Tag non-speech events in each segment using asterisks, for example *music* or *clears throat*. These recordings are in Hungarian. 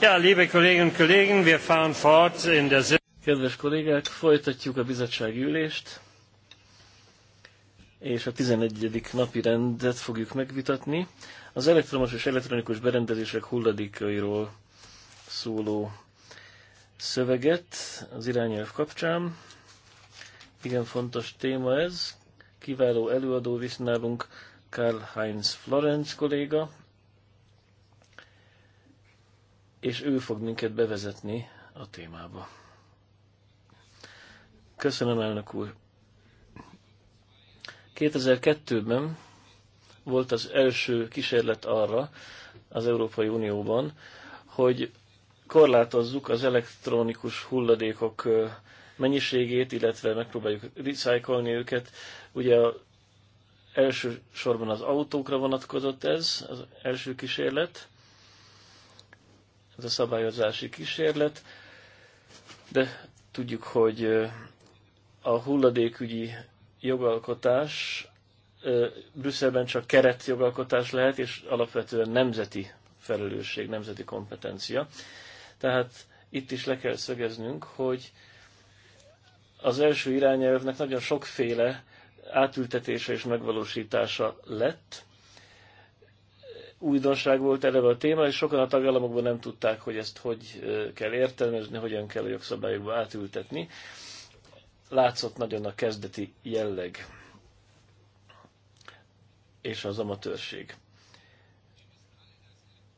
Ja, liebe Kolleginnen und Kollegen, wir fahren fort in der Kedves kollégák, folytatjuk a bizottsági ülést, és a 11. napi rendet fogjuk megvitatni. Az elektromos és elektronikus berendezések hulladékairól szóló szöveget az irányelv kapcsán. Igen fontos téma ez. Kiváló előadó visz nálunk Karl Heinz Florenz kolléga, és ő fog minket bevezetni a témába. Köszönöm, elnök úr! 2002-ben volt az első kísérlet arra az Európai Unióban, hogy korlátozzuk az elektronikus hulladékok mennyiségét, illetve megpróbáljuk recyclelni őket. Ugye elsősorban az autókra vonatkozott ez, az első kísérlet, ez a szabályozási kísérlet, de tudjuk, hogy a hulladékügyi jogalkotás Brüsszelben csak keret jogalkotás lehet, és alapvetően nemzeti felelősség, nemzeti kompetencia. Tehát itt is le kell szögeznünk, hogy az első irányelvnek nagyon sokféle átültetése és megvalósítása lett, újdonság volt eleve a téma, és sokan a tagállamokban nem tudták, hogy ezt hogy kell értelmezni, hogyan kell a jogszabályokba átültetni. Látszott nagyon a kezdeti jelleg és az amatőrség.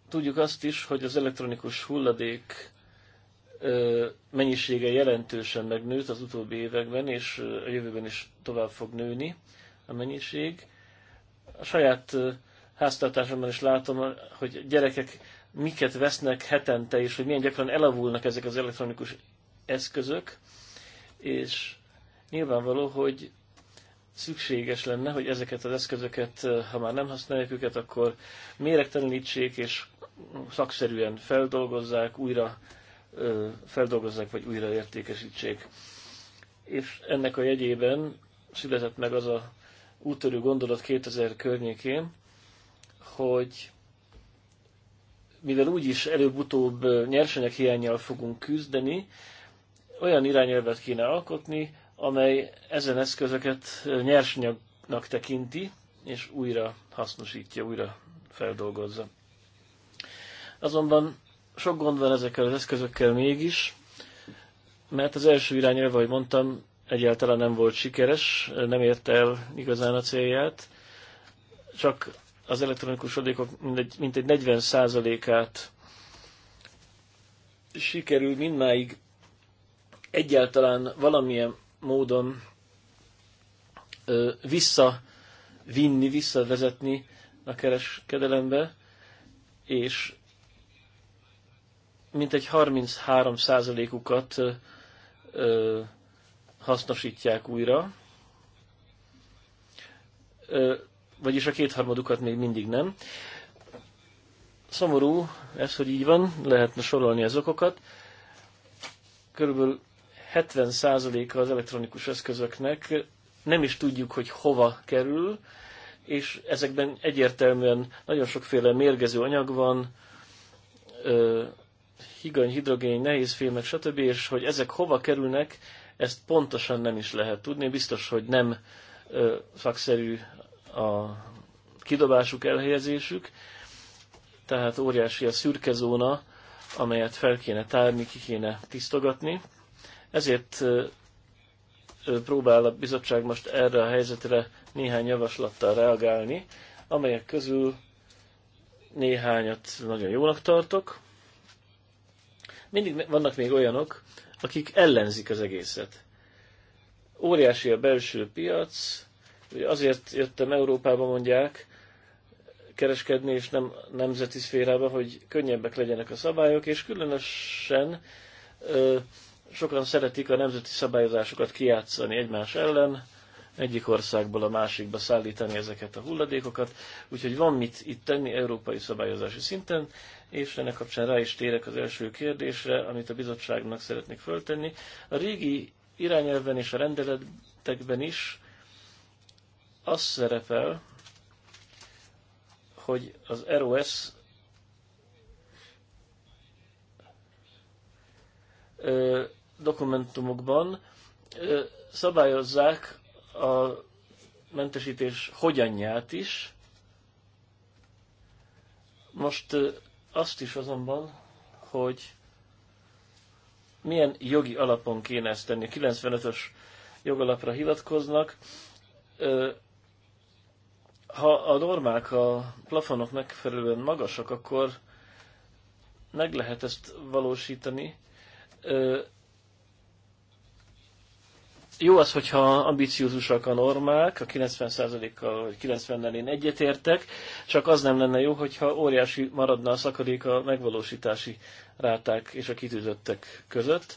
Tudjuk azt is, hogy az elektronikus hulladék mennyisége jelentősen megnőtt az utóbbi években, és a jövőben is tovább fog nőni a mennyiség. A saját háztartásomban is látom, hogy gyerekek miket vesznek hetente, és hogy milyen gyakran elavulnak ezek az elektronikus eszközök, és nyilvánvaló, hogy szükséges lenne, hogy ezeket az eszközöket, ha már nem használják őket, akkor méregtelenítsék, és szakszerűen feldolgozzák, újra feldolgozzák, vagy újra értékesítsék. És ennek a jegyében született meg az a úttörő gondolat 2000 környékén, hogy mivel úgyis előbb-utóbb nyersanyag hiányjal fogunk küzdeni, olyan irányelvet kéne alkotni, amely ezen eszközöket nyersanyagnak tekinti, és újra hasznosítja, újra feldolgozza. Azonban sok gond van ezekkel az eszközökkel mégis, mert az első irányelv, ahogy mondtam, egyáltalán nem volt sikeres, nem érte el igazán a célját, csak az elektronikus adékok mindegy, mintegy 40%-át sikerül mindmáig egyáltalán valamilyen módon ö, visszavinni, visszavezetni a kereskedelembe, és mintegy 33%-ukat hasznosítják újra vagyis a kétharmadukat még mindig nem. Szomorú ez, hogy így van, lehetne sorolni az okokat. Körülbelül 70%-a az elektronikus eszközöknek nem is tudjuk, hogy hova kerül, és ezekben egyértelműen nagyon sokféle mérgező anyag van, higany, hidrogén, fémek stb., és hogy ezek hova kerülnek, ezt pontosan nem is lehet tudni. Biztos, hogy nem szakszerű a kidobásuk, elhelyezésük, tehát óriási a szürke zóna, amelyet fel kéne tárni, ki kéne tisztogatni. Ezért próbál a bizottság most erre a helyzetre néhány javaslattal reagálni, amelyek közül néhányat nagyon jónak tartok. Mindig vannak még olyanok, akik ellenzik az egészet. Óriási a belső piac, hogy azért jöttem Európába, mondják, kereskedni, és nem nemzeti szférába, hogy könnyebbek legyenek a szabályok, és különösen ö, sokan szeretik a nemzeti szabályozásokat kiátszani egymás ellen, egyik országból a másikba szállítani ezeket a hulladékokat, úgyhogy van mit itt tenni európai szabályozási szinten, és ennek kapcsán rá is térek az első kérdésre, amit a bizottságnak szeretnék föltenni. A régi irányelven és a rendeletekben is az szerepel, hogy az ROS dokumentumokban szabályozzák a mentesítés hogyanját is. Most azt is azonban, hogy milyen jogi alapon kéne ezt tenni. 95-ös jogalapra hivatkoznak, ha a normák, a plafonok megfelelően magasak, akkor meg lehet ezt valósítani. Jó az, hogyha ambiciózusak a normák, a 90%-kal vagy 90-nel én egyetértek, csak az nem lenne jó, hogyha óriási maradna a szakadék a megvalósítási ráták és a kitűzöttek között.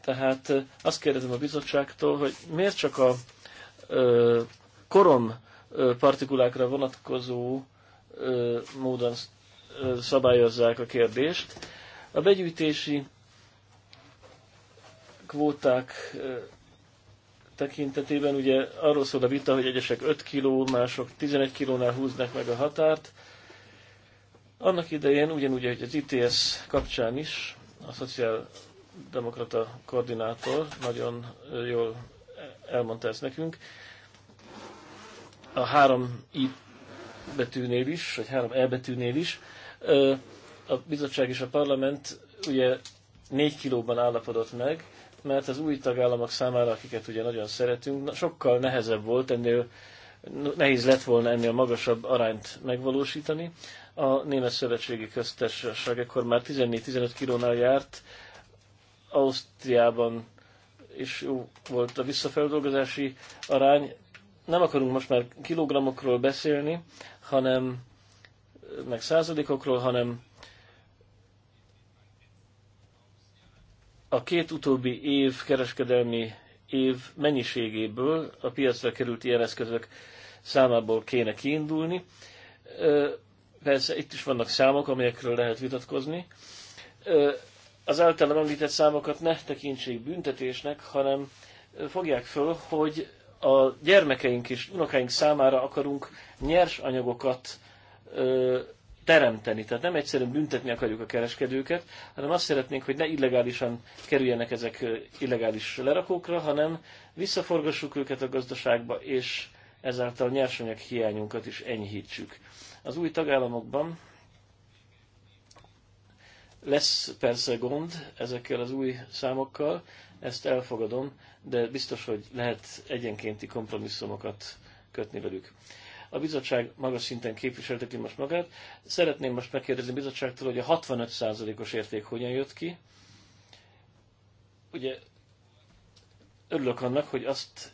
Tehát azt kérdezem a bizottságtól, hogy miért csak a ö, korom partikulákra vonatkozó módon szabályozzák a kérdést. A begyűjtési kvóták tekintetében ugye arról szól a vita, hogy egyesek 5 kg, mások 11 kilónál húznak meg a határt. Annak idején ugyanúgy, hogy az ITS kapcsán is a szociáldemokrata koordinátor nagyon jól elmondta ezt nekünk, a három i betűnél is, vagy három e betűnél is. A bizottság és a parlament ugye négy kilóban állapodott meg, mert az új tagállamok számára, akiket ugye nagyon szeretünk, sokkal nehezebb volt ennél, nehéz lett volna ennél magasabb arányt megvalósítani. A Német Szövetségi Köztársaság ekkor már 14-15 kilónál járt, Ausztriában és jó volt a visszafeldolgozási arány, nem akarunk most már kilogramokról beszélni, hanem meg százalékokról, hanem a két utóbbi év kereskedelmi év mennyiségéből a piacra került ilyen eszközök számából kéne kiindulni. Persze itt is vannak számok, amelyekről lehet vitatkozni. Az általam említett számokat ne tekintsék büntetésnek, hanem fogják föl, hogy a gyermekeink és unokáink számára akarunk nyers anyagokat ö, teremteni. Tehát nem egyszerűen büntetni akarjuk a kereskedőket, hanem azt szeretnénk, hogy ne illegálisan kerüljenek ezek illegális lerakókra, hanem visszaforgassuk őket a gazdaságba, és ezáltal nyersanyag hiányunkat is enyhítsük. Az új tagállamokban lesz persze gond ezekkel az új számokkal, ezt elfogadom, de biztos, hogy lehet egyenkénti kompromisszumokat kötni velük. A bizottság magas szinten képviselteti most magát. Szeretném most megkérdezni a bizottságtól, hogy a 65%-os érték hogyan jött ki. Ugye örülök annak, hogy azt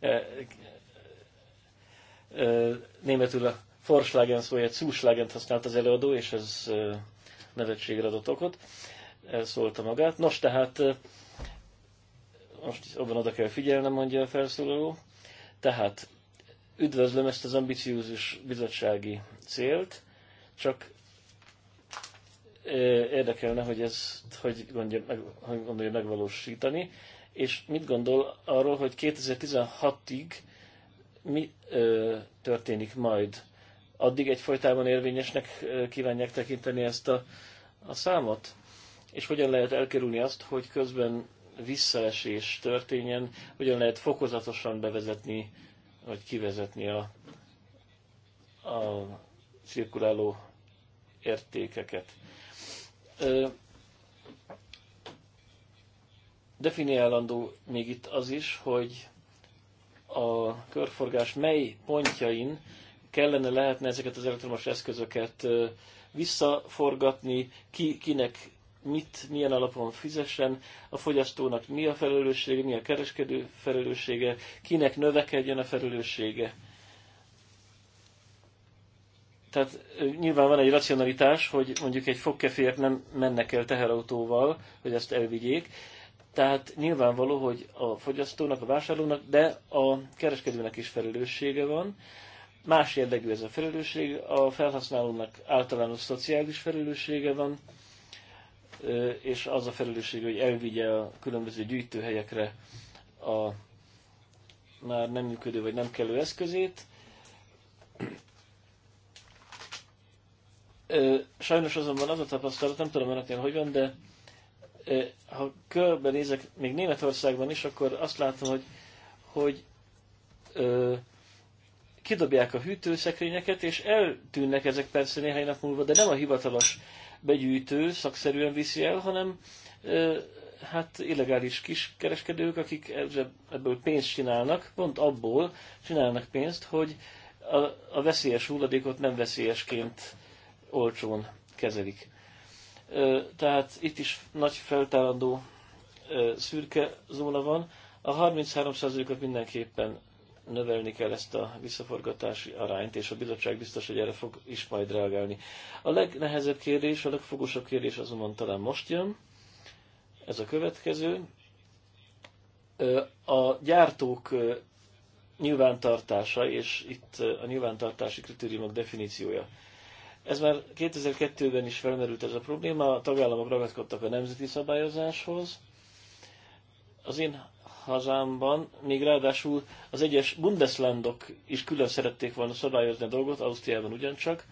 e, e, németül a Forschlagen egy Zuschlagent használt az előadó, és ez e, nevetségre adott okot elszólta magát. Nos, tehát most abban oda kell figyelnem, mondja a felszólaló. Tehát üdvözlöm ezt az ambiciózus bizottsági célt, csak érdekelne, hogy ez hogy gondolja, meg, hogy gondolja megvalósítani, és mit gondol arról, hogy 2016-ig mi ö, történik majd? Addig egyfolytában érvényesnek kívánják tekinteni ezt a, a számot? és hogyan lehet elkerülni azt, hogy közben visszaesés történjen, hogyan lehet fokozatosan bevezetni, vagy kivezetni a, a cirkuláló értékeket. Definiálandó még itt az is, hogy a körforgás mely pontjain kellene lehetne ezeket az elektromos eszközöket visszaforgatni, ki, kinek mit, milyen alapon fizessen, a fogyasztónak mi a felelőssége, mi a kereskedő felelőssége, kinek növekedjen a felelőssége. Tehát nyilván van egy racionalitás, hogy mondjuk egy fogkefért nem mennek el teherautóval, hogy ezt elvigyék. Tehát nyilvánvaló, hogy a fogyasztónak, a vásárlónak, de a kereskedőnek is felelőssége van. Más jellegű ez a felelősség, a felhasználónak általános szociális felelőssége van, és az a felelősség, hogy elvigye a különböző gyűjtőhelyekre a már nem működő vagy nem kellő eszközét. Sajnos azonban az a tapasztalat, nem tudom önöknél hogy van, de ha körbenézek még Németországban is, akkor azt látom, hogy, hogy ö, kidobják a hűtőszekrényeket, és eltűnnek ezek persze néhány nap múlva, de nem a hivatalos begyűjtő szakszerűen viszi el, hanem hát illegális kiskereskedők, akik ebből pénzt csinálnak, pont abból csinálnak pénzt, hogy a, a veszélyes hulladékot nem veszélyesként olcsón kezelik. Tehát itt is nagy feltárandó szürke zóna van. A 33%-ot mindenképpen növelni kell ezt a visszaforgatási arányt, és a bizottság biztos, hogy erre fog is majd reagálni. A legnehezebb kérdés, a legfogosabb kérdés azonban talán most jön, ez a következő. A gyártók nyilvántartása, és itt a nyilvántartási kritériumok definíciója. Ez már 2002-ben is felmerült ez a probléma, a tagállamok ragaszkodtak a nemzeti szabályozáshoz. Az én hazámban, még ráadásul az egyes Bundeslandok is külön szerették volna szabályozni a dolgot, Ausztriában ugyancsak.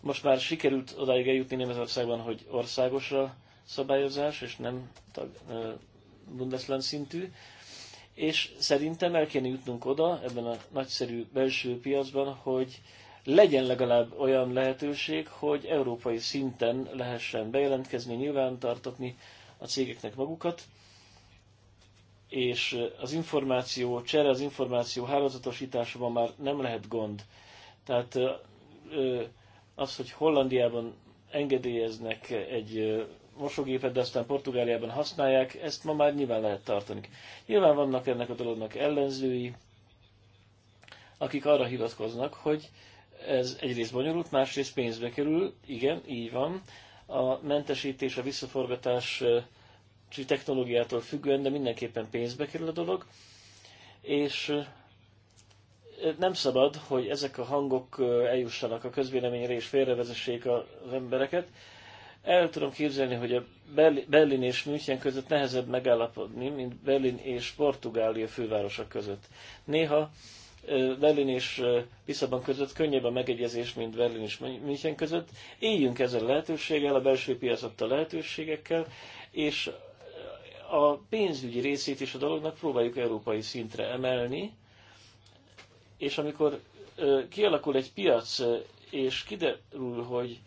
Most már sikerült odáig eljutni Németországban, hogy országosra szabályozás, és nem tag, Bundesland szintű. És szerintem el kéne jutnunk oda, ebben a nagyszerű belső piacban, hogy legyen legalább olyan lehetőség, hogy európai szinten lehessen bejelentkezni, nyilvántartatni a cégeknek magukat, és az információ csere, az információ hálózatosításában már nem lehet gond. Tehát az, hogy Hollandiában engedélyeznek egy mosógépet, de aztán Portugáliában használják, ezt ma már nyilván lehet tartani. Nyilván vannak ennek a dolognak ellenzői, akik arra hivatkoznak, hogy ez egyrészt bonyolult, másrészt pénzbe kerül, igen, így van. A mentesítés, a visszaforgatás technológiától függően, de mindenképpen pénzbe kerül a dolog, és nem szabad, hogy ezek a hangok eljussanak a közvéleményre és félrevezessék az embereket. El tudom képzelni, hogy a Berlin és München között nehezebb megállapodni, mint Berlin és Portugália fővárosa között. Néha Berlin és Lisszabon között könnyebb a megegyezés, mint Berlin és München között. Éljünk ezzel a lehetőséggel, a belső piacotta lehetőségekkel, és a pénzügyi részét is a dolognak próbáljuk európai szintre emelni, és amikor kialakul egy piac, és kiderül, hogy,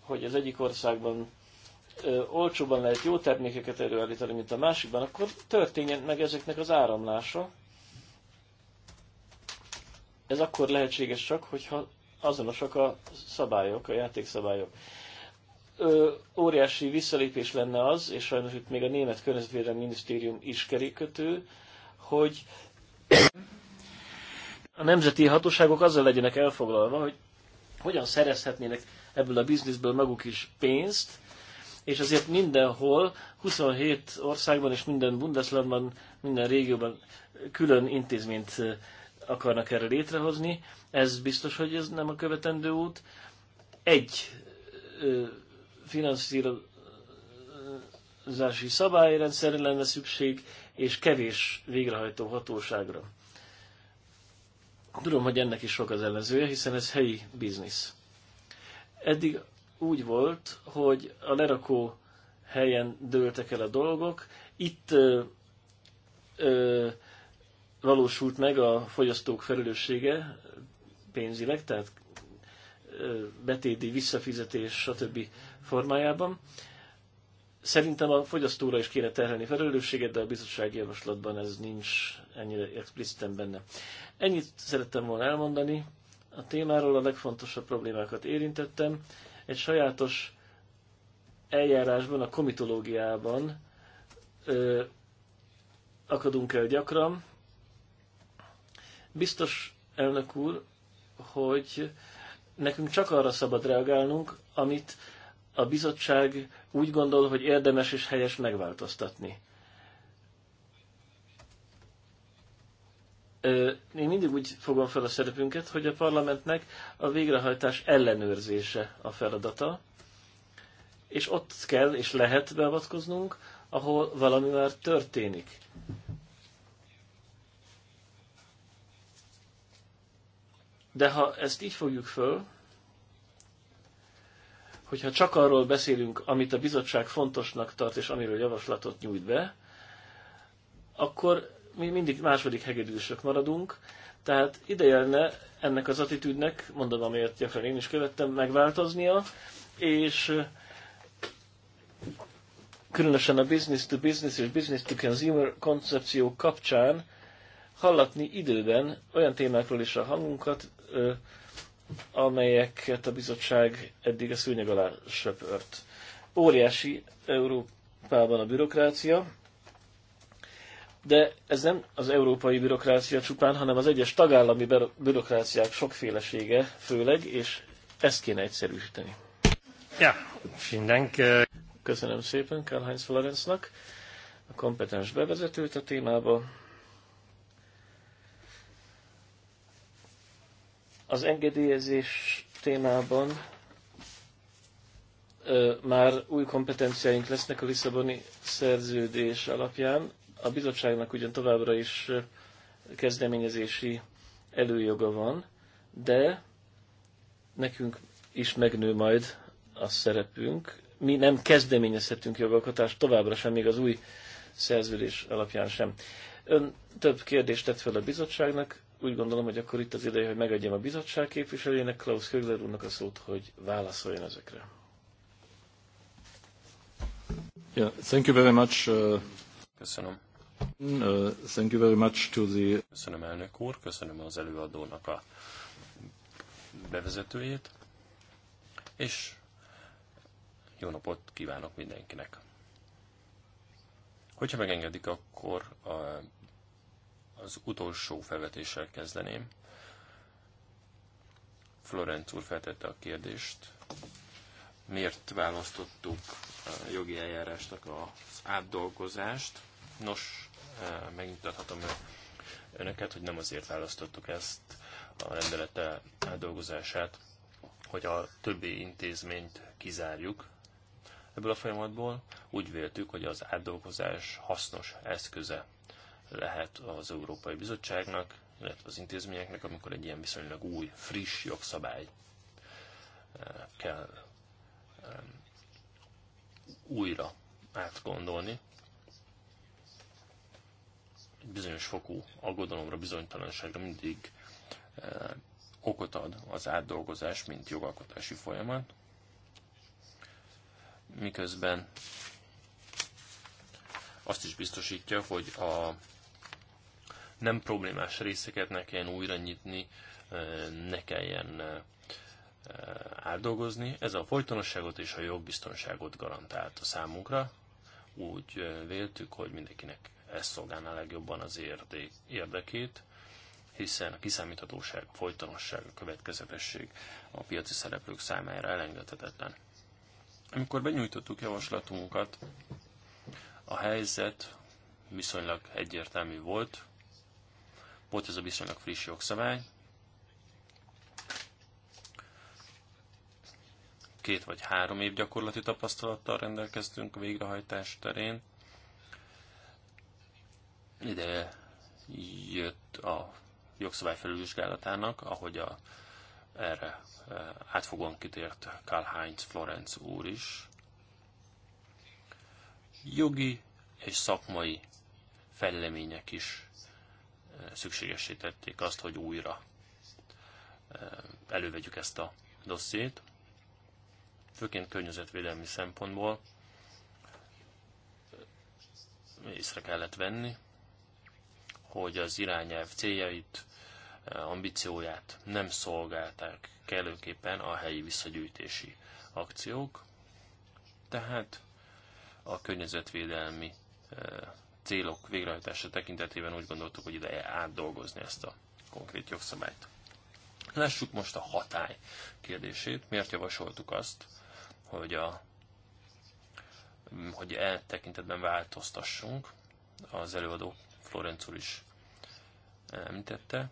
hogy az egyik országban olcsóban lehet jó termékeket előállítani, mint a másikban, akkor történjen meg ezeknek az áramlása. Ez akkor lehetséges csak, hogyha azonosak a szabályok, a játékszabályok ö, óriási visszalépés lenne az, és sajnos itt még a Német Környezetvédelmi Minisztérium is kerékötő, hogy a nemzeti hatóságok azzal legyenek elfoglalva, hogy hogyan szerezhetnének ebből a bizniszből maguk is pénzt, és azért mindenhol, 27 országban és minden Bundeslandban, minden régióban külön intézményt akarnak erre létrehozni. Ez biztos, hogy ez nem a követendő út. Egy finanszírozási szabályrendszerre lenne szükség, és kevés végrehajtó hatóságra. Tudom, hogy ennek is sok az ellenzője, hiszen ez helyi biznisz. Eddig úgy volt, hogy a lerakó helyen dőltek el a dolgok, itt ö, ö, valósult meg a fogyasztók felelőssége pénzileg, tehát betédi visszafizetés, stb. formájában. Szerintem a fogyasztóra is kéne terhelni felelősséget, de a bizottsági javaslatban ez nincs ennyire expliciten benne. Ennyit szerettem volna elmondani. A témáról a legfontosabb problémákat érintettem. Egy sajátos eljárásban, a komitológiában ö, akadunk el gyakran. Biztos elnök úr, hogy nekünk csak arra szabad reagálnunk, amit a bizottság úgy gondol, hogy érdemes és helyes megváltoztatni. Én mindig úgy fogom fel a szerepünket, hogy a parlamentnek a végrehajtás ellenőrzése a feladata, és ott kell és lehet beavatkoznunk, ahol valami már történik. De ha ezt így fogjuk föl, hogyha csak arról beszélünk, amit a bizottság fontosnak tart, és amiről javaslatot nyújt be, akkor mi mindig második hegedűsök maradunk, tehát idejelne ennek az attitűdnek, mondom, amiért gyakran én is követtem, megváltoznia, és különösen a business to business és business to consumer koncepció kapcsán hallatni időben olyan témákról is a hangunkat, amelyeket a bizottság eddig a szőnyeg alá söpört. Óriási Európában a bürokrácia, de ez nem az európai bürokrácia csupán, hanem az egyes tagállami bürokráciák sokfélesége főleg, és ezt kéne egyszerűsíteni. Ja, vielen Köszönöm szépen Karl-Heinz Florencnak a kompetens bevezetőt a témába. Az engedélyezés témában ö, már új kompetenciáink lesznek a Lisszaboni szerződés alapján. A bizottságnak ugyan továbbra is kezdeményezési előjoga van, de nekünk is megnő majd a szerepünk. Mi nem kezdeményezhetünk jogalkotást továbbra sem, még az új szerződés alapján sem. Ön több kérdést tett fel a bizottságnak, úgy gondolom, hogy akkor itt az ideje, hogy megadjam a bizottság képviselőjének, Klaus Högler úrnak a szót, hogy válaszoljon ezekre. Yeah, thank you very much. Uh... Köszönöm. Uh, thank you very much to the... Köszönöm elnök úr, köszönöm az előadónak a bevezetőjét, és jó napot kívánok mindenkinek. Hogyha megengedik, akkor a az utolsó felvetéssel kezdeném. Florenc úr feltette a kérdést, miért választottuk a jogi eljárásnak az átdolgozást. Nos, e, megmutathatom önöket, hogy nem azért választottuk ezt a rendelete átdolgozását, hogy a többi intézményt kizárjuk ebből a folyamatból. Úgy véltük, hogy az átdolgozás hasznos eszköze lehet az Európai Bizottságnak, illetve az intézményeknek, amikor egy ilyen viszonylag új, friss jogszabály eh, kell újra átgondolni. Egy bizonyos fokú aggodalomra, bizonytalanságra mindig eh, okot ad az átdolgozás, mint jogalkotási folyamat, miközben azt is biztosítja, hogy a nem problémás részeket ne kelljen újra nyitni, ne kelljen átdolgozni. Ez a folytonosságot és a jogbiztonságot garantálta számunkra. Úgy véltük, hogy mindenkinek ez szolgálná legjobban az érdekét, hiszen a kiszámíthatóság, a folytonosság, a következetesség a piaci szereplők számára elengedhetetlen. Amikor benyújtottuk javaslatunkat, a helyzet viszonylag egyértelmű volt, volt ez a viszonylag friss jogszabály. Két vagy három év gyakorlati tapasztalattal rendelkeztünk a végrehajtás terén. Ide jött a jogszabály felülvizsgálatának, ahogy a, erre e, átfogóan kitért Karl Heinz Florenz úr is. Jogi és szakmai fejlemények is szükségessé tették azt, hogy újra elővegyük ezt a dossziét, főként környezetvédelmi szempontból észre kellett venni, hogy az irányelv céljait, ambícióját nem szolgálták kellőképpen a helyi visszagyűjtési akciók, tehát a környezetvédelmi célok végrehajtása tekintetében úgy gondoltuk, hogy ide átdolgozni ezt a konkrét jogszabályt. Lássuk most a hatály kérdését. Miért javasoltuk azt, hogy a hogy e tekintetben változtassunk. Az előadó Florenc úr is említette.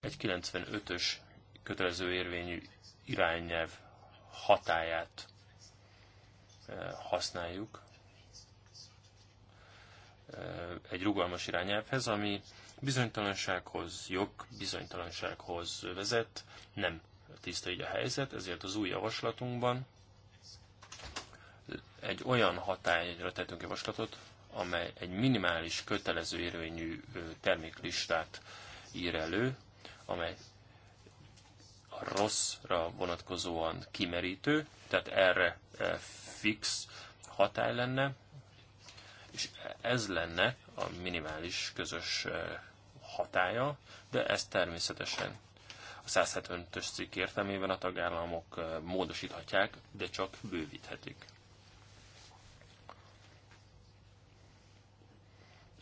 Egy 95-ös kötelező érvényű irányelv hatáját eh, használjuk eh, egy rugalmas irányelvhez, ami bizonytalansághoz, jog bizonytalansághoz vezet, nem tiszta így a helyzet, ezért az új javaslatunkban egy olyan hatályra tettünk javaslatot, amely egy minimális kötelező érvényű eh, terméklistát ír elő, amely rosszra vonatkozóan kimerítő, tehát erre e, fix hatály lenne, és ez lenne a minimális közös e, hatája, de ez természetesen a 175-ös cikk értelmében a tagállamok e, módosíthatják, de csak bővíthetik.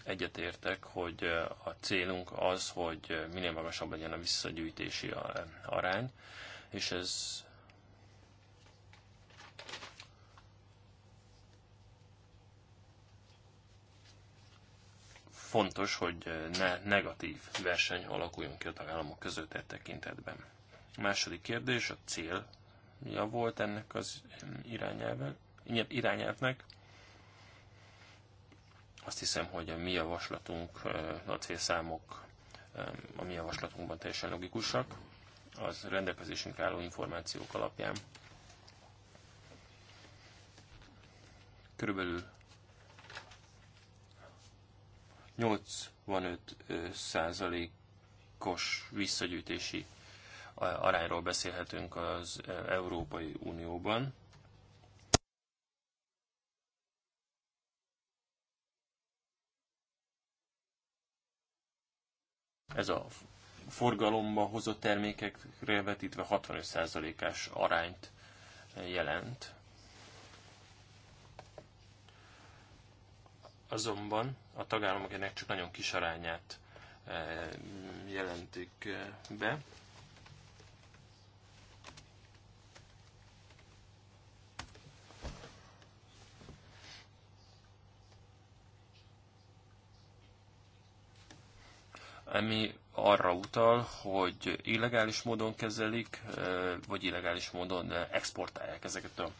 egyetértek, hogy a célunk az, hogy minél magasabb legyen a visszagyűjtési arány, és ez fontos, hogy ne negatív verseny alakuljon ki a tagállamok között e tekintetben. A második kérdés, a célja volt ennek az irányelvnek. Azt hiszem, hogy a mi javaslatunk, a célszámok a mi javaslatunkban teljesen logikusak. Az rendelkezésünk álló információk alapján körülbelül 85%-os visszagyűjtési arányról beszélhetünk az Európai Unióban. Ez a forgalomba hozott termékekre vetítve 65%-ás arányt jelent. Azonban a tagállamok ennek csak nagyon kis arányát eh, jelentik eh, be. ami arra utal, hogy illegális módon kezelik, vagy illegális módon exportálják ezeket a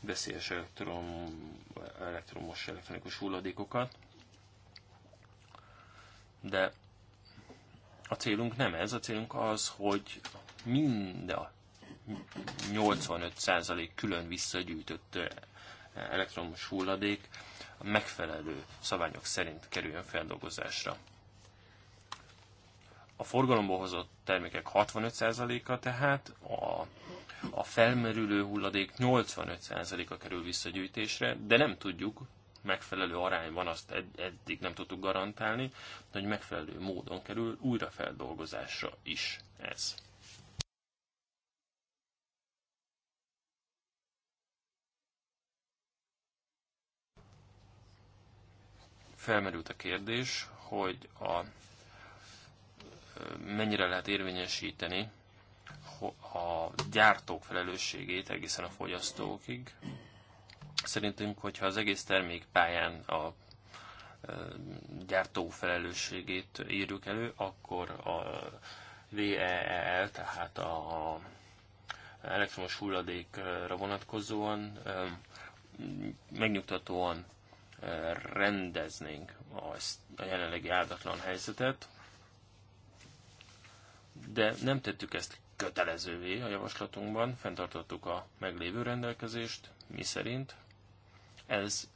veszélyes elektrom, elektromos elektronikus hulladékokat. De a célunk nem ez, a célunk az, hogy mind a 85% külön visszagyűjtött elektromos hulladék megfelelő szabályok szerint kerüljön feldolgozásra a forgalomba hozott termékek 65%-a tehát, a, a felmerülő hulladék 85%-a kerül visszagyűjtésre, de nem tudjuk, megfelelő arányban azt ed- eddig nem tudtuk garantálni, de hogy megfelelő módon kerül újrafeldolgozásra is ez. Felmerült a kérdés, hogy a mennyire lehet érvényesíteni a gyártók felelősségét egészen a fogyasztókig. Szerintünk, hogyha az egész termékpályán a gyártó felelősségét írjuk elő, akkor a VEL, e tehát a elektromos hulladékra vonatkozóan megnyugtatóan rendeznénk a jelenlegi áldatlan helyzetet de nem tettük ezt kötelezővé a javaslatunkban, fenntartottuk a meglévő rendelkezést, mi szerint ez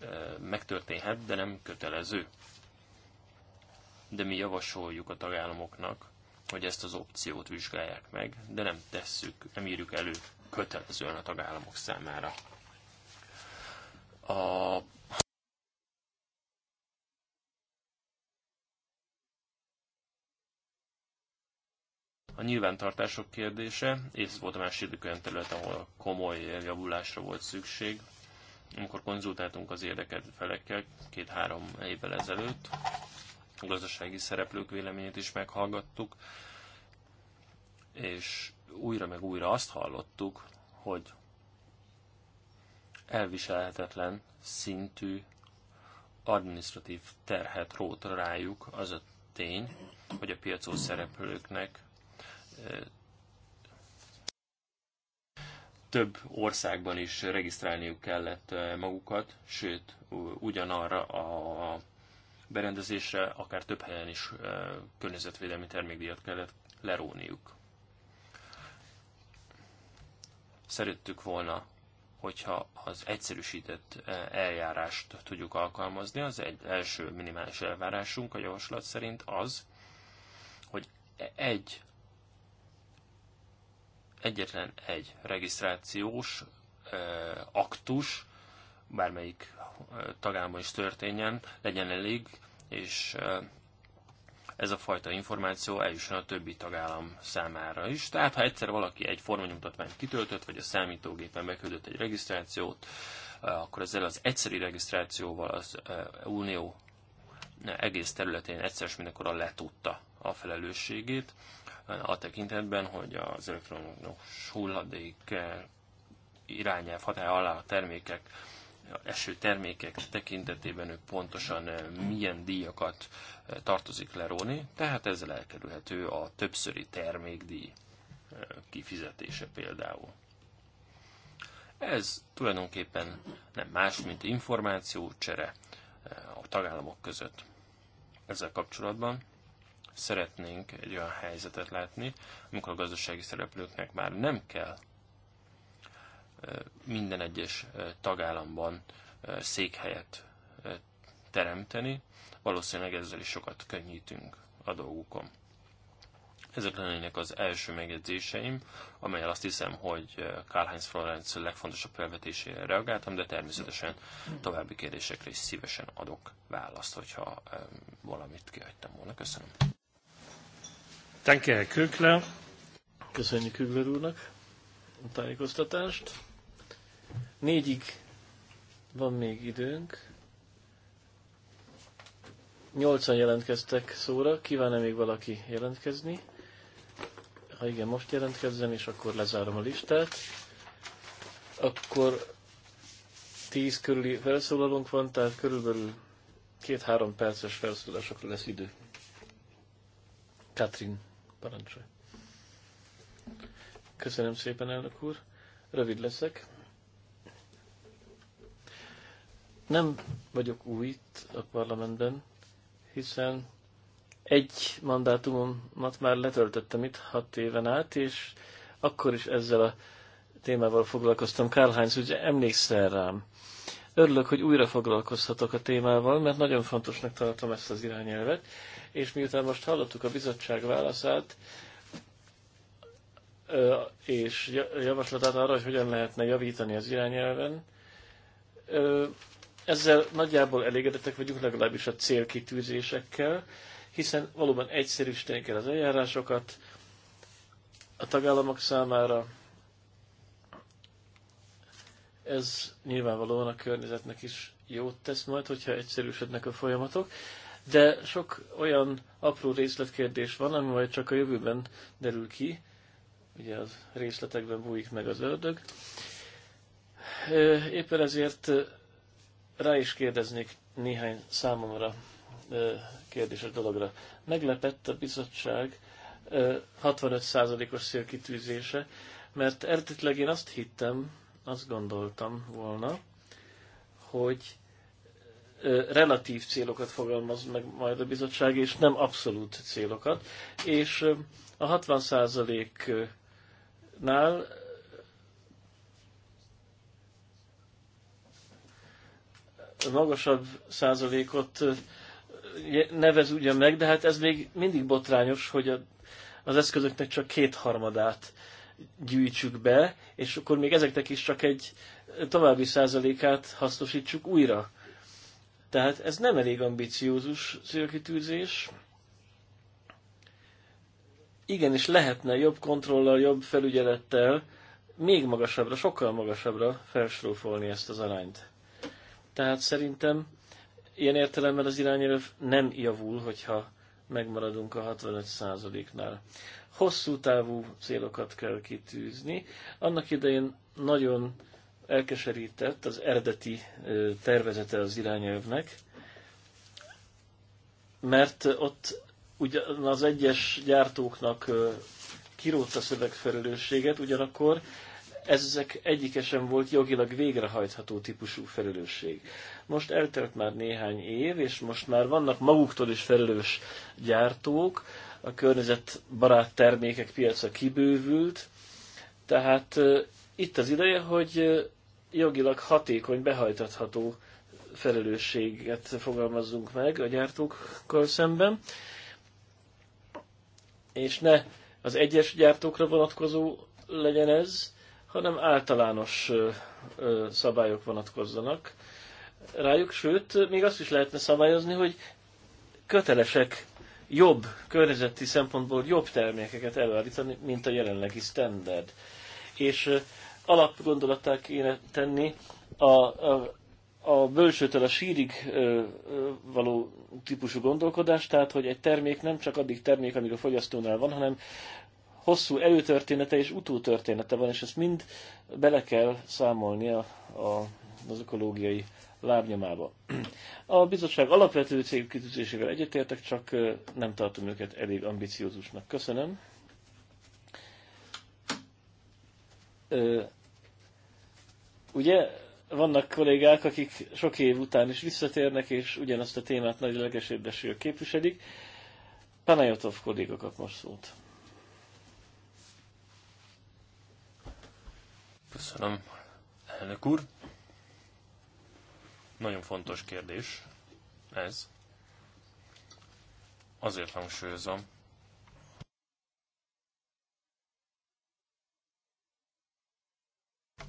e, megtörténhet, de nem kötelező. De mi javasoljuk a tagállamoknak, hogy ezt az opciót vizsgálják meg, de nem tesszük, nem írjuk elő kötelezően a tagállamok számára. A A nyilvántartások kérdése, és ez volt a második olyan terület, ahol komoly javulásra volt szükség. Amikor konzultáltunk az érdeket felekkel két-három évvel ezelőtt, a gazdasági szereplők véleményét is meghallgattuk, és újra meg újra azt hallottuk, hogy elviselhetetlen szintű administratív terhet rót rájuk az a tény, hogy a piacos szereplőknek több országban is regisztrálniuk kellett eh, magukat, sőt, ugyanarra a berendezésre akár több helyen is eh, környezetvédelmi termékdíjat kellett leróniuk. Szerettük volna, hogyha az egyszerűsített eh, eljárást tudjuk alkalmazni. Az egy első minimális elvárásunk a javaslat szerint az, hogy e-, egy egyetlen egy regisztrációs aktus, bármelyik tagállamban is történjen, legyen elég, és ez a fajta információ eljusson a többi tagállam számára is. Tehát, ha egyszer valaki egy formanyomtatványt kitöltött, vagy a számítógépen beküldött egy regisztrációt, akkor ezzel az egyszeri regisztrációval az Unió egész területén egyszer mindenkorra letudta a felelősségét a tekintetben, hogy az elektromos hulladék eh, irányelv hatája alá a termékek, eső termékek tekintetében ők pontosan eh, milyen díjakat eh, tartozik leróni, tehát ezzel elkerülhető a többszöri termékdíj kifizetése például. Ez tulajdonképpen nem más, mint információcsere a tagállamok között. Ezzel kapcsolatban Szeretnénk egy olyan helyzetet látni, amikor a gazdasági szereplőknek már nem kell minden egyes tagállamban székhelyet teremteni, valószínűleg ezzel is sokat könnyítünk a dolgukon. Ezek lennének az első megjegyzéseim, amelyel azt hiszem, hogy Karl-Heinz Florenz legfontosabb felvetésére reagáltam, de természetesen további kérdésekre is szívesen adok választ, hogyha valamit kihagytam volna. Köszönöm. Danke, Herr Kökler. Köszönjük Kökler úrnak a tájékoztatást. Négyig van még időnk. Nyolcan jelentkeztek szóra. Kíván-e még valaki jelentkezni? Ha igen, most jelentkezzen, és akkor lezárom a listát. Akkor tíz körüli felszólalónk van, tehát körülbelül két-három perces felszólásokra lesz idő. Katrin. Parancsolj. Köszönöm szépen, elnök úr. Rövid leszek. Nem vagyok új itt a parlamentben, hiszen egy mandátumomat már letöltöttem itt hat éven át, és akkor is ezzel a témával foglalkoztam. Karl Heinz, ugye emlékszel rám? Örülök, hogy újra foglalkozhatok a témával, mert nagyon fontosnak tartom ezt az irányelvet, és miután most hallottuk a bizottság válaszát, és javaslatát arra, hogy hogyan lehetne javítani az irányelven, ezzel nagyjából elégedettek vagyunk, legalábbis a célkitűzésekkel, hiszen valóban egyszerűsíteni kell az eljárásokat a tagállamok számára, ez nyilvánvalóan a környezetnek is jót tesz majd, hogyha egyszerűsödnek a folyamatok, de sok olyan apró részletkérdés van, ami majd csak a jövőben derül ki, ugye az részletekben bújik meg az ördög. Éppen ezért rá is kérdeznék néhány számomra kérdéses dologra. Meglepett a bizottság 65%-os szélkitűzése, mert eredetileg én azt hittem, azt gondoltam volna, hogy relatív célokat fogalmaz meg majd a bizottság, és nem abszolút célokat. És a 60%-nál magasabb százalékot nevez ugyan meg, de hát ez még mindig botrányos, hogy az eszközöknek csak kétharmadát gyűjtsük be, és akkor még ezeknek is csak egy további százalékát hasznosítsuk újra. Tehát ez nem elég ambiciózus célkitűzés. Igen és lehetne jobb kontrollal, jobb felügyelettel még magasabbra, sokkal magasabbra felsrófolni ezt az arányt. Tehát szerintem ilyen értelemben az irányelv nem javul, hogyha megmaradunk a 65%-nál hosszú távú célokat kell kitűzni. Annak idején nagyon elkeserített az eredeti tervezete az irányelvnek, mert ott ugyan az egyes gyártóknak kirótt a szövegfelelősséget, ugyanakkor ezek egyike sem volt jogilag végrehajtható típusú felelősség. Most eltelt már néhány év, és most már vannak maguktól is felelős gyártók, a környezetbarát termékek piaca kibővült, tehát itt az ideje, hogy jogilag hatékony, behajtatható felelősséget fogalmazzunk meg a gyártókkal szemben, és ne az egyes gyártókra vonatkozó legyen ez, hanem általános szabályok vonatkozzanak rájuk, sőt, még azt is lehetne szabályozni, hogy kötelesek jobb, környezeti szempontból jobb termékeket előállítani, mint a jelenlegi standard. És alapgondolattá kéne tenni a, a, a bölsőtől a sírig ö, ö, való típusú gondolkodás, tehát hogy egy termék nem csak addig termék, amíg a fogyasztónál van, hanem hosszú előtörténete és utótörténete van, és ezt mind bele kell számolni a, a, az ökológiai lábnyomába. A bizottság alapvető kitűzésével egyetértek, csak nem tartom őket elég ambiciózusnak. Köszönöm. Ugye vannak kollégák, akik sok év után is visszatérnek, és ugyanazt a témát nagy legesérdesül képviselik. Panajotov kolléga kap most szót. Köszönöm, elnök úr. Nagyon fontos kérdés ez. Azért hangsúlyozom,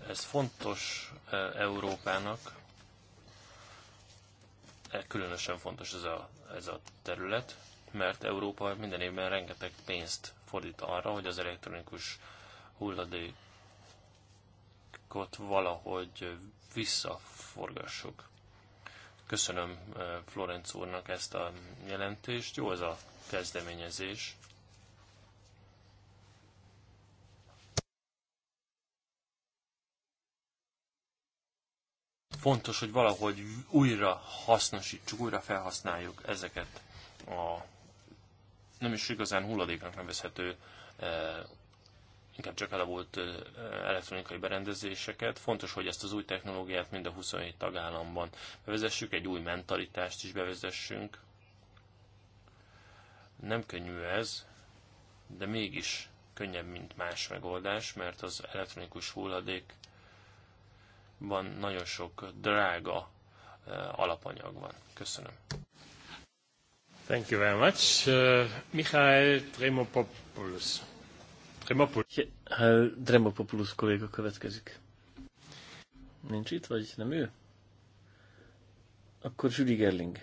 ez fontos e, Európának, e, különösen fontos ez a, ez a terület, mert Európa minden évben rengeteg pénzt fordít arra, hogy az elektronikus hulladékot valahogy visszaforgassuk. Köszönöm eh, Florenc úrnak ezt a jelentést. Jó az a kezdeményezés. Fontos, hogy valahogy újra hasznosítsuk, újra felhasználjuk ezeket a nem is igazán hulladéknak nevezhető eh, inkább csak elavult elektronikai berendezéseket. Fontos, hogy ezt az új technológiát mind a 27 tagállamban bevezessük, egy új mentalitást is bevezessünk. Nem könnyű ez, de mégis könnyebb, mint más megoldás, mert az elektronikus hulladékban nagyon sok drága alapanyag van. Köszönöm. Thank you very much. Uh, Michael Tremopoulos. Tremopoulos. Tremopoulos kolléga következik. Nincs itt, vagy nem ő? Akkor Judy Gerling.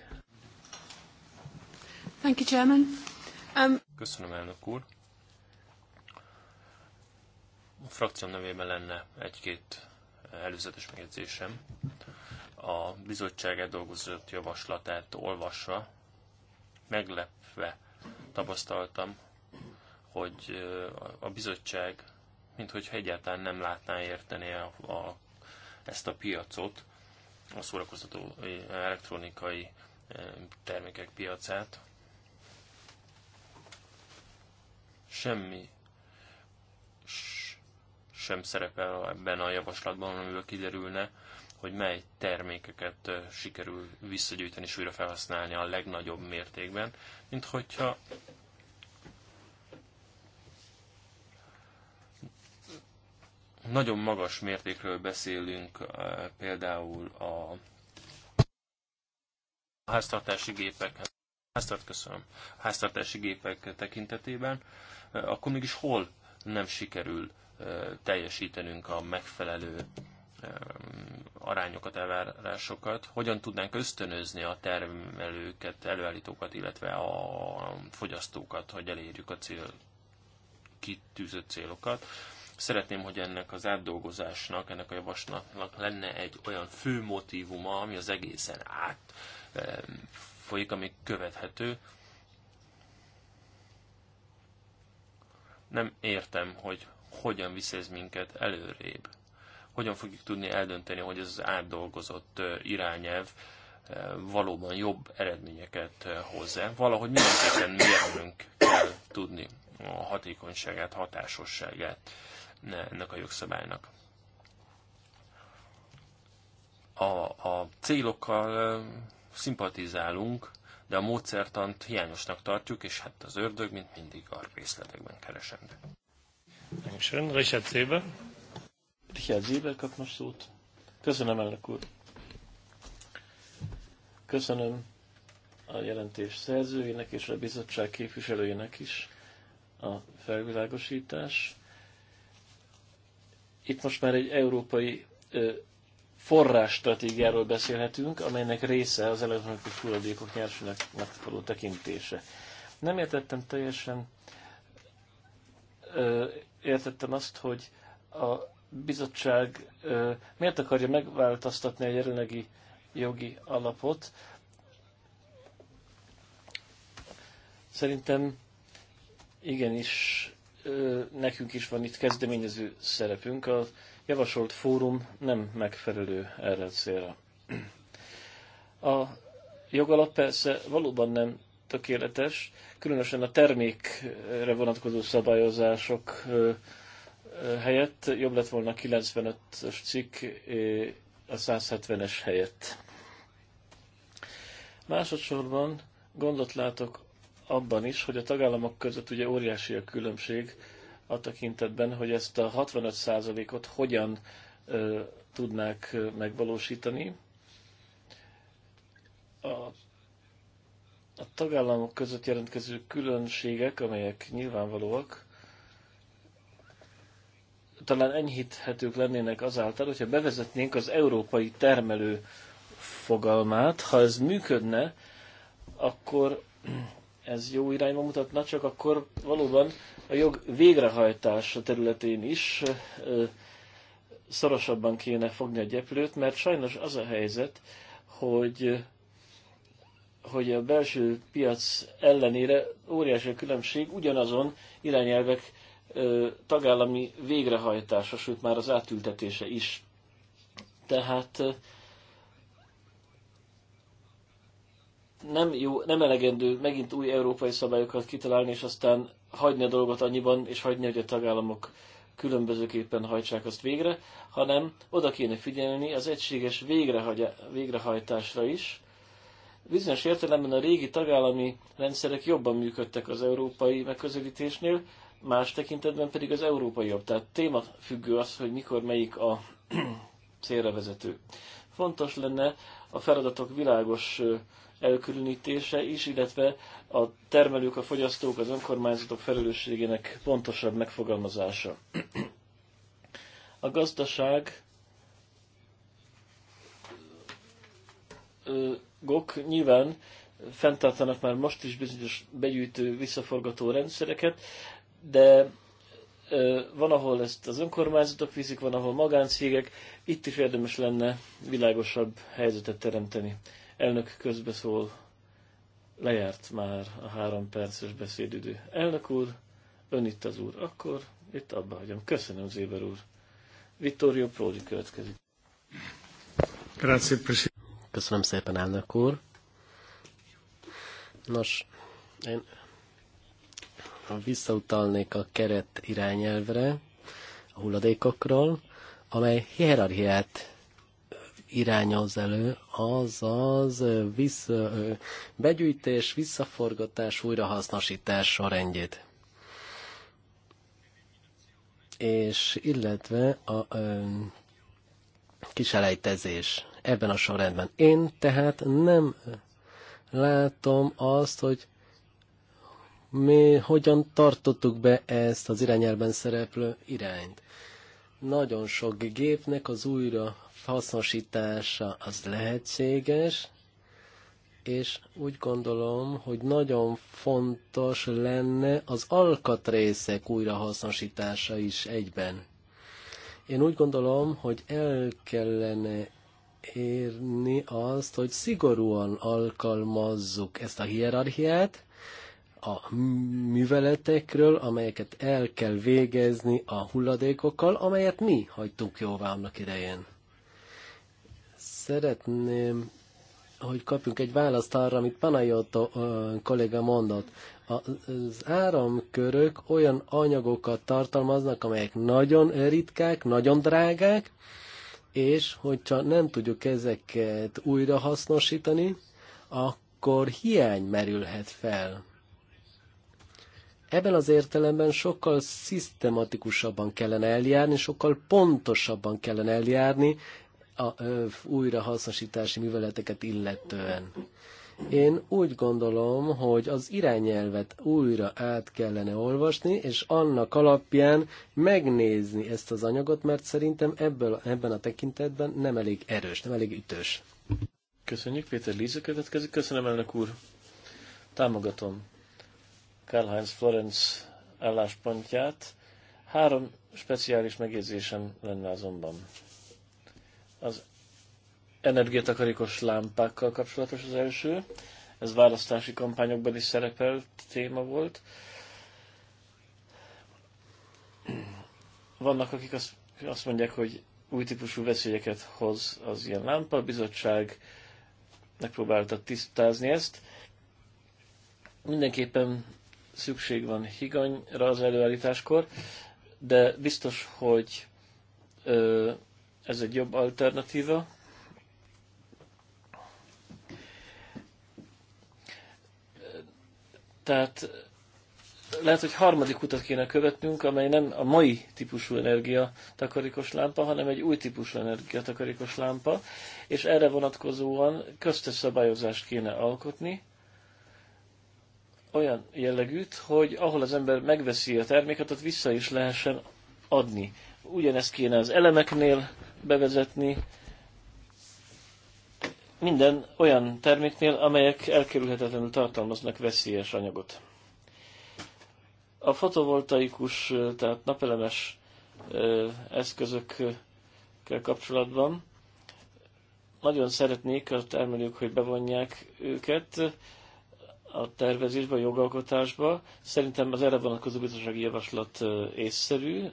Thank you, Chairman. Um... Köszönöm, elnök úr. A frakcióm nevében lenne egy-két előzetes megjegyzésem. A bizottság eldolgozott javaslatát olvasva meglepve tapasztaltam, hogy a bizottság, minthogyha egyáltalán nem látná érteni a, a, ezt a piacot, a szórakoztató elektronikai termékek piacát. Semmi sem szerepel ebben a javaslatban, amiből kiderülne, hogy mely termékeket sikerül visszagyűjteni és újra felhasználni a legnagyobb mértékben, mint hogyha nagyon magas mértékről beszélünk eh, például a háztartási gépek, háztart, köszönöm, háztartási gépek tekintetében, eh, akkor mégis hol nem sikerül eh, teljesítenünk a megfelelő arányokat, elvárásokat, hogyan tudnánk ösztönözni a termelőket, előállítókat, illetve a fogyasztókat, hogy elérjük a cél kitűzött célokat. Szeretném, hogy ennek az átdolgozásnak, ennek a javaslatnak lenne egy olyan fő motivuma, ami az egészen át eh, folyik, ami követhető. Nem értem, hogy hogyan visz ez minket előrébb. Hogyan fogjuk tudni eldönteni, hogy ez az átdolgozott eh, irányelv eh, valóban jobb eredményeket hoz Valahogy mindenképpen mérnünk kell tudni a hatékonyságát, hatásosságát ennek a jogszabálynak. A, a célokkal szimpatizálunk, de a módszertant hiányosnak tartjuk, és hát az ördög, mint mindig, a részletekben keresendő. Köszönöm, Richard Zéber. Richard Zéber kap most szót. Köszönöm, elnök úr. Köszönöm a jelentés szerzőjének és a bizottság képviselőjének is a felvilágosítás itt most már egy európai stratégiáról beszélhetünk, amelynek része az elektronikus hulladékok nyersanyagnak megfelelő tekintése. Nem értettem teljesen, értettem azt, hogy a bizottság miért akarja megváltoztatni a jelenlegi jogi alapot. Szerintem igenis nekünk is van itt kezdeményező szerepünk. A javasolt fórum nem megfelelő erre a célra. A jogalap persze valóban nem tökéletes, különösen a termékre vonatkozó szabályozások helyett jobb lett volna a 95-ös cikk a 170-es helyett. Másodszorban gondot látok abban is, hogy a tagállamok között ugye óriási a különbség a tekintetben, hogy ezt a 65%-ot hogyan ö, tudnák megvalósítani. A, a tagállamok között jelentkező különbségek, amelyek nyilvánvalóak, talán enyhíthetők lennének azáltal, hogyha bevezetnénk az európai termelő fogalmát, ha ez működne, akkor ez jó irányba mutatna, csak akkor valóban a jog végrehajtása területén is szorosabban kéne fogni a gyeplőt, mert sajnos az a helyzet, hogy, hogy a belső piac ellenére óriási a különbség ugyanazon irányelvek tagállami végrehajtása, sőt már az átültetése is. Tehát nem, jó, nem elegendő megint új európai szabályokat kitalálni, és aztán hagyni a dolgot annyiban, és hagyni, hogy a tagállamok különbözőképpen hajtsák azt végre, hanem oda kéne figyelni az egységes végrehajtásra is. Bizonyos értelemben a régi tagállami rendszerek jobban működtek az európai megközelítésnél, más tekintetben pedig az jobb. Tehát téma függő az, hogy mikor melyik a *clears throat* célra vezető. Fontos lenne a feladatok világos elkülönítése is, illetve a termelők, a fogyasztók, az önkormányzatok felelősségének pontosabb megfogalmazása. A gazdaság gok nyilván fenntartanak már most is bizonyos begyűjtő, visszaforgató rendszereket, de van, ahol ezt az önkormányzatok viszik, van, ahol magáncégek, itt is érdemes lenne világosabb helyzetet teremteni. Elnök közbeszól, lejárt már a három perces beszédidő. Elnök úr, ön itt az úr, akkor itt abba hagyom. Köszönöm, Zéber úr. Vittorio Prodi következik. Köszönöm szépen, elnök úr. Nos, én visszautalnék a keret irányelvre, a hulladékokról, amely hierarchiát irányoz elő, azaz vissza, begyűjtés, visszaforgatás, újrahasznosítás sorrendjét. És illetve a ö, kiselejtezés ebben a sorrendben. Én tehát nem látom azt, hogy mi hogyan tartottuk be ezt az irányelben szereplő irányt. Nagyon sok gépnek az újra hasznosítása az lehetséges, és úgy gondolom, hogy nagyon fontos lenne az alkatrészek újrahasznosítása is egyben. Én úgy gondolom, hogy el kellene érni azt, hogy szigorúan alkalmazzuk ezt a hierarchiát, a műveletekről, amelyeket el kell végezni a hulladékokkal, amelyet mi hagytunk jóvá annak idején. Szeretném, hogy kapjunk egy választ arra, amit Panajotto kolléga mondott. Az áramkörök olyan anyagokat tartalmaznak, amelyek nagyon ritkák, nagyon drágák, és hogyha nem tudjuk ezeket újra hasznosítani, akkor hiány merülhet fel. Ebben az értelemben sokkal szisztematikusabban kellene eljárni, sokkal pontosabban kellene eljárni, a újrahasznosítási műveleteket illetően. Én úgy gondolom, hogy az irányelvet újra át kellene olvasni, és annak alapján megnézni ezt az anyagot, mert szerintem ebből, ebben a tekintetben nem elég erős, nem elég ütős. Köszönjük, Péter Líze következik. Köszönöm, elnök úr. Támogatom Karl-Heinz Florence álláspontját. Három speciális megjegyzésem lenne azonban. Az energiatakarékos lámpákkal kapcsolatos az első. Ez választási kampányokban is szerepelt téma volt. Vannak, akik azt, azt mondják, hogy új típusú veszélyeket hoz az ilyen lámpa. A bizottság megpróbálta tisztázni ezt. Mindenképpen szükség van higanyra az előállításkor, de biztos, hogy ö, ez egy jobb alternatíva. Tehát lehet, hogy harmadik utat kéne követnünk, amely nem a mai típusú energia takarékos lámpa, hanem egy új típusú energia takarékos lámpa, és erre vonatkozóan köztes szabályozást kéne alkotni, olyan jellegűt, hogy ahol az ember megveszi a terméket, ott vissza is lehessen adni. Ugyanezt kéne az elemeknél bevezetni minden olyan terméknél, amelyek elkerülhetetlenül tartalmaznak veszélyes anyagot. A fotovoltaikus, tehát napelemes eszközökkel kapcsolatban nagyon szeretnék a termelők, hogy bevonják őket a tervezésbe, a jogalkotásba. Szerintem az erre vonatkozó biztonsági javaslat észszerű, e,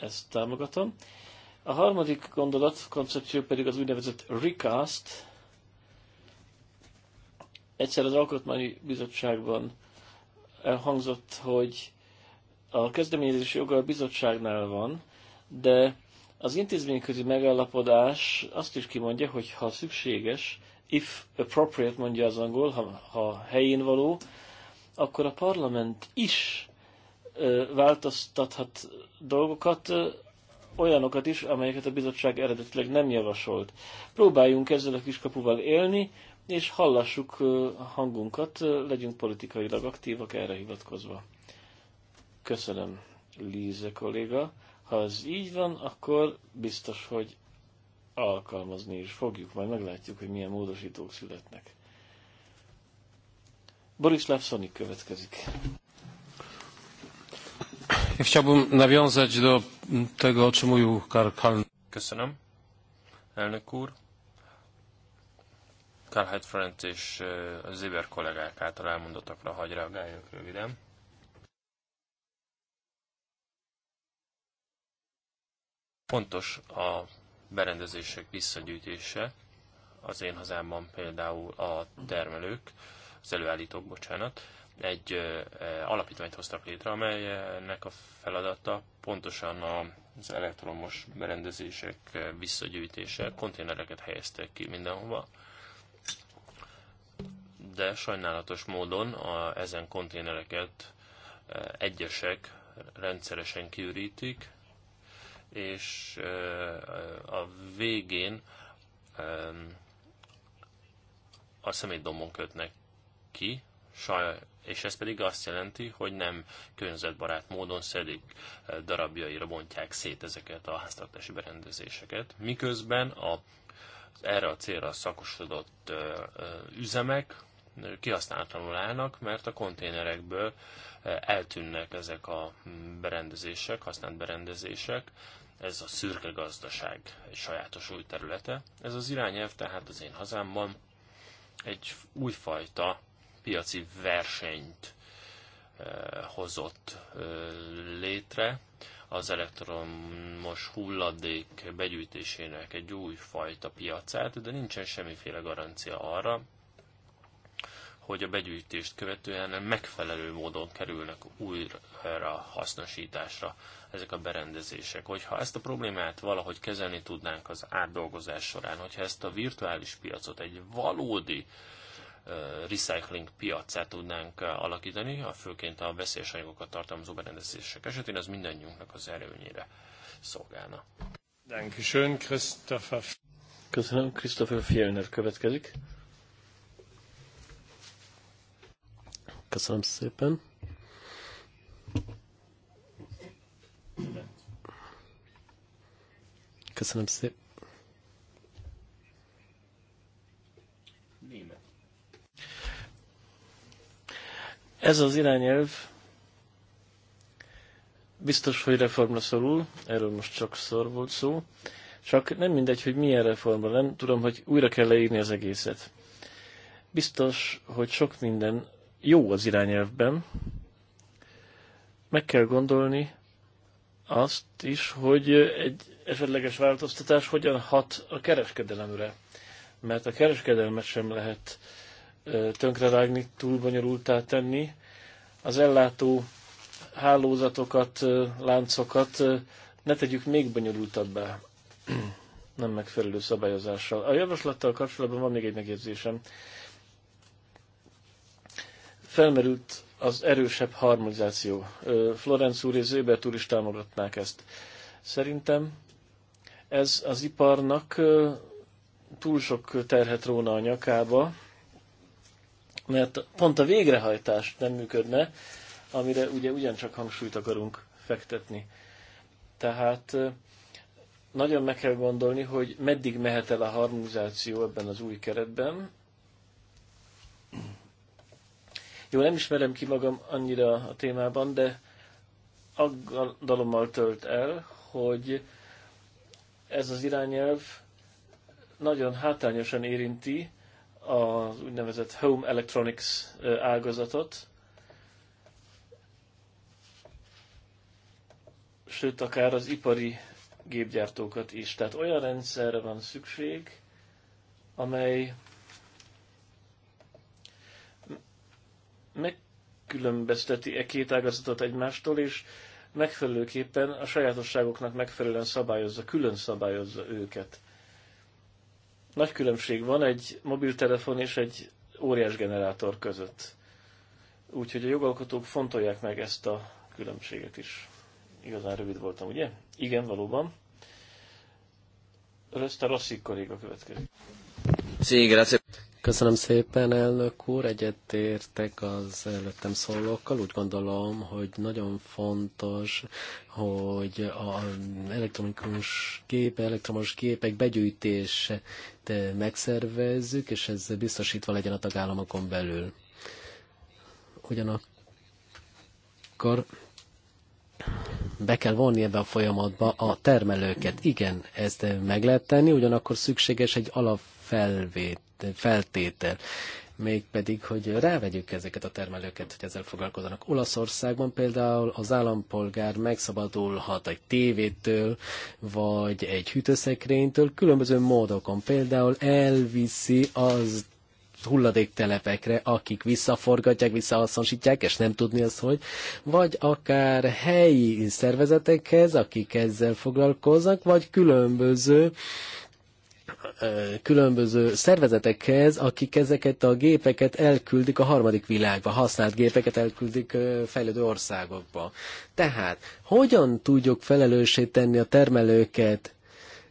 ezt támogatom. A harmadik gondolat, koncepció pedig az úgynevezett recast. Egyszer az Alkotmányi Bizottságban elhangzott, hogy a kezdeményezés joga a bizottságnál van, de az intézményközi megállapodás azt is kimondja, hogy ha szükséges, if appropriate mondja az angol, ha, ha helyén való, akkor a parlament is változtathat dolgokat olyanokat is, amelyeket a bizottság eredetileg nem javasolt. Próbáljunk ezzel a kiskapuval élni, és hallassuk hangunkat, legyünk politikailag aktívak erre hivatkozva. Köszönöm, Líze kolléga. Ha ez így van, akkor biztos, hogy alkalmazni is fogjuk, majd meglátjuk, hogy milyen módosítók születnek. Boris Lávszonik következik. Chciałbym nawiązać do tego, o czym mówił Karl Köszönöm, elnök úr. Karl Ferenc és a eh, Ziber kollégák által elmondottakra hagy reagáljunk röviden. Fontos a berendezések visszagyűjtése. Az én hazámban például a termelők, az előállítók, bocsánat, egy alapítványt hoztak létre, amelynek a feladata pontosan az elektromos berendezések visszagyűjtése, konténereket helyeztek ki mindenhova, de sajnálatos módon a, ezen konténereket egyesek rendszeresen kiürítik, és a végén a szemétdombon kötnek ki, saj, és ez pedig azt jelenti, hogy nem környezetbarát módon szedik, eh, darabjaira bontják szét ezeket a háztartási berendezéseket, miközben a, erre a célra szakosodott eh, eh, üzemek kihasználatlanul állnak, mert a konténerekből eltűnnek ezek a hm, berendezések, használt berendezések, ez a szürke gazdaság egy sajátos új területe. Ez az irányelv tehát az én hazámban egy újfajta piaci versenyt eh, hozott eh, létre. Az elektromos hulladék begyűjtésének egy újfajta piacát, de nincsen semmiféle garancia arra, hogy a begyűjtést követően megfelelő módon kerülnek újra hasznosításra ezek a berendezések. Hogyha ezt a problémát valahogy kezelni tudnánk az átdolgozás során, hogyha ezt a virtuális piacot egy valódi uh, recycling piacát tudnánk alakítani, a főként a veszélyes anyagokat tartalmazó berendezések esetén, az mindannyiunknak az erőnyére szolgálna. Dankeschön, Christopher. Köszönöm, Christopher Fjellner következik. Köszönöm szépen. Köszönöm szépen. Ez az irányelv biztos, hogy reformra szorul, erről most szor volt szó, csak nem mindegy, hogy milyen reformra, nem tudom, hogy újra kell leírni az egészet. Biztos, hogy sok minden jó az irányelvben, meg kell gondolni azt is, hogy egy esetleges változtatás hogyan hat a kereskedelemre. Mert a kereskedelmet sem lehet tönkrevágni, túl bonyolultá tenni. Az ellátó hálózatokat, láncokat ne tegyük még bonyolultabbá *clears throat* nem megfelelő szabályozással. A javaslattal kapcsolatban van még egy megjegyzésem. Felmerült az erősebb harmonizáció. Florenc úr és Zébert úr is támogatnák ezt. Szerintem ez az iparnak túl sok terhet róna a nyakába, mert pont a végrehajtás nem működne, amire ugye ugyancsak hangsúlyt akarunk fektetni. Tehát nagyon meg kell gondolni, hogy meddig mehet el a harmonizáció ebben az új keretben. Jó, nem ismerem ki magam annyira a témában, de aggodalommal tölt el, hogy ez az irányelv nagyon hátrányosan érinti az úgynevezett home electronics ágazatot, sőt akár az ipari gépgyártókat is. Tehát olyan rendszerre van szükség, amely megkülönbözteti e két ágazatot egymástól, és megfelelőképpen a sajátosságoknak megfelelően szabályozza, külön szabályozza őket. Nagy különbség van egy mobiltelefon és egy óriás generátor között. Úgyhogy a jogalkotók fontolják meg ezt a különbséget is. Igazán rövid voltam, ugye? Igen, valóban. Rösta Rossi kolléga következik. Sí, grazie. Köszönöm szépen, elnök úr. Egyetértek az előttem szólókkal. Úgy gondolom, hogy nagyon fontos, hogy az elektronikus gép, elektromos gépek begyűjtése megszervezzük, és ez biztosítva legyen a tagállamokon belül. Ugyanakkor be kell vonni ebbe a folyamatba a termelőket. Igen, ezt meg lehet tenni, ugyanakkor szükséges egy alapfelvét, mégpedig, hogy rávegyük ezeket a termelőket, hogy ezzel foglalkozanak. Olaszországban például az állampolgár megszabadulhat egy tévétől, vagy egy hűtőszekrénytől, különböző módokon. Például elviszi az hulladéktelepekre, akik visszaforgatják, visszahasznosítják, és nem tudni azt, hogy, vagy akár helyi szervezetekhez, akik ezzel foglalkoznak, vagy különböző különböző szervezetekhez, akik ezeket a gépeket elküldik a harmadik világba, használt gépeket elküldik fejlődő országokba. Tehát, hogyan tudjuk felelőssé tenni a termelőket?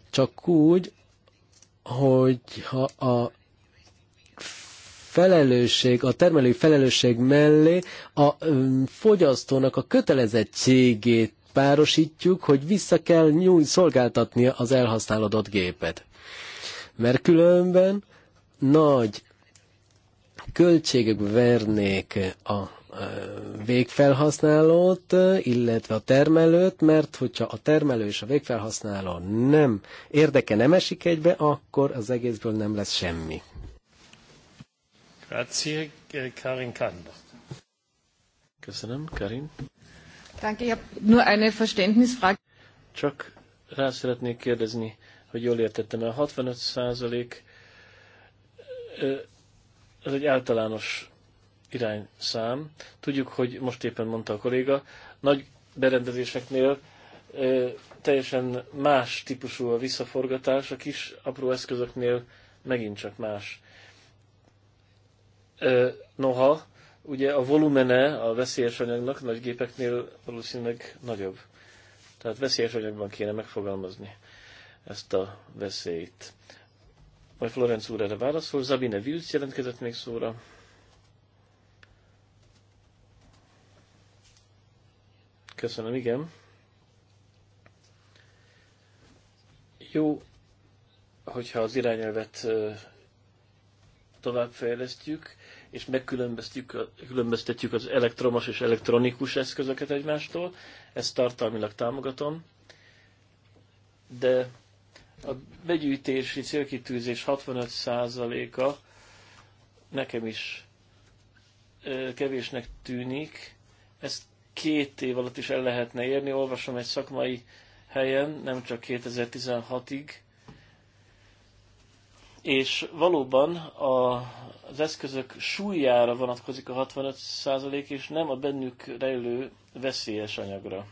Csak úgy, hogy ha a felelősség, a termelői felelősség mellé a fogyasztónak a kötelezettségét párosítjuk, hogy vissza kell nyúj szolgáltatnia az elhasználódott gépet. Mert különben nagy költségek vernék a végfelhasználót, illetve a termelőt, mert hogyha a termelő és a végfelhasználó nem érdeke nem esik egybe, akkor az egészből nem lesz semmi. Grazie, eh, Karin Köszönöm, Karin. Danke, ich habe nur eine Verständnisfrage. Csak rá szeretnék kérdezni, hogy jól értettem el. 65 százalék, ez egy általános irányszám. Tudjuk, hogy most éppen mondta a kolléga, nagy berendezéseknél teljesen más típusú a visszaforgatás, a kis apró eszközöknél megint csak más. Noha, ugye a volumene a veszélyes anyagnak nagy gépeknél valószínűleg nagyobb. Tehát veszélyes anyagban kéne megfogalmazni ezt a veszélyt. Majd Florenc úr erre válaszol. Zabine Vilc jelentkezett még szóra. Köszönöm, igen. Jó, hogyha az irányelvet továbbfejlesztjük, és megkülönböztetjük az elektromos és elektronikus eszközöket egymástól. Ezt tartalmilag támogatom. De a begyűjtési célkitűzés 65%-a nekem is kevésnek tűnik. Ezt két év alatt is el lehetne érni. Olvasom egy szakmai helyen, nem csak 2016-ig, és valóban a, az eszközök súlyára vonatkozik a 65% és nem a bennük rejlő veszélyes anyagra.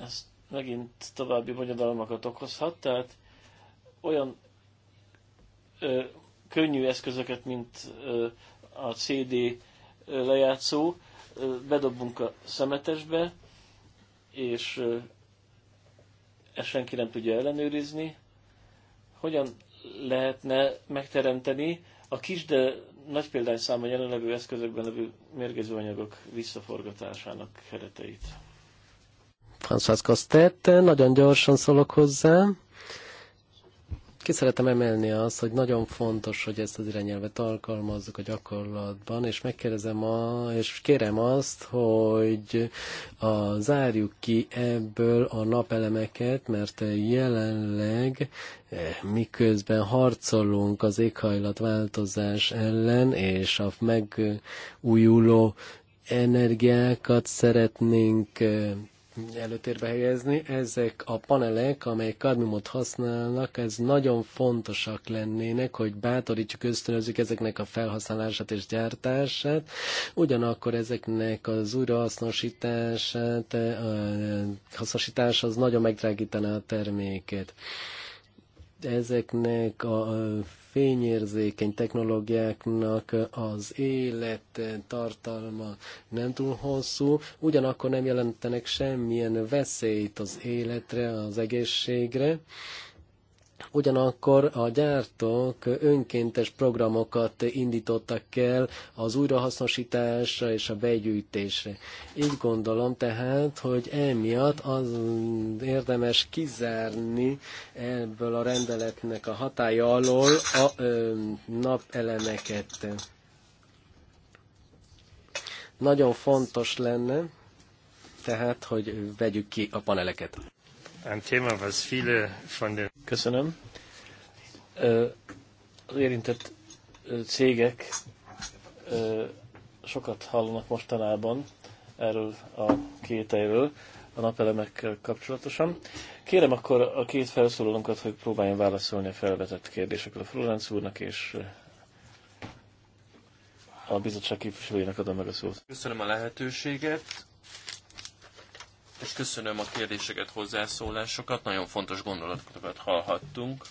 Ez megint további bonyodalmakat okozhat, tehát olyan ö, könnyű eszközöket, mint ö, a CD lejátszó, ö, bedobunk a szemetesbe, és ö, ezt senki nem tudja ellenőrizni. Hogyan lehetne megteremteni a kis, de nagy példányszámban jelenlevő eszközökben levő mérgező anyagok visszaforgatásának kereteit. François Costet, nagyon gyorsan szólok hozzá. Ki szeretem emelni azt, hogy nagyon fontos, hogy ezt az irányelvet alkalmazzuk a gyakorlatban, és megkérdezem, a, és kérem azt, hogy a, zárjuk ki ebből a napelemeket, mert jelenleg eh, miközben harcolunk az éghajlatváltozás ellen, és a megújuló energiákat szeretnénk eh, előtérbe helyezni. Ezek a panelek, amelyek kadmiumot használnak, ez nagyon fontosak lennének, hogy bátorítsuk, ösztönözzük ezeknek a felhasználását és gyártását. Ugyanakkor ezeknek az újrahasznosítását, hasznosítás az nagyon megdrágítaná a terméket. Ezeknek a fényérzékeny technológiáknak az élet tartalma nem túl hosszú, ugyanakkor nem jelentenek semmilyen veszélyt az életre, az egészségre, Ugyanakkor a gyártók önkéntes programokat indítottak el az újrahasznosításra és a begyűjtésre. Így gondolom tehát, hogy emiatt az érdemes kizárni ebből a rendeletnek a hatája alól a ö, napelemeket. Nagyon fontos lenne, tehát, hogy vegyük ki a paneleket. Köszönöm. Az érintett cégek sokat hallanak mostanában erről a kételyről, a napelemekkel kapcsolatosan. Kérem akkor a két felszólalónkat, hogy próbáljon válaszolni a felvetett kérdésekre a Florence úrnak, és a bizottság képviselőjének adom meg a szót. Köszönöm a lehetőséget és köszönöm a kérdéseket, hozzászólásokat. Nagyon fontos gondolatokat hallhattunk.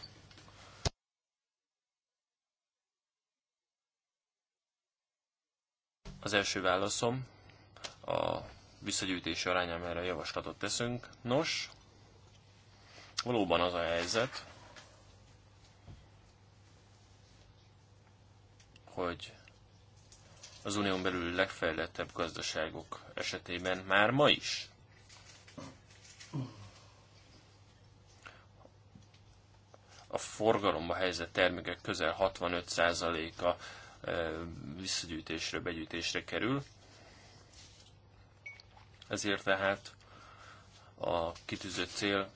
Az első válaszom a visszagyűjtési arány, amelyre javaslatot teszünk. Nos, valóban az a helyzet, hogy az unión belül legfejlettebb gazdaságok esetében már ma is a forgalomba helyezett termékek közel 65%-a visszagyűjtésre, begyűjtésre kerül. Ezért tehát a kitűzött cél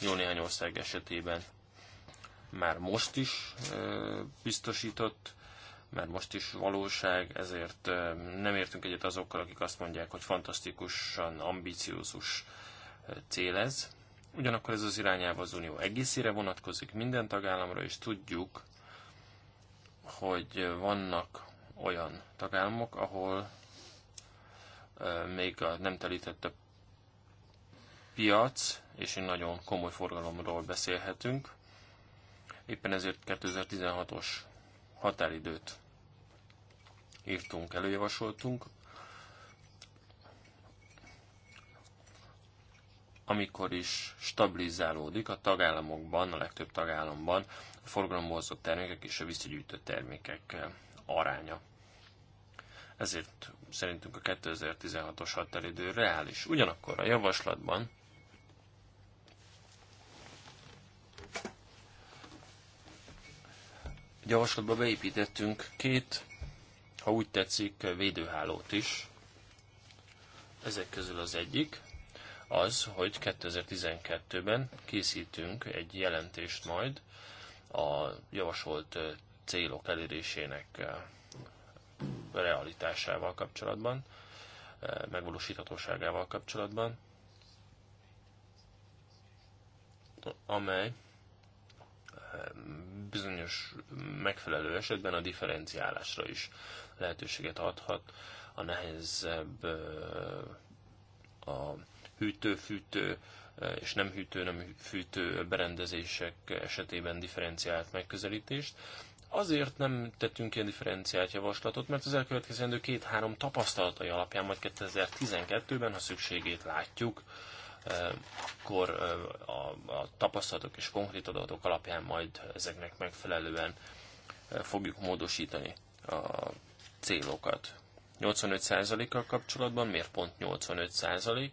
jó néhány ország esetében már most is biztosított, már most is valóság, ezért nem értünk egyet azokkal, akik azt mondják, hogy fantasztikusan ambiciózus cél ez. Ugyanakkor ez az irányelv az Unió egészére vonatkozik, minden tagállamra, és tudjuk, hogy vannak olyan tagállamok, ahol még a nem telített a piac, és egy nagyon komoly forgalomról beszélhetünk. Éppen ezért 2016-os határidőt írtunk, előjavasoltunk. amikor is stabilizálódik a tagállamokban, a legtöbb tagállamban a forgalomborzott termékek és a visszagyűjtött termékek aránya. Ezért szerintünk a 2016-os határidő reális. Ugyanakkor a javaslatban javaslatba beépítettünk két, ha úgy tetszik, védőhálót is. Ezek közül az egyik, az, hogy 2012-ben készítünk egy jelentést majd a javasolt célok elérésének realitásával kapcsolatban, megvalósíthatóságával kapcsolatban, amely bizonyos megfelelő esetben a differenciálásra is lehetőséget adhat a nehezebb a hűtő-fűtő e, és nem hűtő, nem fűtő berendezések esetében differenciált megközelítést. Azért nem tettünk ilyen differenciált javaslatot, mert az elkövetkezendő két-három tapasztalatai alapján majd 2012-ben, ha szükségét látjuk, e, akkor e, a, a tapasztalatok és konkrét adatok alapján majd ezeknek megfelelően fogjuk módosítani a célokat. 85%-kal kapcsolatban miért pont 85%?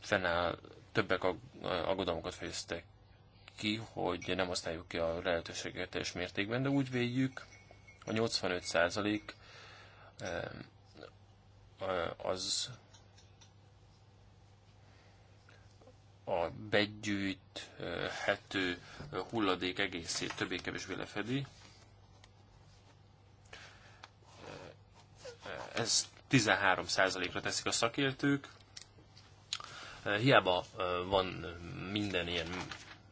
fennáll, többek aggodalmukat fejeztek ki, hogy nem használjuk ki a lehetőséget teljes mértékben, de úgy védjük, a 85 százalék az a begyűjthető hulladék egészét többé-kevésbé lefedi. Ez 13%-ra teszik a szakértők, Hiába van minden ilyen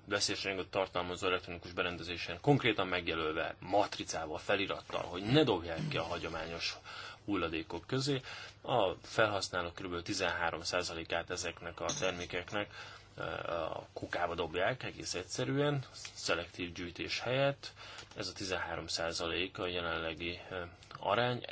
veszélysanyagot tartalmazó elektronikus berendezésen konkrétan megjelölve matricával, felirattal, hogy ne dobják ki a hagyományos hulladékok közé. A felhasználók kb. 13%-át ezeknek a termékeknek a kukába dobják egész egyszerűen, szelektív gyűjtés helyett. Ez a 13% a jelenlegi arány.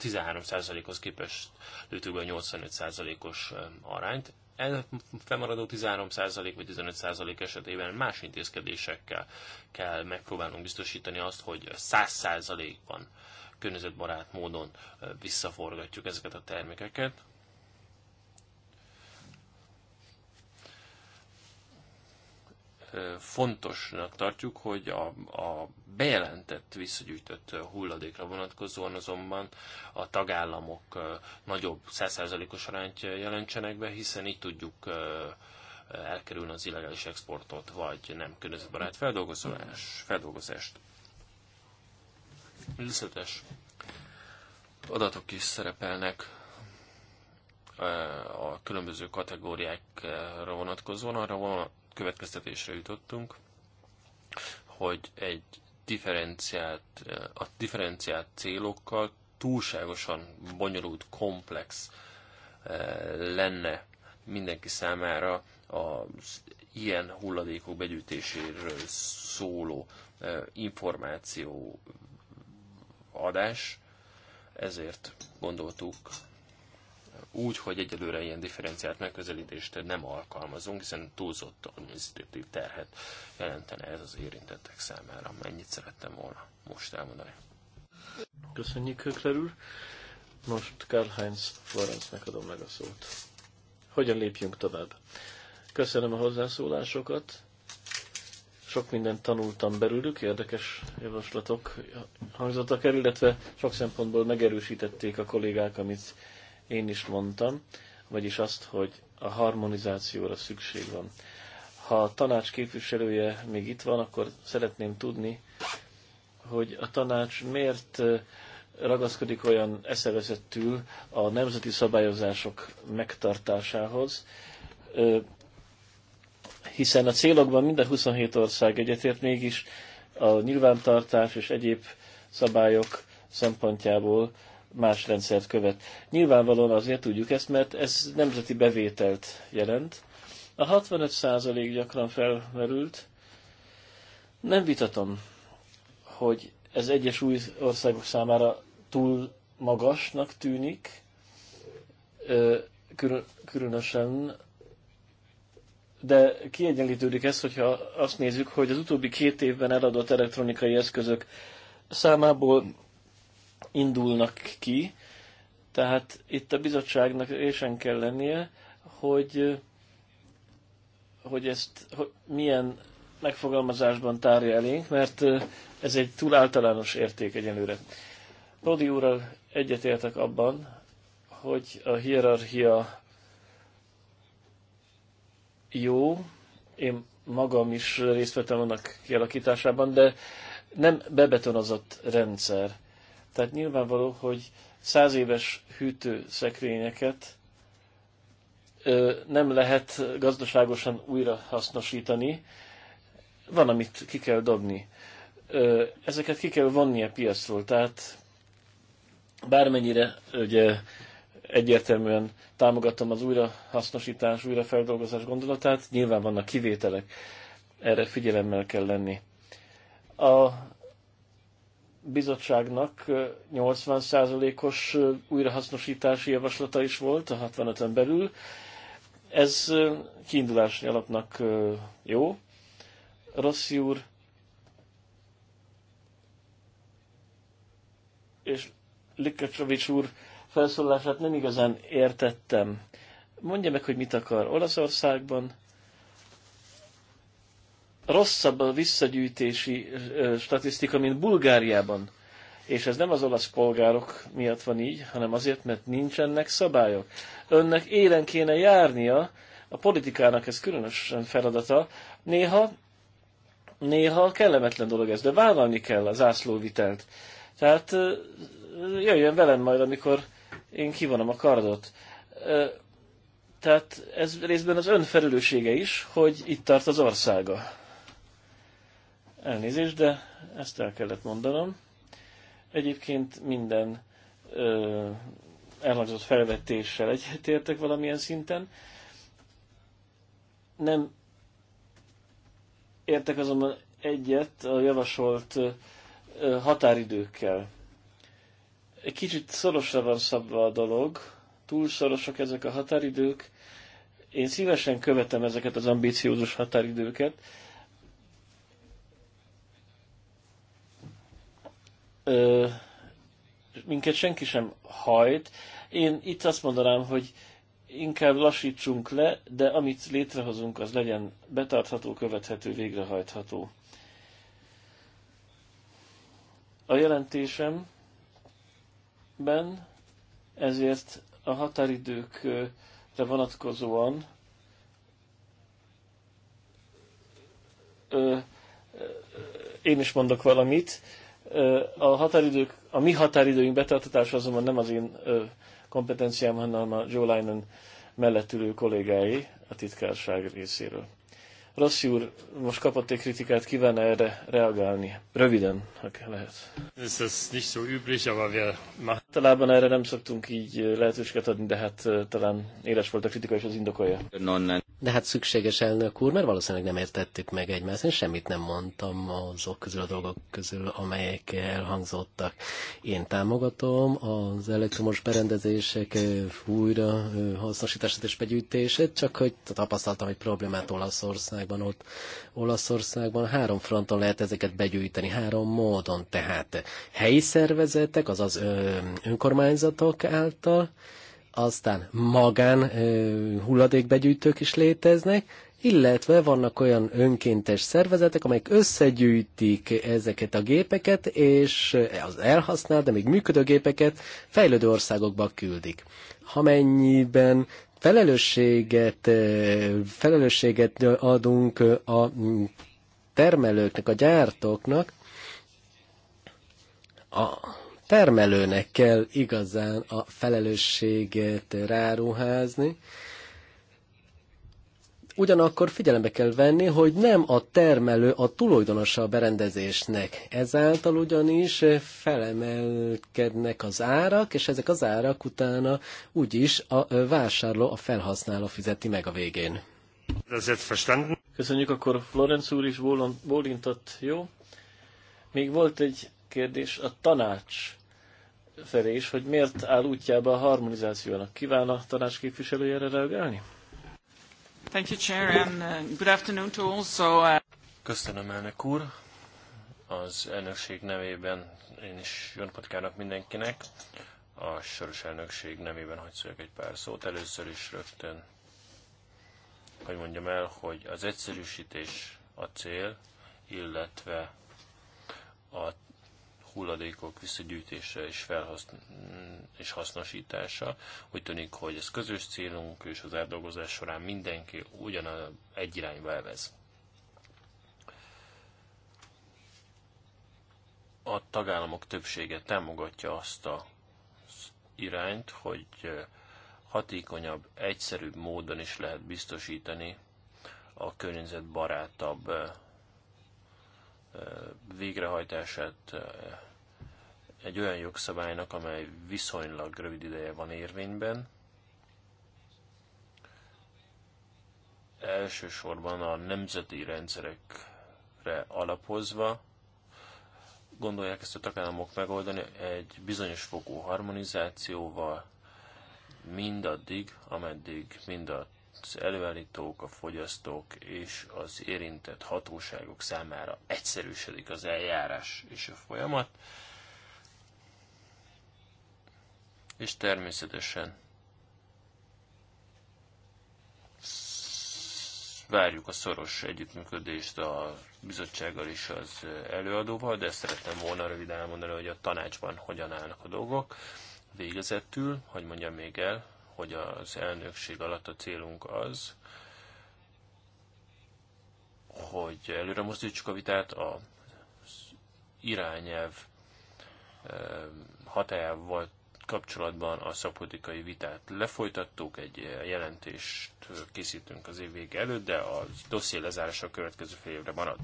13%-hoz képest lőtük a 85%-os arányt ennek fennmaradó 13% vagy 15% esetében más intézkedésekkel kell megpróbálnunk biztosítani azt, hogy 100%-ban környezetbarát módon visszaforgatjuk ezeket a termékeket. fontosnak tartjuk, hogy a, a bejelentett, visszagyűjtött hulladékra vonatkozóan azonban a tagállamok nagyobb 10%-os arányt jelentsenek be, hiszen így tudjuk elkerülni az illegális exportot, vagy nem környezetbarát feldolgozás, feldolgozást. Részletes adatok is szerepelnek a különböző kategóriákra vonatkozóan, arra következtetésre jutottunk, hogy egy differenciált, a differenciált célokkal túlságosan bonyolult, komplex eh, lenne mindenki számára az ilyen hulladékok begyűjtéséről szóló eh, információ adás, ezért gondoltuk úgy, hogy egyelőre ilyen differenciált megközelítést nem alkalmazunk, hiszen túlzott administratív terhet jelentene ez az érintettek számára. Mennyit szerettem volna most elmondani. Köszönjük, Kökler úr. Most Karl-Heinz Florencnek adom meg a szót. Hogyan lépjünk tovább? Köszönöm a hozzászólásokat. Sok mindent tanultam belőlük, érdekes javaslatok hangzottak el, illetve sok szempontból megerősítették a kollégák, amit én is mondtam, vagyis azt, hogy a harmonizációra szükség van. Ha a tanács képviselője még itt van, akkor szeretném tudni, hogy a tanács miért ragaszkodik olyan eszevezettül a nemzeti szabályozások megtartásához, hiszen a célokban minden 27 ország egyetért, mégis a nyilvántartás és egyéb szabályok szempontjából más rendszert követ. Nyilvánvalóan azért tudjuk ezt, mert ez nemzeti bevételt jelent. A 65% gyakran felmerült. Nem vitatom, hogy ez egyes új országok számára túl magasnak tűnik, különösen, de kiegyenlítődik ez, hogyha azt nézzük, hogy az utóbbi két évben eladott elektronikai eszközök számából indulnak ki, tehát itt a bizottságnak résen kell lennie, hogy, hogy ezt hogy milyen megfogalmazásban tárja elénk, mert ez egy túl általános érték egyenlőre. Prodi úrral egyetértek abban, hogy a hierarchia jó, én magam is részt vettem annak kialakításában, de nem bebetonozott rendszer. Tehát nyilvánvaló, hogy száz éves hűtőszekrényeket nem lehet gazdaságosan újra hasznosítani, van, amit ki kell dobni. Ezeket ki kell vonni a piacról, tehát bármennyire ugye, egyértelműen támogatom az újrahasznosítás, újrafeldolgozás gondolatát, nyilván vannak kivételek, erre figyelemmel kell lenni. A bizottságnak 80%-os újrahasznosítási javaslata is volt a 65-ön belül. Ez kiindulási alapnak jó. Rossi úr és Likacsovics úr felszólását nem igazán értettem. Mondja meg, hogy mit akar Olaszországban, rosszabb a visszagyűjtési statisztika, mint Bulgáriában. És ez nem az olasz polgárok miatt van így, hanem azért, mert nincsenek szabályok. Önnek élen kéne járnia, a politikának ez különösen feladata. Néha, néha kellemetlen dolog ez, de vállalni kell az ászlóvitelt. Tehát jöjjön velem majd, amikor én kivonom a kardot. Tehát ez részben az önfelelősége is, hogy itt tart az országa. Elnézést, de ezt el kellett mondanom. Egyébként minden ö, elhangzott felvetéssel egyetértek valamilyen szinten. Nem értek azonban egyet a javasolt ö, határidőkkel. Egy kicsit szorosra van szabva a dolog, túl szorosak ezek a határidők. Én szívesen követem ezeket az ambíciózus határidőket, ö, minket senki sem hajt. Én itt azt mondanám, hogy inkább lassítsunk le, de amit létrehozunk, az legyen betartható, követhető, végrehajtható. A jelentésemben ezért a határidőkre vonatkozóan ö, ö, én is mondok valamit. Ö, a határidők, a mi határidőink betartatása azonban nem az én kompetenciám, hanem a Joe Linen mellett ülő kollégái a titkárság részéről. Rossi úr most kapott egy kritikát, kíván -e erre reagálni? Röviden, ha lehet. Ez az nicht so üblich, aber wir machen. Talában erre nem szoktunk így lehetőséget adni, de hát talán éles volt a kritika, és az indokolja. De hát szükséges elnök úr, mert valószínűleg nem értettük meg egymást. Én semmit nem mondtam azok közül a dolgok közül, amelyek elhangzottak. Én támogatom az elektromos berendezések újra hasznosítását és begyűjtését, csak hogy tapasztaltam egy problémát Olaszország Franciaországban, ott Olaszországban három fronton lehet ezeket begyűjteni, három módon, tehát helyi szervezetek, azaz ö, önkormányzatok által, aztán magán ö, hulladékbegyűjtők is léteznek, illetve vannak olyan önkéntes szervezetek, amelyek összegyűjtik ezeket a gépeket, és az elhasznált, de még működő gépeket fejlődő országokba küldik. Ha mennyiben felelősséget, felelősséget adunk a termelőknek, a gyártóknak, a termelőnek kell igazán a felelősséget ráruházni, Ugyanakkor figyelembe kell venni, hogy nem a termelő a tulajdonosa a berendezésnek. Ezáltal ugyanis felemelkednek az árak, és ezek az árak utána úgyis a vásárló, a felhasználó fizeti meg a végén. Köszönjük, akkor Florenc úr is bólintott, jó? Még volt egy kérdés a tanács felé is, hogy miért áll útjába a harmonizációnak. Kíván a tanács képviselőjére reagálni? Thank you, Chair, and uh, good afternoon to all. So, uh... Köszönöm, elnök úr. Az elnökség nevében én is jó napot kívánok mindenkinek. A soros elnökség nevében hagy szóljak egy pár szót. Először is rögtön, hogy mondjam el, hogy az egyszerűsítés a cél, illetve a hulladékok visszagyűjtése és, felhaszn- és hasznosítása. Úgy tűnik, hogy ez közös célunk, és az átdolgozás során mindenki ugyan egy irányba elvez. A tagállamok többsége támogatja azt a az irányt, hogy hatékonyabb, egyszerűbb módon is lehet biztosítani a környezetbarátabb végrehajtását egy olyan jogszabálynak, amely viszonylag rövid ideje van érvényben, elsősorban a nemzeti rendszerekre alapozva, gondolják ezt a tagállamok megoldani egy bizonyos fokú harmonizációval, mindaddig, ameddig mind az előállítók, a fogyasztók és az érintett hatóságok számára egyszerűsödik az eljárás és a folyamat. és természetesen várjuk a szoros együttműködést a bizottsággal is az előadóval, de szerettem volna röviden elmondani, hogy a tanácsban hogyan állnak a dolgok. Végezetül, hogy mondjam még el, hogy az elnökség alatt a célunk az, hogy előre mozdítsuk a vitát az irányelv eh, hatájával kapcsolatban a szakpolitikai vitát lefolytattuk, egy eh, jelentést eh, készítünk az év vége előtt, de a dosszié lezárása a következő fél évre marad.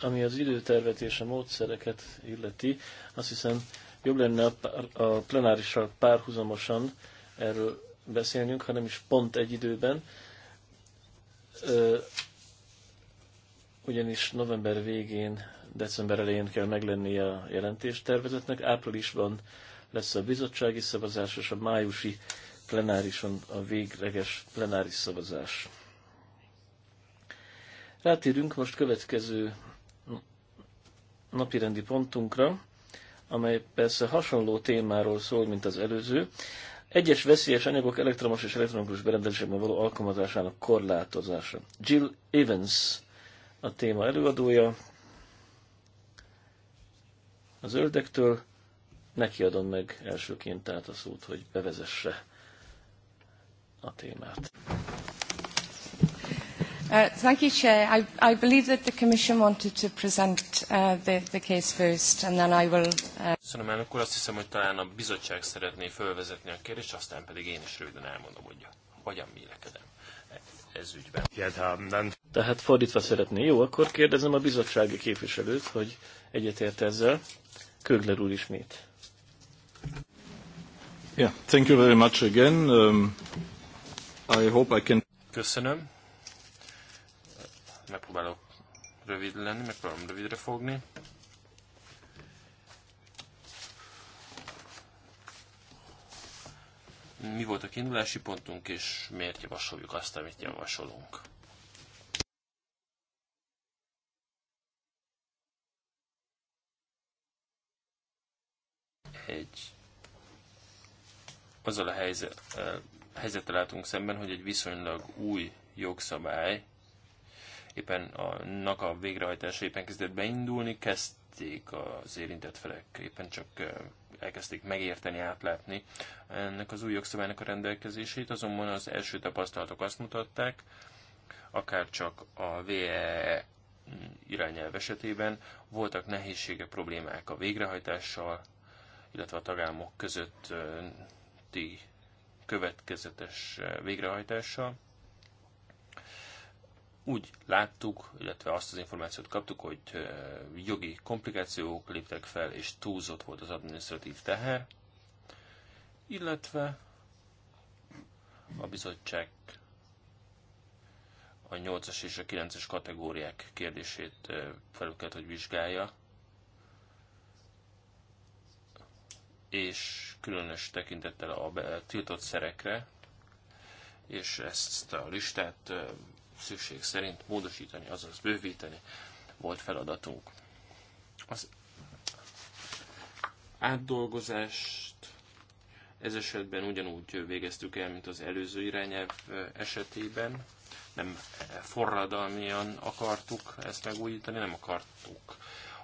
Ami az időtervet és a módszereket illeti, azt hiszem jobb lenne a, pár, a plenárissal párhuzamosan erről beszélnünk, hanem is pont egy időben, Ö, ugyanis november végén december elején kell meglennie a jelentéstervezetnek. Áprilisban lesz a bizottsági szavazás, és a májusi plenárison a végleges plenáris szavazás. Rátérünk most következő napirendi pontunkra, amely persze hasonló témáról szól, mint az előző. Egyes veszélyes anyagok elektromos és elektronikus berendezésekben való alkalmazásának korlátozása. Jill Evans a téma előadója, az öldektől. Neki adom meg elsőként át a szót, hogy bevezesse a témát. Uh, thank you, Chair. I, I believe that the Commission wanted to present uh, the, the case first, and then I will... Uh... Köszönöm, elnök úr. Azt hiszem, hogy talán a bizottság szeretné felvezetni a kérdést, aztán pedig én is röviden elmondom, hogy hogyan mélekedem ez ügyben. Tehát fordítva szeretné. Jó, akkor kérdezem a bizottsági képviselőt, hogy egyetért ezzel. Kögler úr ismét. Yeah, thank you very much again. Um, I hope I can... Köszönöm. Megpróbálok rövid lenni, megpróbálom rövidre fogni. Mi volt a kiindulási pontunk, és miért javasoljuk azt, amit javasolunk? egy azzal a helyzet, helyzettel látunk szemben, hogy egy viszonylag új jogszabály éppen annak a végrehajtása éppen kezdett beindulni, kezdték az érintett felek éppen csak elkezdték megérteni, átlátni ennek az új jogszabálynak a rendelkezését, azonban az első tapasztalatok azt mutatták, akár csak a VEE irányelv esetében voltak nehézségek, problémák a végrehajtással, illetve a tagállamok közötti következetes végrehajtása. Úgy láttuk, illetve azt az információt kaptuk, hogy jogi komplikációk léptek fel, és túlzott volt az adminisztratív teher, illetve a bizottság a 8-as és a 9-es kategóriák kérdését felül kellett, hogy vizsgálja. és különös tekintettel a tiltott szerekre, és ezt a listát szükség szerint módosítani, azaz bővíteni volt feladatunk. Az átdolgozást ez esetben ugyanúgy végeztük el, mint az előző irányelv esetében. Nem forradalmian akartuk ezt megújítani, nem akartuk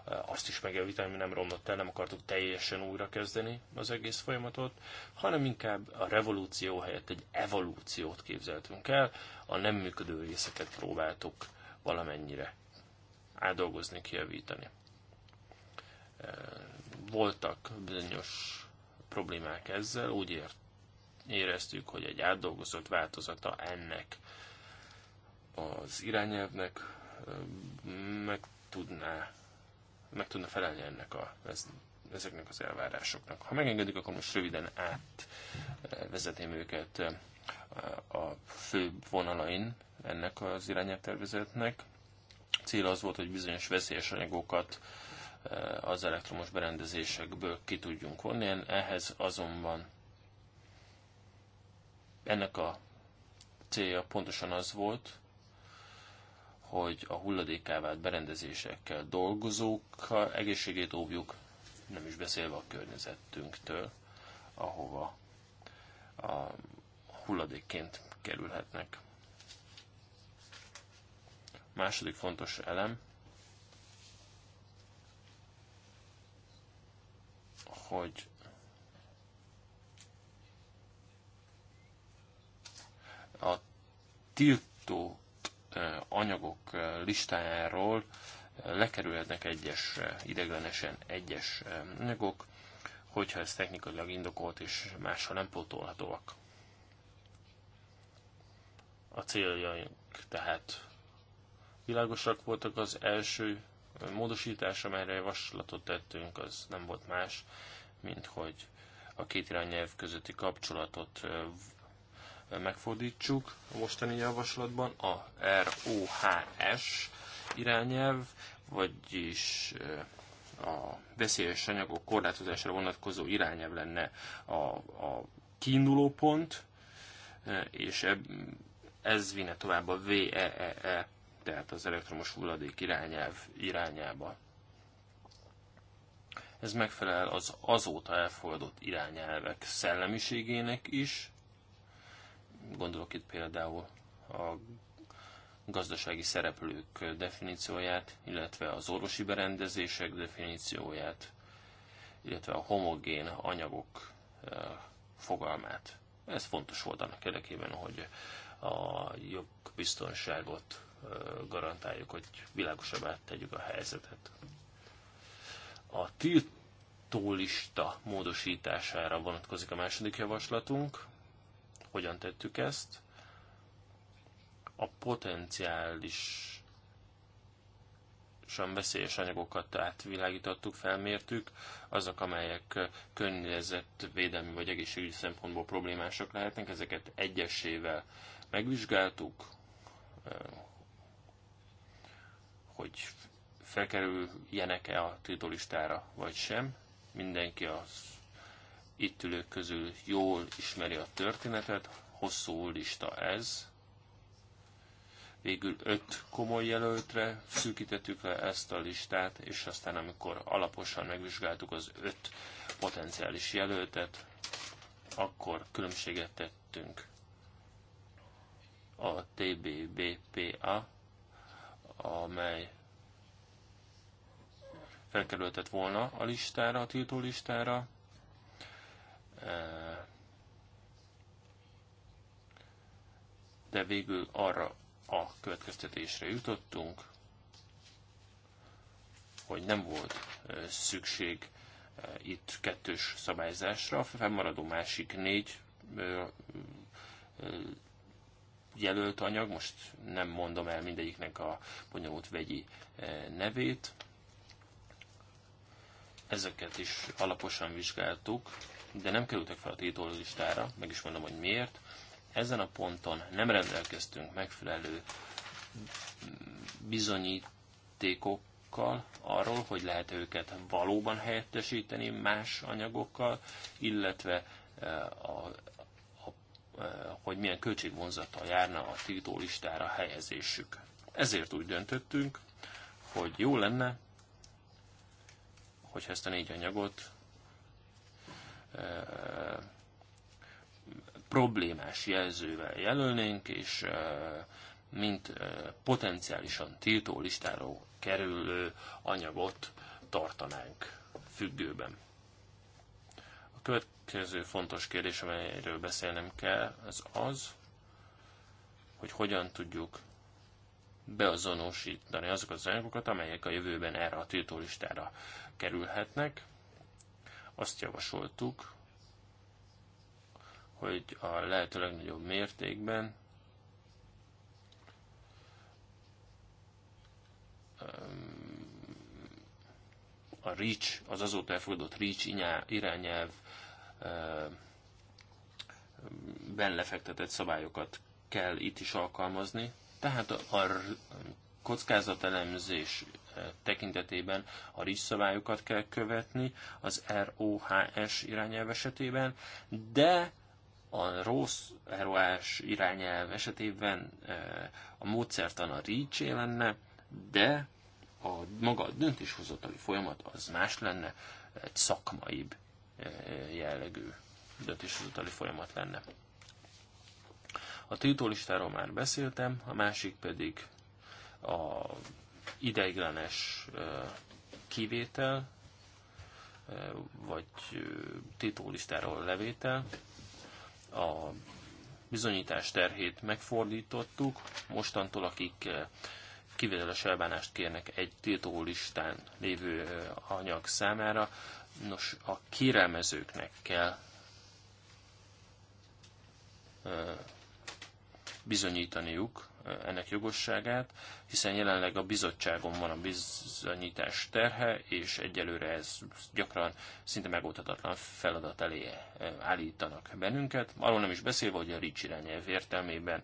azt is megjavítani, mi nem romlott el, nem akartuk teljesen újra kezdeni az egész folyamatot, hanem inkább a revolúció helyett egy evolúciót képzeltünk el, a nem működő részeket próbáltuk valamennyire átdolgozni, kijavítani. Voltak bizonyos problémák ezzel, úgy ért, éreztük, hogy egy átdolgozott változata ennek az irányelvnek meg tudná meg tudna felelni ennek a, ezeknek az elvárásoknak. Ha megengedik, akkor most röviden átvezetném őket eh, a fő vonalain ennek az irányelvtervezetnek. Cél az volt, hogy bizonyos veszélyes anyagokat eh, az elektromos berendezésekből ki tudjunk vonni, ehhez azonban ennek a célja pontosan az volt, hogy a hulladékká vált berendezésekkel dolgozók egészségét óvjuk, nem is beszélve a környezetünktől, ahova a hulladékként kerülhetnek. A második fontos elem, hogy a tiltó anyagok listájáról lekerülhetnek egyes ideglenesen egyes anyagok, hogyha ez technikailag indokolt és máshol nem pótolhatóak. A céljaink tehát világosak voltak. Az első módosítás, amelyre javaslatot tettünk, az nem volt más, mint hogy a két irányelv közötti kapcsolatot megfordítsuk a mostani javaslatban a ROHS irányelv, vagyis eh, a veszélyes anyagok korlátozásra vonatkozó irányelv lenne a, a kiinduló pont, eh, és ez vinne tovább a VEEE, e e, tehát az elektromos hulladék irányelv irányába. Ez megfelel az azóta elfogadott irányelvek szellemiségének is, Gondolok itt például a gazdasági szereplők definícióját, illetve az orvosi berendezések definícióját, illetve a homogén anyagok eh, fogalmát. Ez fontos volt annak érdekében, hogy a jogbiztonságot eh, garantáljuk, hogy világosabbá tegyük a helyzetet. A tiltólista módosítására vonatkozik a második javaslatunk hogyan tettük ezt. A potenciális sem veszélyes anyagokat átvilágítottuk, felmértük, azok, amelyek környezetvédelmi vagy egészségügyi szempontból problémásak lehetnek, ezeket egyesével megvizsgáltuk, hogy felkerüljenek-e a tiltólistára, vagy sem. Mindenki az itt ülők közül jól ismeri a történetet, hosszú lista ez. Végül öt komoly jelöltre szűkítettük le ezt a listát, és aztán amikor alaposan megvizsgáltuk az öt potenciális jelöltet, akkor különbséget tettünk a TBBPA, amely felkerültett volna a listára, a tiltó listára, de végül arra a következtetésre jutottunk, hogy nem volt szükség itt kettős szabályzásra. A fennmaradó másik négy jelölt anyag, most nem mondom el mindegyiknek a bonyolult vegyi nevét. Ezeket is alaposan vizsgáltuk, de nem kerültek fel a tiltó listára, meg is mondom, hogy miért. Ezen a ponton nem rendelkeztünk megfelelő bizonyítékokkal arról, hogy lehet őket valóban helyettesíteni más anyagokkal, illetve e, a, a, a, e, hogy milyen költségvonzata járna a tiltó listára helyezésük. Ezért úgy döntöttünk, hogy jó lenne, hogyha ezt a négy anyagot problémás jelzővel jelölnénk, és mint potenciálisan tiltó listáról kerülő anyagot tartanánk függőben. A következő fontos kérdés, amelyről beszélnem kell, az az, hogy hogyan tudjuk beazonosítani azokat az anyagokat, amelyek a jövőben erre a listára kerülhetnek, azt javasoltuk, hogy a lehető legnagyobb mértékben a REACH, az azóta elfogadott REACH irányelv ben lefektetett szabályokat kell itt is alkalmazni. Tehát a kockázatelemzés tekintetében a RIS szabályokat kell követni, az ROHS irányelv esetében, de a rossz ROHS irányelv esetében eh, a módszertan a RICS lenne, de a maga a döntéshozatali folyamat az más lenne, egy szakmaibb eh, jellegű döntéshozatali folyamat lenne. A tiltólistáról már beszéltem, a másik pedig a ideiglenes kivétel, vagy titulistáról levétel. A bizonyítás terhét megfordítottuk, mostantól akik kivételes elbánást kérnek egy tiltólistán lévő anyag számára, nos, a kérelmezőknek kell bizonyítaniuk, ennek jogosságát, hiszen jelenleg a bizottságon van a bizonyítás terhe, és egyelőre ez gyakran szinte megoldhatatlan feladat elé eh, állítanak bennünket. Arról nem is beszélve, hogy a RICS irányelv értelmében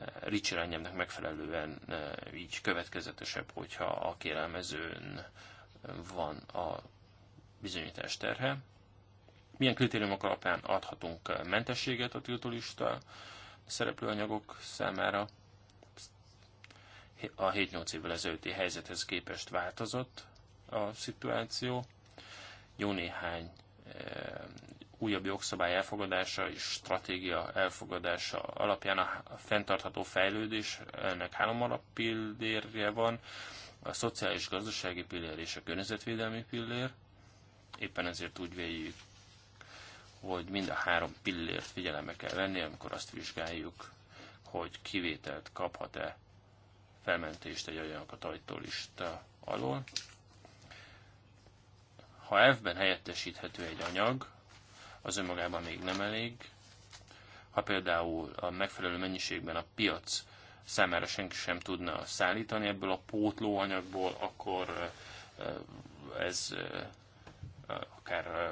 eh, RICS irányelvnek megfelelően eh, így következetesebb, hogyha a kérelmezőn van a bizonyítás terhe. Milyen kritériumok alapján adhatunk mentességet a tiltólista szereplőanyagok számára? a 7-8 évvel ezelőtti helyzethez képest változott a szituáció. Jó néhány eh, újabb jogszabály elfogadása és stratégia elfogadása alapján a fenntartható fejlődés ennek három alappillérje van, a szociális gazdasági pillér és a környezetvédelmi pillér. Éppen ezért úgy véljük, hogy mind a három pillért figyelembe kell venni, amikor azt vizsgáljuk, hogy kivételt kaphat-e felmentést egy olyan katalitalista alól. Ha F-ben helyettesíthető egy anyag, az önmagában még nem elég. Ha például a megfelelő mennyiségben a piac számára senki sem tudna szállítani ebből a pótlóanyagból, akkor eh, ez eh, akár eh,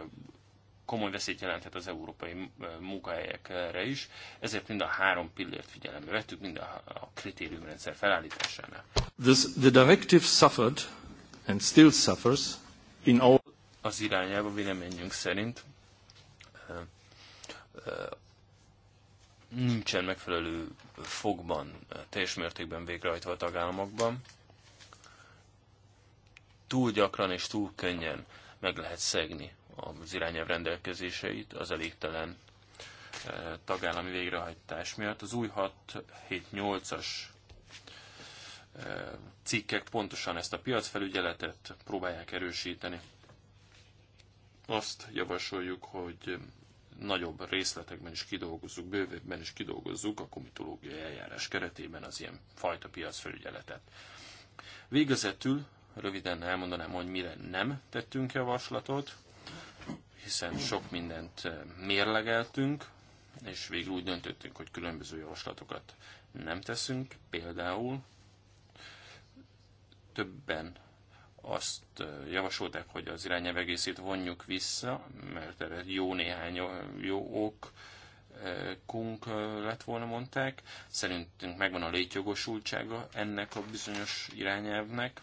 komoly veszélyt jelenthet az európai munkahelyekre is, ezért mind a három pillért figyelembe vettük, mind a, a kritériumrendszer felállításánál. This, the directive suffered and still suffers in all... Az irányába véleményünk szerint nincsen megfelelő fogban, teljes mértékben végrehajtva a tagállamokban. Túl gyakran és túl könnyen meg lehet szegni az irányelv rendelkezéseit az elégtelen eh, tagállami végrehajtás miatt. Az új 678-as eh, cikkek pontosan ezt a piacfelügyeletet próbálják erősíteni. Azt javasoljuk, hogy nagyobb részletekben is kidolgozzuk, bővebben is kidolgozzuk a komitológiai eljárás keretében az ilyen fajta piacfelügyeletet. Végezetül röviden elmondanám, hogy mire nem tettünk javaslatot hiszen sok mindent eh, mérlegeltünk, és végül úgy döntöttünk, hogy különböző javaslatokat nem teszünk. Például többen azt eh, javasolták, hogy az irányelv egészét vonjuk vissza, mert erre jó néhány eh, jó ok kunk lett volna, mondták. Szerintünk megvan a létjogosultsága ennek a bizonyos irányelvnek,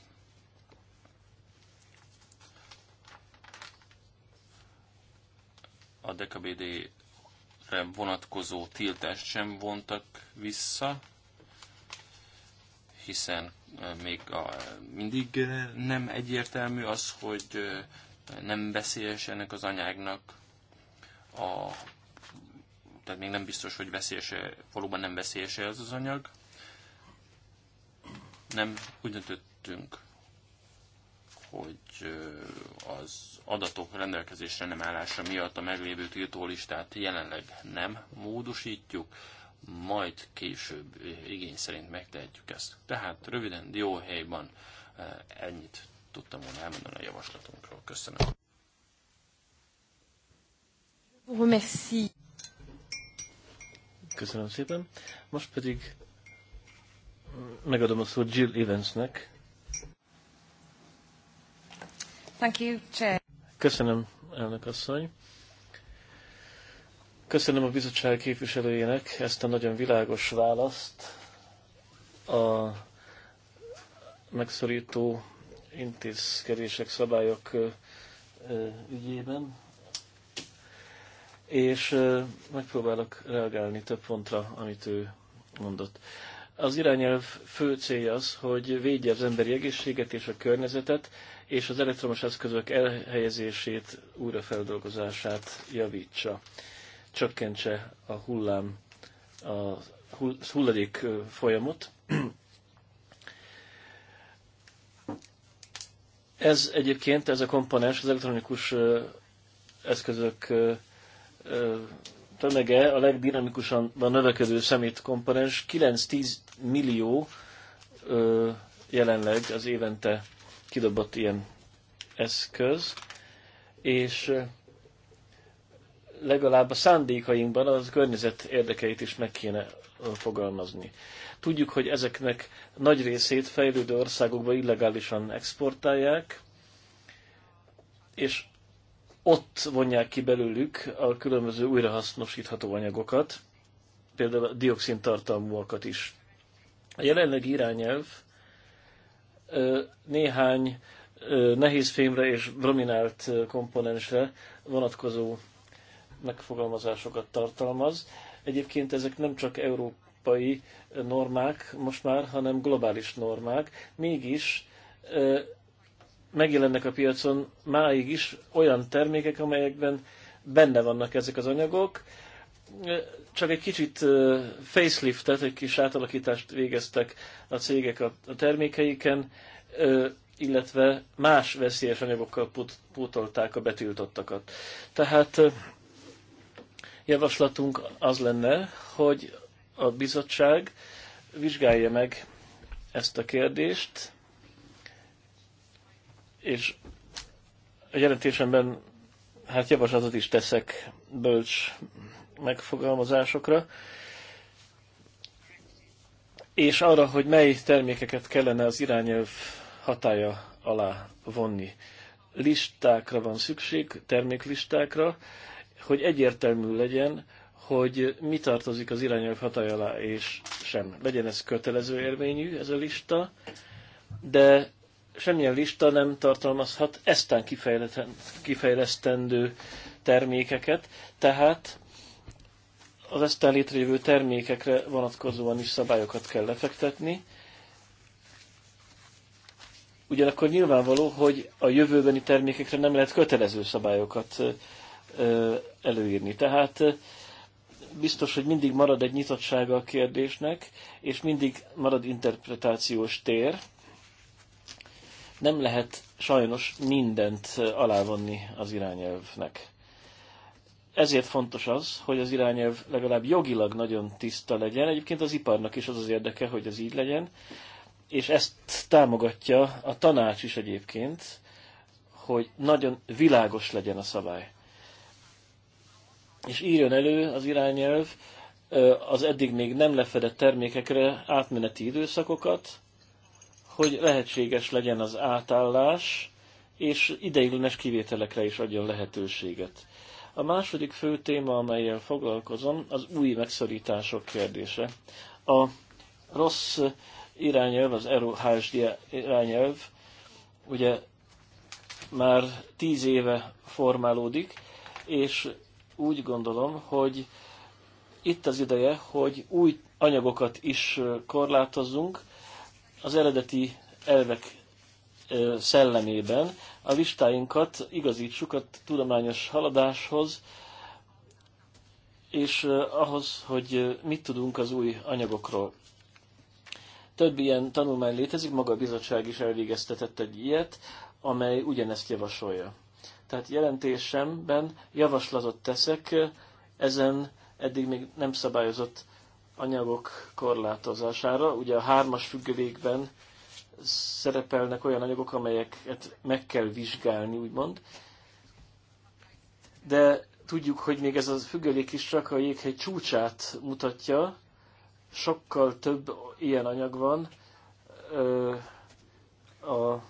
a DKBD-re vonatkozó tiltást sem vontak vissza, hiszen még a, mindig nem egyértelmű az, hogy nem veszélyes ennek az anyágnak a tehát még nem biztos, hogy veszélyes valóban nem veszélyes ez az anyag. Nem, úgy döntöttünk, hogy az adatok rendelkezésre nem állása miatt a meglévő tiltólistát jelenleg nem módosítjuk, majd később igény szerint megtehetjük ezt. Tehát röviden dióhelyban ennyit tudtam volna elmondani a javaslatunkról. Köszönöm. Köszönöm szépen. Most pedig megadom a szót Jill Evansnek, Thank you, Chair. Köszönöm, elnök asszony. Köszönöm a bizottság képviselőjének ezt a nagyon világos választ a megszorító intézkedések, szabályok ügyében, és megpróbálok reagálni több pontra, amit ő mondott. Az irányelv fő célja az, hogy védje az emberi egészséget és a környezetet, és az elektromos eszközök elhelyezését, újrafeldolgozását javítsa, csökkentse a hullám, a hulladék folyamot. Ez egyébként, ez a komponens az elektronikus eszközök tömege a legdinamikusan van növekedő szemét komponens, 9-10 millió jelenleg az évente kidobott ilyen eszköz, és legalább a szándékainkban az környezet érdekeit is meg kéne fogalmazni. Tudjuk, hogy ezeknek nagy részét fejlődő országokba illegálisan exportálják, és ott vonják ki belőlük a különböző újrahasznosítható anyagokat, például a dioxintartalmúakat is. A jelenlegi irányelv néhány nehéz fémre és brominált komponensre vonatkozó megfogalmazásokat tartalmaz. Egyébként ezek nem csak európai normák most már, hanem globális normák. Mégis megjelennek a piacon máig is olyan termékek, amelyekben benne vannak ezek az anyagok, csak egy kicsit faceliftet, egy kis átalakítást végeztek a cégek a termékeiken, illetve más veszélyes anyagokkal pótolták a betiltottakat. Tehát javaslatunk az lenne, hogy a bizottság vizsgálja meg ezt a kérdést, és a jelentésemben hát javaslatot is teszek bölcs megfogalmazásokra, és arra, hogy mely termékeket kellene az irányelv hatája alá vonni. Listákra van szükség, terméklistákra, hogy egyértelmű legyen, hogy mi tartozik az irányelv hatája alá, és sem. Legyen ez kötelező érvényű, ez a lista, de semmilyen lista nem tartalmazhat eztán kifejlesztendő termékeket, tehát az eztán létrejövő termékekre vonatkozóan is szabályokat kell lefektetni. Ugyanakkor nyilvánvaló, hogy a jövőbeni termékekre nem lehet kötelező szabályokat előírni. Tehát biztos, hogy mindig marad egy nyitottsága a kérdésnek, és mindig marad interpretációs tér. Nem lehet sajnos mindent alávonni az irányelvnek. Ezért fontos az, hogy az irányelv legalább jogilag nagyon tiszta legyen. Egyébként az iparnak is az az érdeke, hogy ez így legyen, és ezt támogatja a tanács is egyébként, hogy nagyon világos legyen a szabály. És írjon elő az irányelv az eddig még nem lefedett termékekre átmeneti időszakokat, hogy lehetséges legyen az átállás, és ideiglenes kivételekre is adjon lehetőséget. A második fő téma, amelyel foglalkozom, az új megszorítások kérdése. A rossz irányelv, az ROHSD irányelv, ugye már tíz éve formálódik, és úgy gondolom, hogy itt az ideje, hogy új anyagokat is korlátozzunk az eredeti elvek szellemében a listáinkat igazítsuk a tudományos haladáshoz, és ahhoz, hogy mit tudunk az új anyagokról. Több ilyen tanulmány létezik, maga a bizottság is elvégeztetett egy ilyet, amely ugyanezt javasolja. Tehát jelentésemben javaslatot teszek ezen eddig még nem szabályozott anyagok korlátozására. Ugye a hármas függővékben szerepelnek olyan anyagok, amelyeket meg kell vizsgálni, úgymond. De tudjuk, hogy még ez a függelék is csak a jéghegy csúcsát mutatja, sokkal több ilyen anyag van. A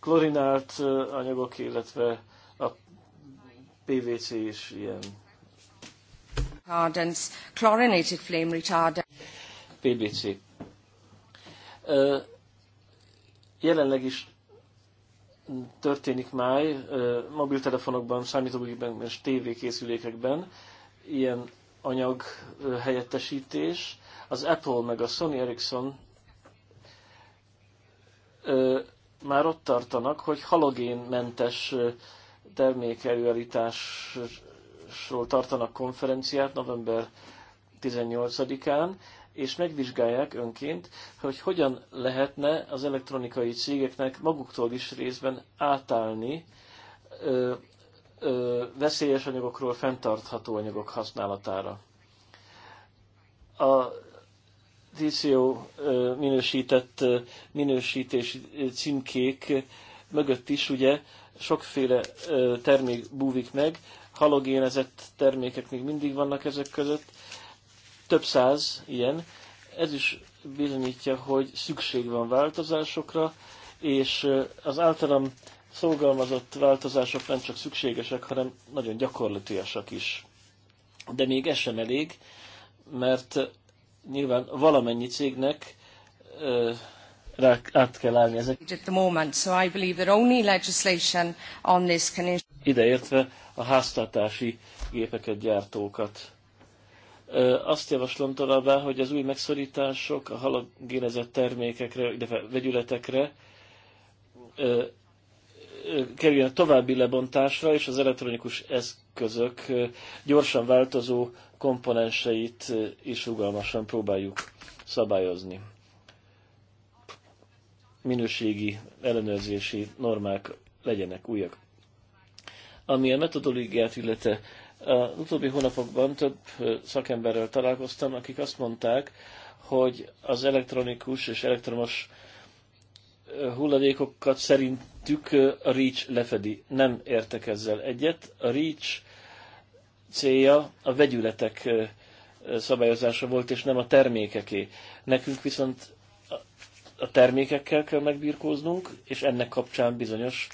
klorinált anyagok, illetve a PVC is ilyen. Chlorinated flame retardant. PVC. Jelenleg is történik máj mobiltelefonokban, számítógépekben és tévékészülékekben ilyen anyag helyettesítés. Az Apple meg a Sony Ericsson már ott tartanak, hogy halogénmentes termék előállításról tartanak konferenciát november 18-án, és megvizsgálják önként, hogy hogyan lehetne az elektronikai cégeknek maguktól is részben átállni ö, ö, veszélyes anyagokról fenntartható anyagok használatára. A TCO minősített minősítési címkék mögött is ugye sokféle termék búvik meg, halogénezett termékek még mindig vannak ezek között, több száz ilyen, ez is bizonyítja, hogy szükség van változásokra, és az általam szolgalmazott változások nem csak szükségesek, hanem nagyon gyakorlatiasak is. De még ez sem elég, mert nyilván valamennyi cégnek rá, át kell állni ezek. Ideértve a háztartási gépeket, gyártókat. Azt javaslom továbbá, hogy az új megszorítások a halogénezett termékekre, de vegyületekre kerüljön további lebontásra, és az elektronikus eszközök gyorsan változó komponenseit is rugalmasan próbáljuk szabályozni. Minőségi ellenőrzési normák legyenek újak. Ami a metodológiát illetve az utóbbi hónapokban több szakemberrel találkoztam, akik azt mondták, hogy az elektronikus és elektromos hulladékokat szerintük a REACH lefedi. Nem értek ezzel egyet. A REACH célja a vegyületek szabályozása volt, és nem a termékeké. Nekünk viszont a termékekkel kell megbirkóznunk, és ennek kapcsán bizonyos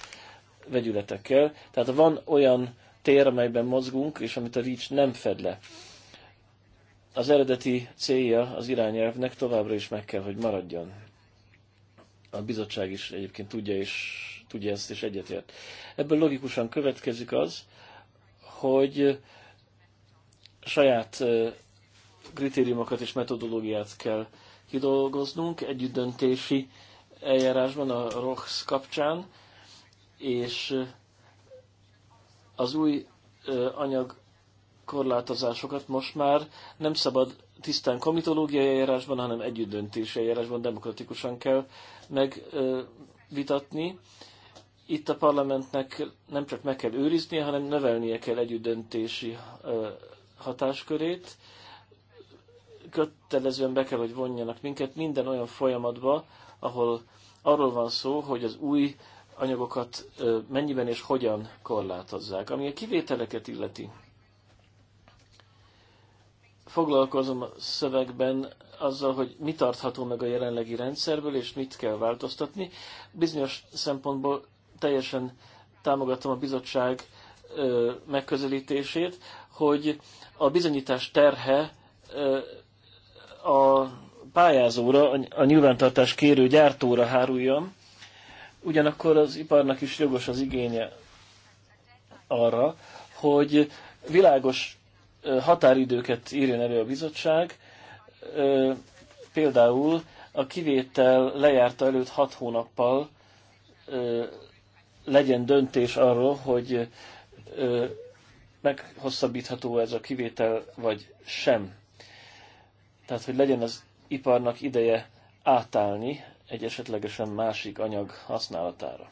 vegyületekkel. Tehát van olyan tér, amelyben mozgunk, és amit a REACH nem fed le. Az eredeti célja az irányelvnek továbbra is meg kell, hogy maradjon. A bizottság is egyébként tudja, és, tudja ezt, és egyetért. Ebből logikusan következik az, hogy saját kritériumokat és metodológiát kell kidolgoznunk együttdöntési eljárásban a ROX kapcsán, és az új anyag korlátozásokat most már nem szabad tisztán komitológiai eljárásban, hanem együttdöntési eljárásban demokratikusan kell megvitatni. Itt a parlamentnek nem csak meg kell őriznie, hanem növelnie kell együttdöntési hatáskörét. Kötelezően be kell, hogy vonjanak minket minden olyan folyamatba, ahol arról van szó, hogy az új anyagokat mennyiben és hogyan korlátozzák. Ami a kivételeket illeti, foglalkozom a szövegben azzal, hogy mi tartható meg a jelenlegi rendszerből, és mit kell változtatni. Bizonyos szempontból teljesen támogatom a bizottság megközelítését, hogy a bizonyítás terhe a pályázóra, a nyilvántartás kérő gyártóra háruljon, Ugyanakkor az iparnak is jogos az igénye arra, hogy világos határidőket írjon elő a bizottság, például a kivétel lejárta előtt hat hónappal legyen döntés arról, hogy meghosszabbítható ez a kivétel, vagy sem. Tehát, hogy legyen az iparnak ideje átállni egy esetlegesen másik anyag használatára.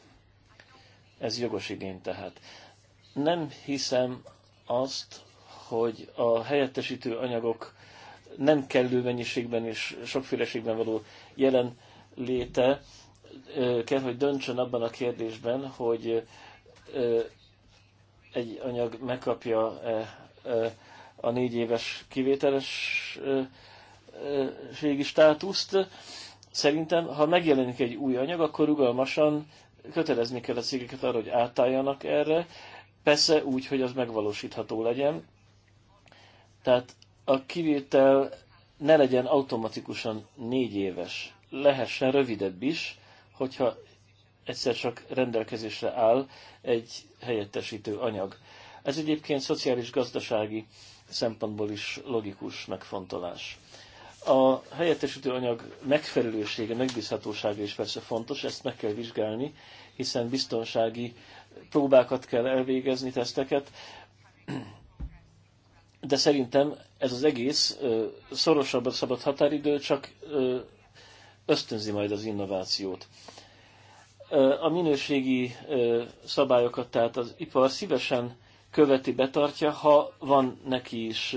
Ez jogos igény tehát. Nem hiszem azt, hogy a helyettesítő anyagok nem kellő mennyiségben és sokféleségben való jelen léte kell, hogy döntsön abban a kérdésben, hogy egy anyag megkapja a négy éves kivételességi státuszt, Szerintem, ha megjelenik egy új anyag, akkor rugalmasan kötelezni kell a cégeket arra, hogy átálljanak erre, persze úgy, hogy az megvalósítható legyen. Tehát a kivétel ne legyen automatikusan négy éves, lehessen rövidebb is, hogyha egyszer csak rendelkezésre áll egy helyettesítő anyag. Ez egyébként szociális-gazdasági szempontból is logikus megfontolás. A helyettesítő anyag megfelelősége, megbízhatósága is persze fontos, ezt meg kell vizsgálni, hiszen biztonsági próbákat kell elvégezni, teszteket, de szerintem ez az egész szorosabb a szabad határidő, csak ösztönzi majd az innovációt. A minőségi szabályokat tehát az ipar szívesen követi, betartja, ha van neki is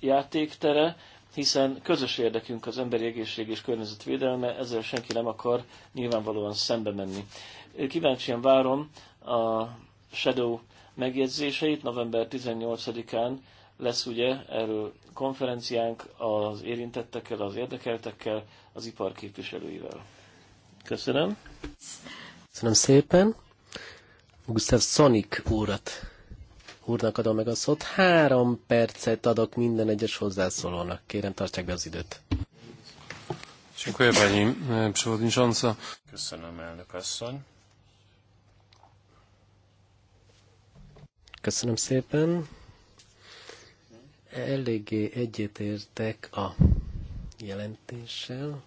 játéktere, hiszen közös érdekünk az emberi egészség és környezetvédelme, ezzel senki nem akar nyilvánvalóan szembe menni. Kíváncsian várom a Shadow megjegyzéseit. November 18-án lesz ugye erről konferenciánk az érintettekkel, az érdekeltekkel, az ipar képviselőivel. Köszönöm. Köszönöm szépen. Gustav Sonic úrat úrnak adom meg a szót. Három percet adok minden egyes hozzászólónak. Kérem, tartsák be az időt. E, Köszönöm, elnök asszony. Köszönöm szépen. Eléggé egyetértek a jelentéssel,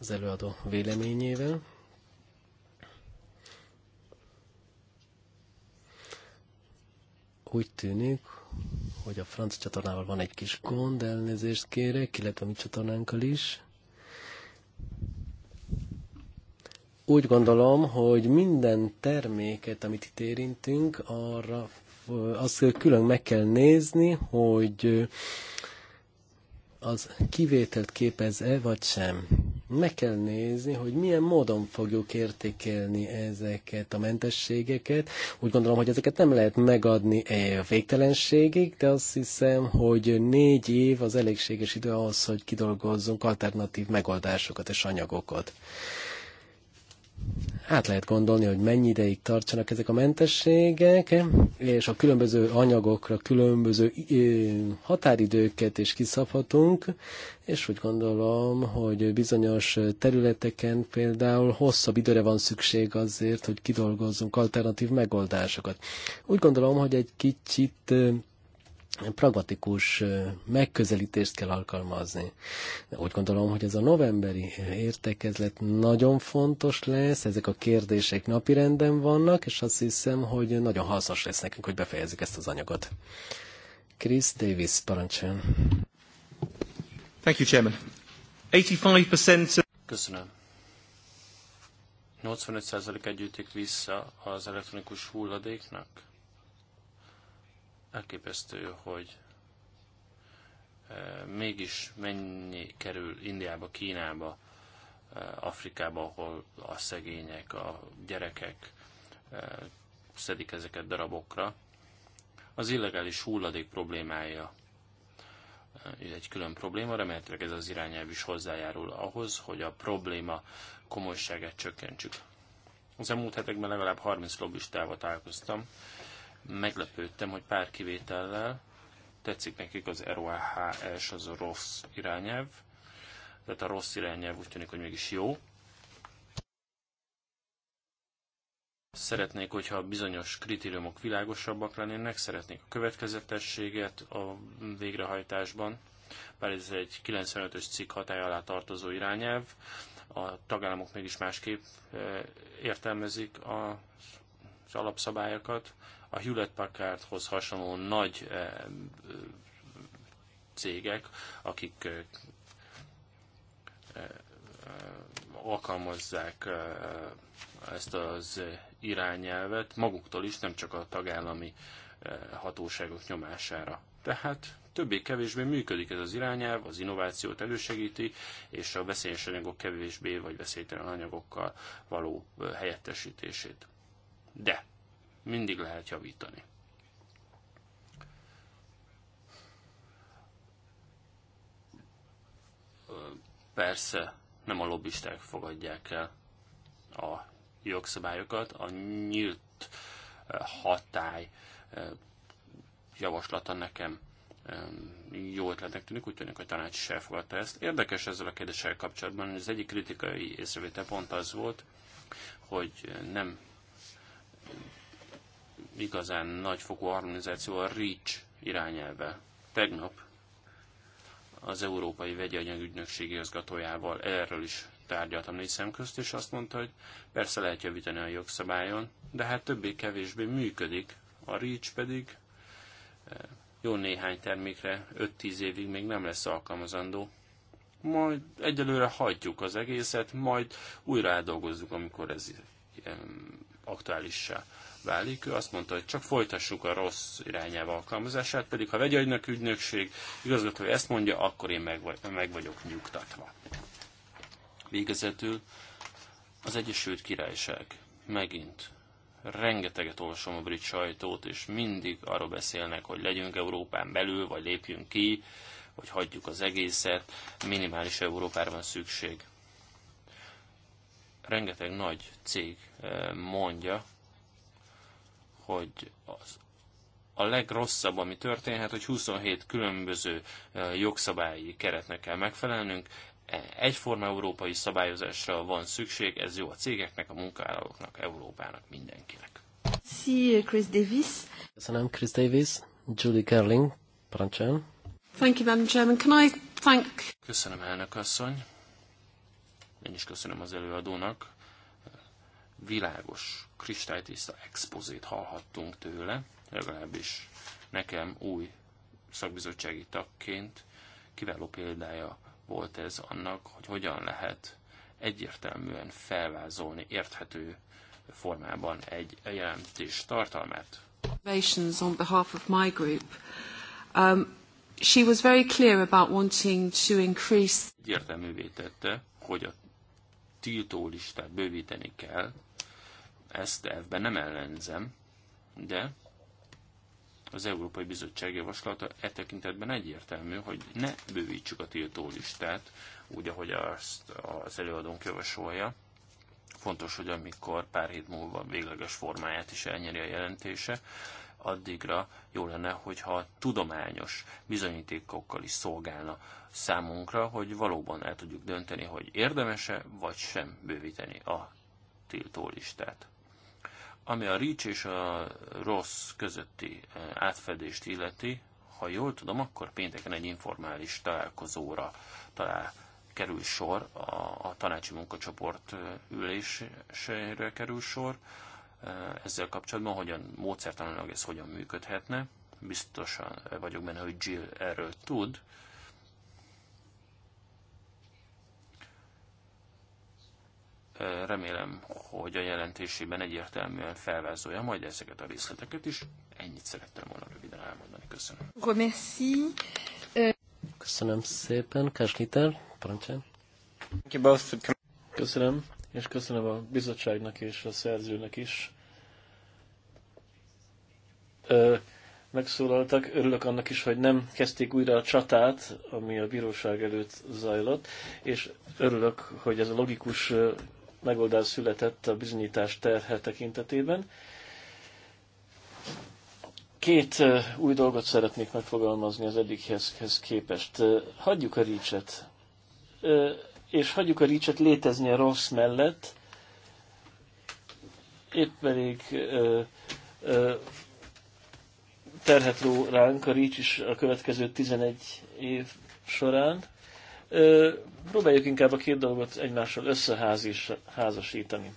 az előadó véleményével. Úgy tűnik, hogy a franc csatornával van egy kis gond, elnézést kérek, illetve a mi csatornánkkal is. Úgy gondolom, hogy minden terméket, amit itt érintünk, arra azt külön meg kell nézni, hogy az kivételt képez-e, vagy sem meg kell nézni, hogy milyen módon fogjuk értékelni ezeket a mentességeket. Úgy gondolom, hogy ezeket nem lehet megadni a e végtelenségig, de azt hiszem, hogy négy év az elégséges idő ahhoz, hogy kidolgozzunk alternatív megoldásokat és anyagokat át lehet gondolni, hogy mennyi ideig tartsanak ezek a mentességek, és a különböző anyagokra különböző határidőket is kiszabhatunk, és úgy gondolom, hogy bizonyos területeken például hosszabb időre van szükség azért, hogy kidolgozzunk alternatív megoldásokat. Úgy gondolom, hogy egy kicsit pragmatikus megközelítést kell alkalmazni. Úgy gondolom, hogy ez a novemberi értekezlet nagyon fontos lesz, ezek a kérdések napirenden vannak, és azt hiszem, hogy nagyon hasznos lesz nekünk, hogy befejezzük ezt az anyagot. Chris Davis, parancsoljon. Thank you, Chairman. 85%... Köszönöm. 85% együttik vissza az elektronikus hulladéknak elképesztő, hogy eh, mégis mennyi kerül Indiába, Kínába, eh, Afrikába, ahol a szegények, a gyerekek eh, szedik ezeket darabokra. Az illegális hulladék problémája egy külön probléma, remélhetőleg ez az irányelv is hozzájárul ahhoz, hogy a probléma komolyságát csökkentsük. Az elmúlt hetekben legalább 30 lobbistával találkoztam, meglepődtem, hogy pár kivétellel tetszik nekik az ROHS, az a rossz irányelv, tehát a rossz irányelv úgy tűnik, hogy mégis jó. Szeretnék, hogyha bizonyos kritériumok világosabbak lennének, szeretnék a következetességet a végrehajtásban, bár ez egy 95-ös cikk hatály alá tartozó irányelv, a tagállamok mégis másképp eh, értelmezik az alapszabályokat, a Hewlett Packardhoz hasonló nagy eh, cégek, akik eh, eh, alkalmazzák ezt az irányelvet maguktól is, nem csak a tagállami hatóságok nyomására. Tehát többé-kevésbé működik ez az irányelv, az innovációt elősegíti, és a veszélyes anyagok kevésbé vagy veszélytelen anyagokkal való helyettesítését. De mindig lehet javítani. Persze nem a lobbisták fogadják el a jogszabályokat, a nyílt hatály javaslata nekem jó ötletnek tűnik, úgy tűnik, hogy tanács is elfogadta ezt. Érdekes ezzel a kérdéssel kapcsolatban, az egyik kritikai észrevétel pont az volt, hogy nem igazán nagyfokú harmonizáció a REACH irányelve. Tegnap az Európai Vegyi Anyagügynökség igazgatójával erről is tárgyaltam négy szem közt, és azt mondta, hogy persze lehet javítani a jogszabályon, de hát többé-kevésbé működik, a REACH pedig eh, jó néhány termékre 5-10 évig még nem lesz alkalmazandó. Majd egyelőre hagyjuk az egészet, majd újra eldolgozzuk, amikor ez aktuálissá válik. Ő azt mondta, hogy csak folytassuk a rossz irányába alkalmazását, pedig ha vegy ügynökség igazgató ezt mondja, akkor én meg, meg vagyok nyugtatva. Végezetül az Egyesült Királyság megint rengeteget olvasom a brit sajtót, és mindig arról beszélnek, hogy legyünk Európán belül, vagy lépjünk ki, vagy hagyjuk az egészet, minimális Európára van szükség. Rengeteg nagy cég eh, mondja, hogy az a legrosszabb, ami történhet, hogy 27 különböző jogszabályi keretnek kell megfelelnünk. E, egyforma európai szabályozásra van szükség, ez jó a cégeknek, a munkavállalóknak, Európának, mindenkinek. See Chris Davis. Köszönöm, Chris Davis. Julie Kerling, parancsoljon. Thank you, Madam Chairman. Can I thank... Köszönöm, elnök asszony. Én is köszönöm az előadónak világos, kristálytiszta expozét hallhattunk tőle, legalábbis nekem új szakbizottsági tagként kiváló példája volt ez annak, hogy hogyan lehet egyértelműen felvázolni érthető formában egy jelentés tartalmát. On behalf of my group. Um, she was very clear about wanting to increase. Egyértelművé tette, hogy a tiltó listát bővíteni kell. Ezt elvben nem ellenzem, de az Európai Bizottság javaslata e tekintetben egyértelmű, hogy ne bővítsük a tiltó listát, úgy, ahogy azt az előadónk javasolja. Fontos, hogy amikor pár hét múlva végleges formáját is elnyeri a jelentése, addigra jó lenne, hogyha tudományos bizonyítékokkal is szolgálna számunkra, hogy valóban el tudjuk dönteni, hogy érdemese vagy sem bővíteni a tiltólistát. Ami a rics és a rossz közötti eh, átfedést illeti, ha jól tudom, akkor pénteken egy informális találkozóra talál kerül sor, a, a tanácsi munkacsoport eh, üléséről kerül sor, Eh, ezzel kapcsolatban, hogyan módszertanilag ez hogyan működhetne. Biztosan vagyok benne, hogy Jill erről tud. Eh, remélem, hogy a jelentésében egyértelműen felvázolja majd ezeket a részleteket is. Ennyit szerettem volna röviden elmondani. Köszönöm. Köszönöm szépen. Kásliter, parancsolj. Köszönöm és köszönöm a bizottságnak és a szerzőnek is. Ö, megszólaltak. Örülök annak is, hogy nem kezdték újra a csatát, ami a bíróság előtt zajlott, és örülök, hogy ez a logikus megoldás született a bizonyítás terhe tekintetében. Két új dolgot szeretnék megfogalmazni az eddighez képest. Hagyjuk a rícset és hagyjuk a ricset létezni a rossz mellett, épp pedig ö, ö, terhet ló ránk a rics is a következő 11 év során. Ö, próbáljuk inkább a két dolgot egymással összeházasítani.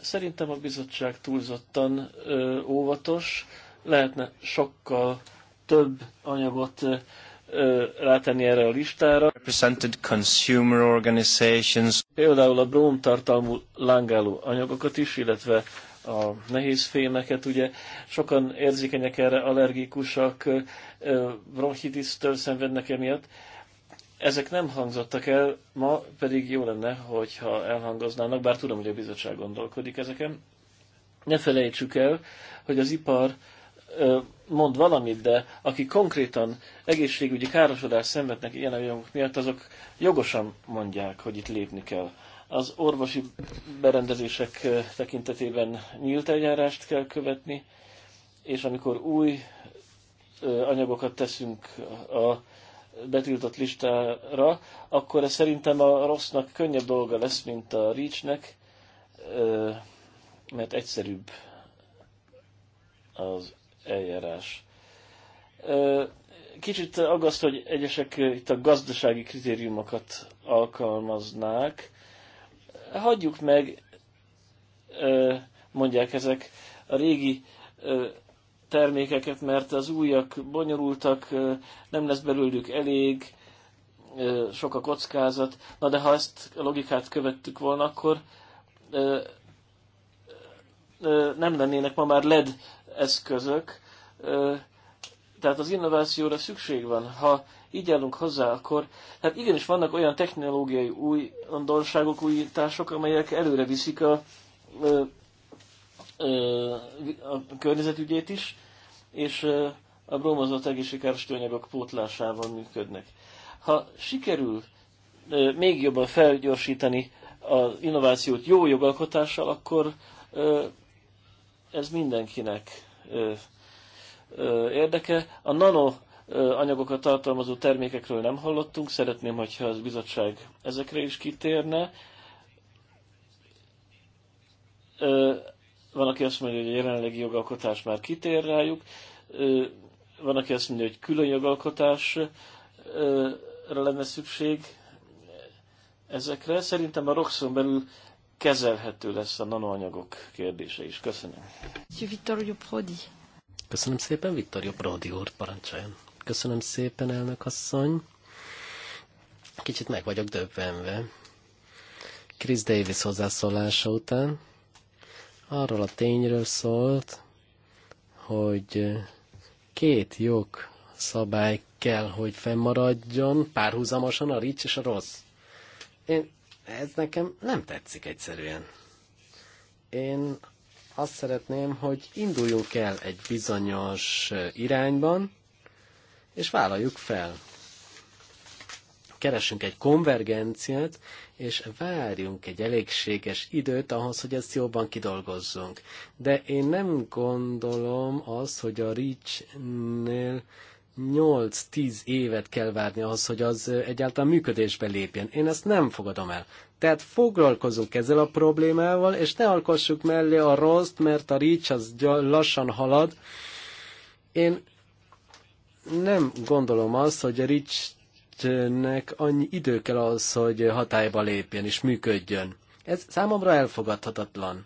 Szerintem a bizottság túlzottan ö, óvatos, lehetne sokkal több anyagot rátenni erre a listára. Represented consumer organizations. Például a bróm tartalmú lángáló anyagokat is, illetve a nehéz fémeket, ugye sokan érzékenyek erre, allergikusak, bronchitisztől szenvednek emiatt. Ezek nem hangzottak el, ma pedig jó lenne, hogyha elhangoznának, bár tudom, hogy a bizottság gondolkodik ezeken. Ne felejtsük el, hogy az ipar mond valamit, de akik konkrétan egészségügyi károsodást szenvednek ilyen anyagok miatt, azok jogosan mondják, hogy itt lépni kell. Az orvosi berendezések tekintetében nyílt eljárást kell követni, és amikor új anyagokat teszünk a betiltott listára, akkor ez szerintem a rossznak könnyebb dolga lesz, mint a reachnek, mert egyszerűbb az eljárás. Kicsit aggaszt, hogy egyesek itt a gazdasági kritériumokat alkalmaznák. Hagyjuk meg, mondják ezek, a régi termékeket, mert az újak bonyolultak, nem lesz belőlük elég, sok a kockázat. Na de ha ezt a logikát követtük volna, akkor nem lennének ma már LED eszközök, tehát az innovációra szükség van. Ha így állunk hozzá, akkor hát igenis vannak olyan technológiai újdonságok, újítások, amelyek előre viszik a, a környezetügyét is, és a brómozott egészségkáros tőanyagok pótlásával működnek. Ha sikerül még jobban felgyorsítani az innovációt jó jogalkotással, akkor ez mindenkinek érdeke. A nano anyagokat tartalmazó termékekről nem hallottunk, szeretném, hogyha az bizottság ezekre is kitérne. Van, aki azt mondja, hogy a jelenlegi jogalkotás már kitér rájuk, van, aki azt mondja, hogy külön jogalkotásra lenne szükség ezekre. Szerintem a Roxon belül kezelhető lesz a nanoanyagok kérdése is. Köszönöm. Vittorio Köszönöm szépen, Vittorio Prodi úr, parancsoljon. Köszönöm szépen, elnök asszony. Kicsit meg vagyok döbbenve. Chris Davis hozzászólása után arról a tényről szólt, hogy két jog szabály kell, hogy fennmaradjon párhuzamosan a rics és a rossz. Én ez nekem nem tetszik egyszerűen. Én azt szeretném, hogy induljunk el egy bizonyos irányban, és vállaljuk fel. Keressünk egy konvergenciát, és várjunk egy elégséges időt ahhoz, hogy ezt jobban kidolgozzunk. De én nem gondolom azt, hogy a Rich-nél 8-10 évet kell várni ahhoz, hogy az egyáltalán működésbe lépjen. Én ezt nem fogadom el. Tehát foglalkozunk ezzel a problémával, és ne alkossuk mellé a rossz, mert a rics az lassan halad. Én nem gondolom azt, hogy a ricsnek annyi idő kell ahhoz, hogy hatályba lépjen és működjön. Ez számomra elfogadhatatlan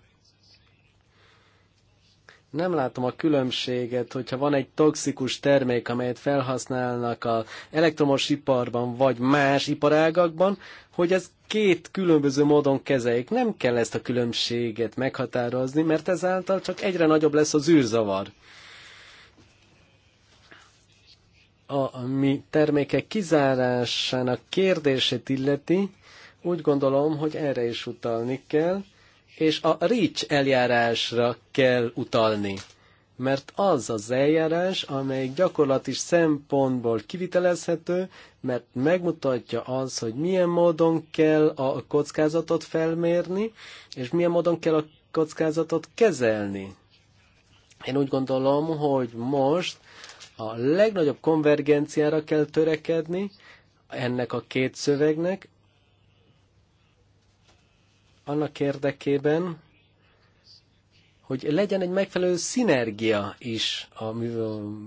nem látom a különbséget, hogyha van egy toxikus termék, amelyet felhasználnak az elektromos iparban, vagy más iparágakban, hogy ez két különböző módon kezeljék. Nem kell ezt a különbséget meghatározni, mert ezáltal csak egyre nagyobb lesz az űrzavar. A mi termékek kizárásának kérdését illeti, úgy gondolom, hogy erre is utalni kell, és a REACH eljárásra kell utalni. Mert az az eljárás, amely gyakorlati szempontból kivitelezhető, mert megmutatja az, hogy milyen módon kell a kockázatot felmérni, és milyen módon kell a kockázatot kezelni. Én úgy gondolom, hogy most a legnagyobb konvergenciára kell törekedni ennek a két szövegnek, annak érdekében, hogy legyen egy megfelelő szinergia is a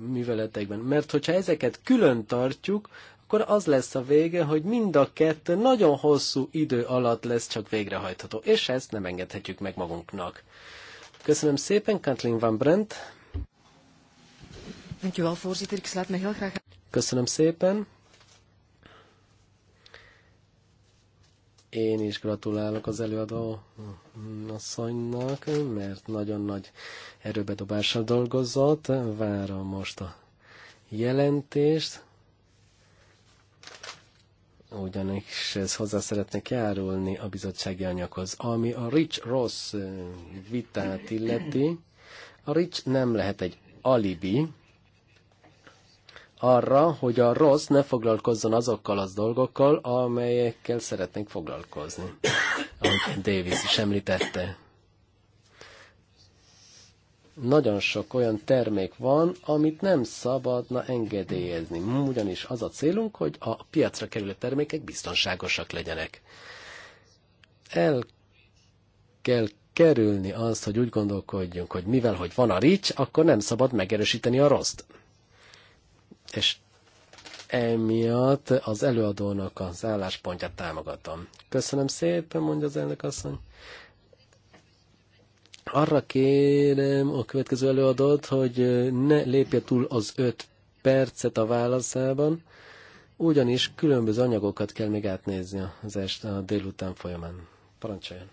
műveletekben. Mert hogyha ezeket külön tartjuk, akkor az lesz a vége, hogy mind a kettő nagyon hosszú idő alatt lesz csak végrehajtható, és ezt nem engedhetjük meg magunknak. Köszönöm szépen, Kathleen Van Brent. Köszönöm szépen. Én is gratulálok az előadó asszonynak, mert nagyon nagy erőbedobással dolgozott. Várom most a jelentést. Ugyanis ez hozzá szeretnék járulni a bizottsági anyaghoz. Ami a Rich Ross vitát illeti, a Rich nem lehet egy alibi, arra, hogy a rossz ne foglalkozzon azokkal az dolgokkal, amelyekkel szeretnénk foglalkozni, ahogy Davis is említette. Nagyon sok olyan termék van, amit nem szabadna engedélyezni, ugyanis az a célunk, hogy a piacra kerülő termékek biztonságosak legyenek. El kell kerülni azt, hogy úgy gondolkodjunk, hogy mivel, hogy van a rics, akkor nem szabad megerősíteni a rost és emiatt az előadónak az álláspontját támogatom. Köszönöm szépen, mondja az elnök asszony. Arra kérem a következő előadót, hogy ne lépje túl az öt percet a válaszában, ugyanis különböző anyagokat kell még átnézni az est, a délután folyamán. Parancsoljon!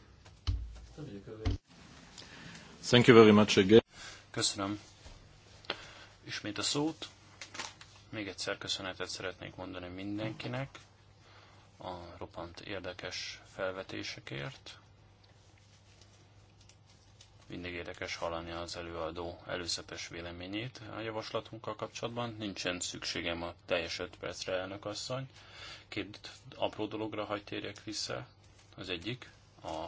Thank you very much again. Köszönöm. Ismét a szót. Még egyszer köszönetet szeretnék mondani mindenkinek a roppant érdekes felvetésekért. Mindig érdekes hallani az előadó előzetes véleményét a javaslatunkkal kapcsolatban. Nincsen szükségem a teljes 5 percre, elnök asszony. Két apró dologra hagy térjek vissza. Az egyik a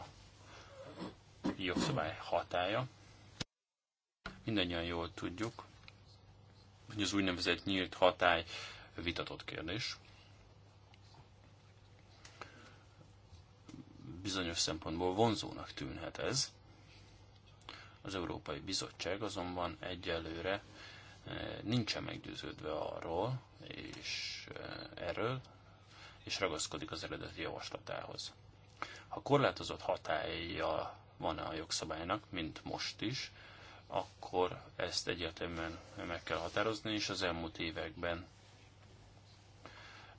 jogszabály hatája. Mindannyian jól tudjuk, hogy az úgynevezett nyílt hatály vitatott kérdés. Bizonyos szempontból vonzónak tűnhet ez. Az Európai Bizottság azonban egyelőre eh, nincsen meggyőződve arról, és eh, erről, és ragaszkodik az eredeti javaslatához. Ha korlátozott hatája van a jogszabálynak, mint most is, akkor ezt egyértelműen meg kell határozni, és az elmúlt években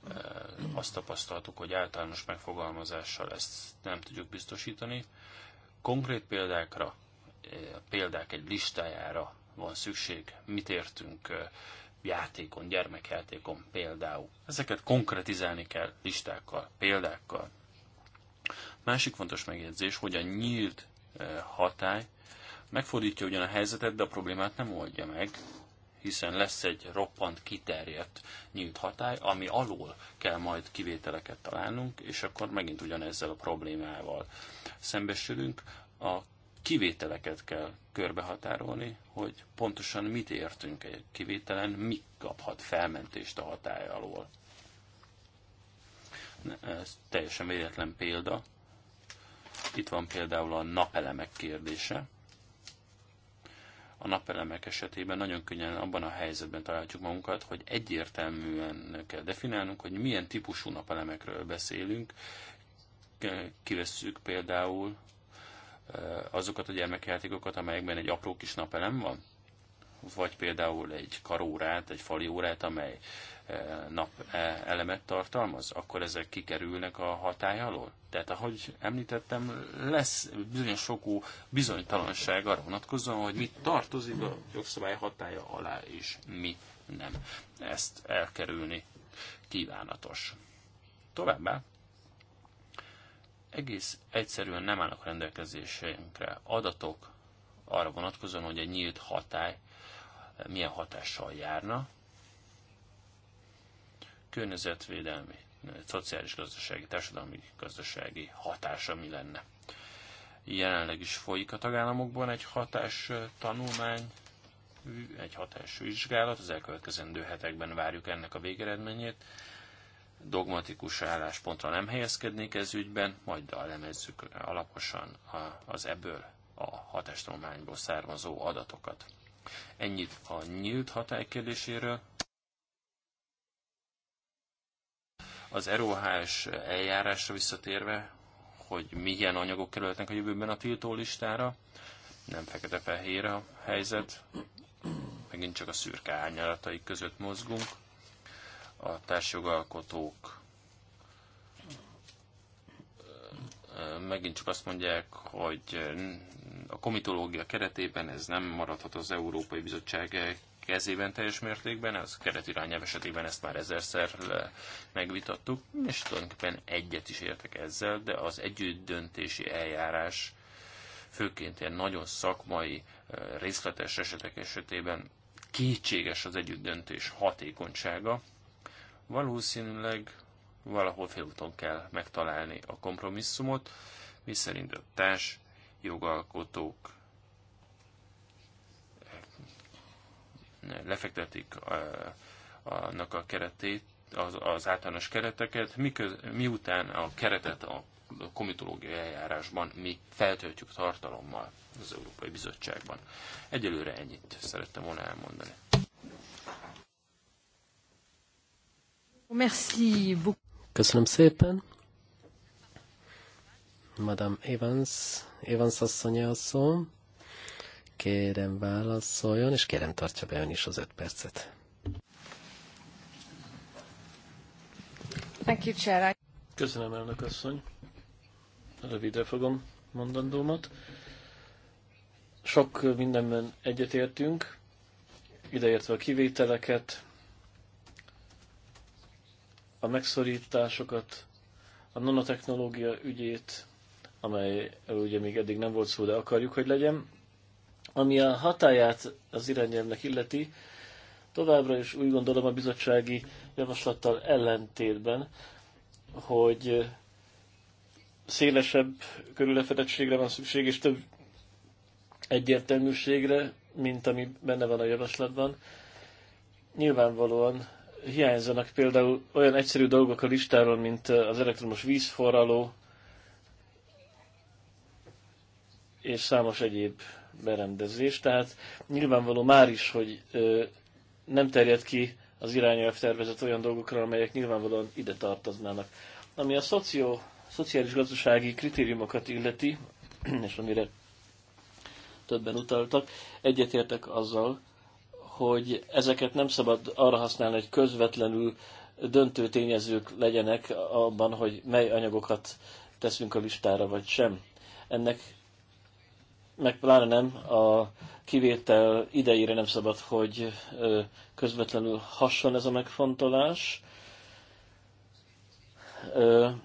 e, azt tapasztaltuk, hogy általános megfogalmazással ezt nem tudjuk biztosítani. Konkrét példákra, e, példák egy listájára van szükség, mit értünk e, játékon, gyermekjátékon például. Ezeket konkretizálni kell listákkal, példákkal. Másik fontos megjegyzés, hogy a nyílt hatály Megfordítja ugyan a helyzetet, de a problémát nem oldja meg, hiszen lesz egy roppant kiterjedt nyílt hatály, ami alól kell majd kivételeket találnunk, és akkor megint ugyanezzel a problémával szembesülünk. A kivételeket kell körbehatárolni, hogy pontosan mit értünk egy kivételen, mi kaphat felmentést a hatály alól. Ez teljesen véletlen példa. Itt van például a napelemek kérdése a napelemek esetében nagyon könnyen abban a helyzetben találjuk magunkat, hogy egyértelműen kell definálnunk, hogy milyen típusú napelemekről beszélünk. Kivesszük például eh, azokat a gyermekjátékokat, amelyekben egy apró kis napelem van, vagy például egy karórát, egy fali órát, amely napelemet eh, tartalmaz, akkor ezek kikerülnek a hatály alól? Tehát ahogy említettem, lesz bizonyos sokú bizonytalanság arra vonatkozóan, hogy mi tartozik a jogszabály hatája alá, és mi nem. Ezt elkerülni kívánatos. Továbbá egész egyszerűen nem állnak rendelkezésünkre adatok arra vonatkozóan, hogy egy nyílt hatály milyen hatással járna, környezetvédelmi, szociális gazdasági, társadalmi gazdasági hatása mi lenne. Jelenleg is folyik a tagállamokban egy hatás tanulmány, egy hatás vizsgálat, az elkövetkezendő hetekben várjuk ennek a végeredményét. Dogmatikus álláspontra nem helyezkednék ez ügyben, majd elemezzük alaposan az ebből a hatástanulmányból származó adatokat. Ennyit a nyílt hatály kérdéséről, Az ROHS eljárásra visszatérve, hogy milyen anyagok kerülhetnek a jövőben a tiltó listára, nem fekete-fehér a helyzet, megint csak a szürke árnyalatai között mozgunk. A társjogalkotók megint csak azt mondják, hogy a komitológia keretében ez nem maradhat az Európai Bizottság kezében teljes mértékben, az irányelv esetében ezt már ezerszer megvitattuk, és tulajdonképpen egyet is értek ezzel, de az együttdöntési eljárás főként ilyen nagyon szakmai, eh, részletes esetek esetében kétséges az együttdöntés hatékonysága. Valószínűleg valahol félúton kell megtalálni a kompromisszumot, miszerint a társ jogalkotók lefektetik annak a keretét, az, az általános kereteket, miköz, miután a keretet a komitológiai eljárásban mi feltöltjük tartalommal az Európai Bizottságban. Egyelőre ennyit szerettem volna elmondani. Köszönöm szépen. Madame Evans, Evans asszonya a szó kérem válaszoljon, és kérem tartsa be ön is az öt percet. Thank you, Chair. Köszönöm, elnök asszony. Rövidre fogom mondandómat. Sok mindenben egyetértünk, ideértve a kivételeket, a megszorításokat, a nanotechnológia ügyét, amely ugye még eddig nem volt szó, de akarjuk, hogy legyen, ami a hatáját az irányelvnek illeti, továbbra is úgy gondolom a bizottsági javaslattal ellentétben, hogy szélesebb körülefedettségre van szükség, és több egyértelműségre, mint ami benne van a javaslatban. Nyilvánvalóan hiányzanak például olyan egyszerű dolgok a listáról, mint az elektromos vízforraló, és számos egyéb berendezés, tehát nyilvánvaló már is, hogy nem terjed ki az irányelv tervezet olyan dolgokra, amelyek nyilvánvalóan ide tartoznának. Ami a szoció, szociális gazdasági kritériumokat illeti, *clears throat* és amire többen utaltak, egyetértek azzal, hogy ezeket nem szabad arra használni, hogy közvetlenül döntő tényezők legyenek abban, hogy mely anyagokat teszünk a listára, vagy sem. Ennek meg pláne nem a kivétel idejére nem szabad, hogy közvetlenül hasson ez a megfontolás,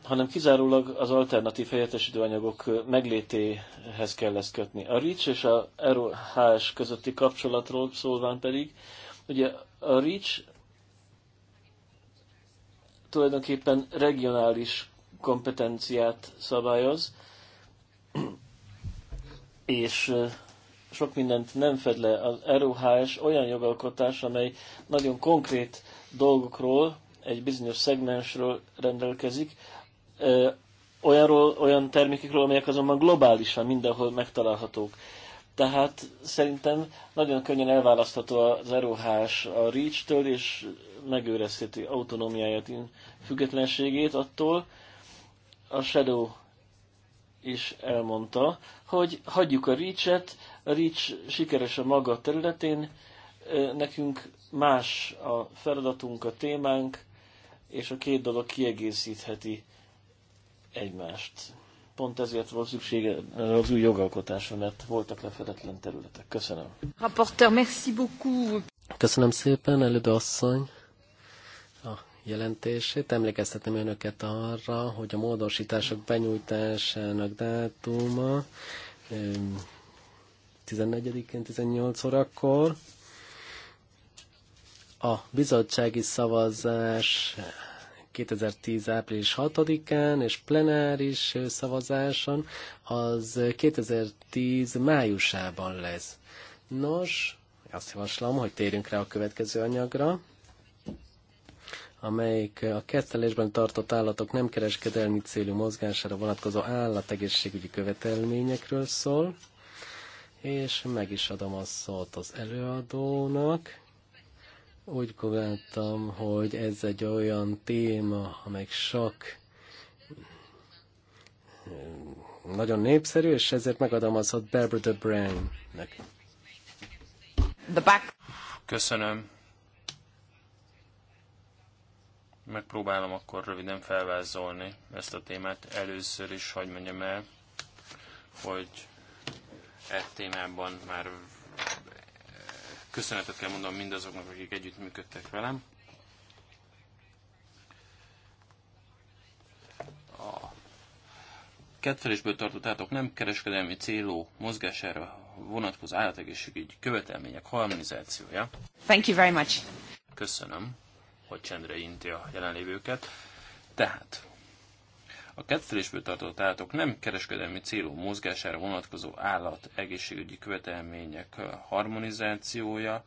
hanem kizárólag az alternatív helyettesítő anyagok meglétéhez kell ezt kötni. A REACH és a ROHS közötti kapcsolatról szólván pedig, ugye a REACH tulajdonképpen regionális kompetenciát szabályoz, és sok mindent nem fed le. Az ROHS olyan jogalkotás, amely nagyon konkrét dolgokról, egy bizonyos szegmensről rendelkezik, olyanról, olyan termékekről, amelyek azonban globálisan mindenhol megtalálhatók. Tehát szerintem nagyon könnyen elválasztható az ROHS a REACH-től, és megőrezheti autonómiáját, függetlenségét attól. A Shadow is elmondta, hogy hagyjuk a Reach-et, a Reach sikeres a maga területén, nekünk más a feladatunk, a témánk, és a két dolog kiegészítheti egymást. Pont ezért volt szüksége az új jogalkotásra, mert voltak lefedetlen területek. Köszönöm. Rapporteur, merci beaucoup. Köszönöm szépen, előd asszony jelentését. Emlékeztetem önöket arra, hogy a módosítások benyújtásának dátuma 14-én 18 órakor. A bizottsági szavazás 2010. április 6-án, és plenáris szavazáson az 2010. májusában lesz. Nos, azt javaslom, hogy térjünk rá a következő anyagra amelyik a kettelésben tartott állatok nem kereskedelmi célú mozgására vonatkozó állategészségügyi követelményekről szól, és meg is adom a szót az előadónak. Úgy gondoltam, hogy ez egy olyan téma, amely sok nagyon népszerű, és ezért megadom a szót Barbara de Brain-nek. Köszönöm Megpróbálom akkor röviden felvázolni ezt a témát. Először is hagyd mondjam el, hogy e témában már köszönetet kell mondanom mindazoknak, akik együttműködtek velem. A kettfelésből tartottátok nem kereskedelmi célú mozgására vonatkozó állategészségügyi követelmények harmonizációja. Thank you very much. Köszönöm hogy csendre inti a jelenlévőket. Tehát a kettelésből tartott állatok nem kereskedelmi célú mozgására vonatkozó állat egészségügyi követelmények harmonizációja,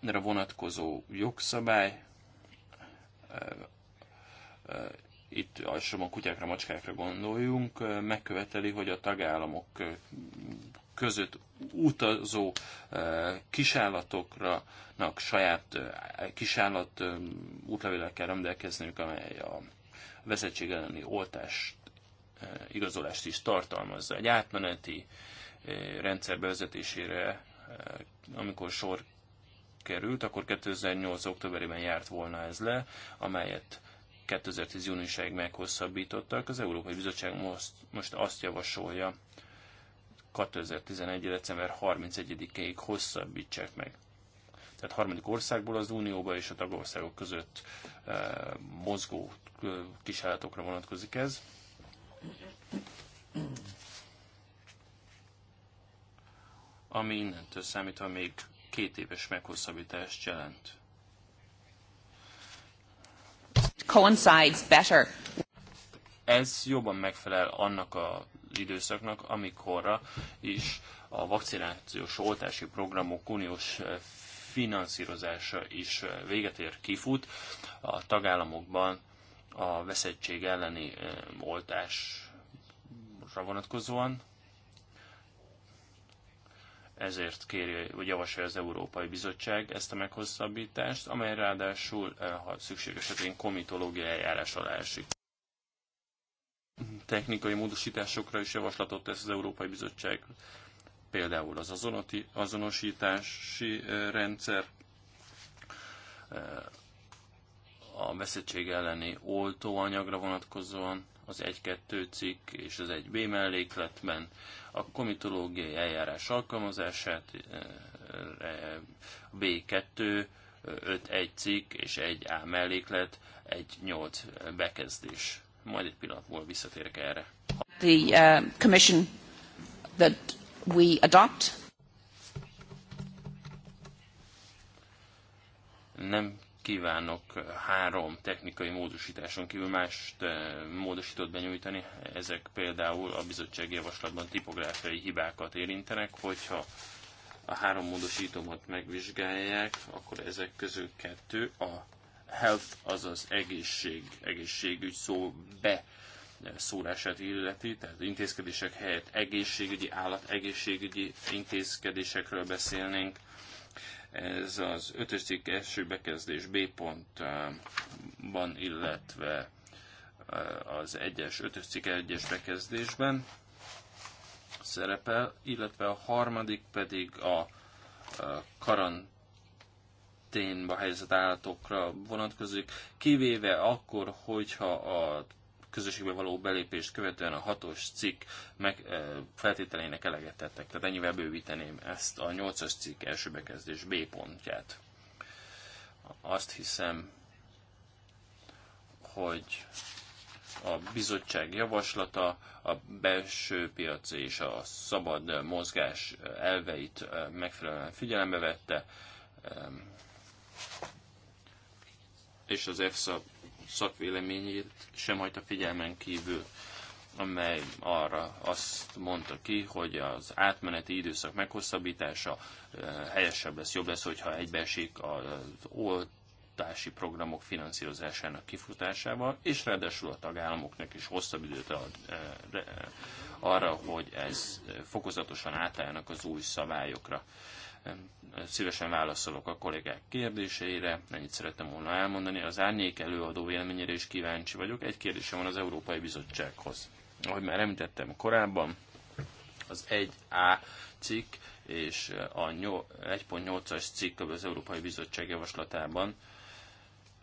erre vonatkozó jogszabály, itt elsősorban kutyákra, macskákra gondoljunk, megköveteli, hogy a tagállamok között utazó eh, kisállatoknak saját eh, kisállat eh, útlevéllel kell rendelkezniük, amely a vezetség elleni oltást, igazolást is tartalmazza. Egy átmeneti rendszer bevezetésére, amikor sor került, akkor 2008. októberében járt volna ez le, amelyet 2010. júniusáig meghosszabbítottak. Az Európai Bizottság most, most azt javasolja, 2011. december 31-ig hosszabbítsák meg. Tehát harmadik országból az Unióba és a tagországok között eh, mozgó eh, kisállatokra vonatkozik ez. Ami innentől számítva még két éves meghosszabbítást jelent. Coincides better. Ez jobban megfelel annak a időszaknak, amikorra is a vakcinációs oltási programok uniós eh, finanszírozása is eh, véget ér, kifut. A tagállamokban a veszettség elleni eh, oltásra vonatkozóan. Ezért kéri, vagy javasolja az Európai Bizottság ezt a meghosszabbítást, amely ráadásul, ha szükség esetén komitológiai eljárás alá esik technikai módosításokra is javaslatot tesz az Európai Bizottság, például az azonosítási rendszer, a veszettség elleni oltóanyagra vonatkozóan, az 1-2 cikk és az 1B mellékletben a komitológiai eljárás alkalmazását, a B2, 5-1 cikk és 1A melléklet, egy 8 bekezdés majd egy pillanat múlva visszatérek erre. The uh, commission that we adopt nem kívánok három technikai módosításon kívül mást uh, módosított benyújtani. Ezek például a bizottsági javaslatban tipográfiai hibákat érintenek, hogyha a három módosítomat megvizsgálják, akkor ezek közül kettő a health, azaz egészség, egészségügy szó be eh, szórását illeti, tehát intézkedések helyett egészségügyi, egészségügyi intézkedésekről beszélnénk. Ez az ötös cikk első bekezdés B pontban, illetve eh, az egyes, ötös cikk egyes bekezdésben szerepel, illetve a harmadik pedig a karant karanténba helyezett állatokra vonatkozik, kivéve akkor, hogyha a közösségbe való belépést követően a hatos cikk meg, eh, feltételének eleget tettek. Tehát ennyivel bővíteném ezt a nyolcas cikk első bekezdés B pontját. Azt hiszem, hogy a bizottság javaslata a belső piac és a szabad mozgás elveit eh, megfelelően figyelembe vette, és az EFSA szakvéleményét sem hagyta figyelmen kívül, amely arra azt mondta ki, hogy az átmeneti időszak meghosszabbítása eh, helyesebb lesz, jobb lesz, hogyha egybeesik az oltási programok finanszírozásának kifutásával, és ráadásul a tagállamoknak is hosszabb időt ad eh, arra, hogy ez eh, fokozatosan átálljanak az új szabályokra. Szívesen válaszolok a kollégák kérdéseire, ennyit szerettem volna elmondani. Az árnyék előadó véleményére is kíváncsi vagyok. Egy kérdésem van az Európai Bizottsághoz. Ahogy már említettem korábban, az 1A cikk és a 1.8-as cikk az Európai Bizottság javaslatában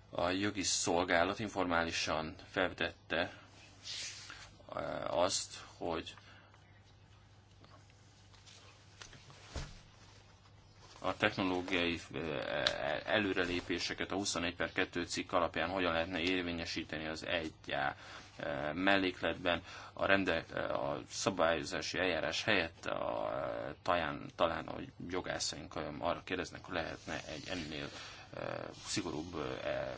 a jogi szolgálat informálisan felvetette eh, azt, hogy a technológiai e, előrelépéseket a 21 per 2 cikk alapján hogyan lehetne érvényesíteni az 1 mellékletben a, rende, a szabályozási eljárás helyett a, talán, talán a jogászaink arra kérdeznek, hogy lehetne egy ennél szigorúbb e,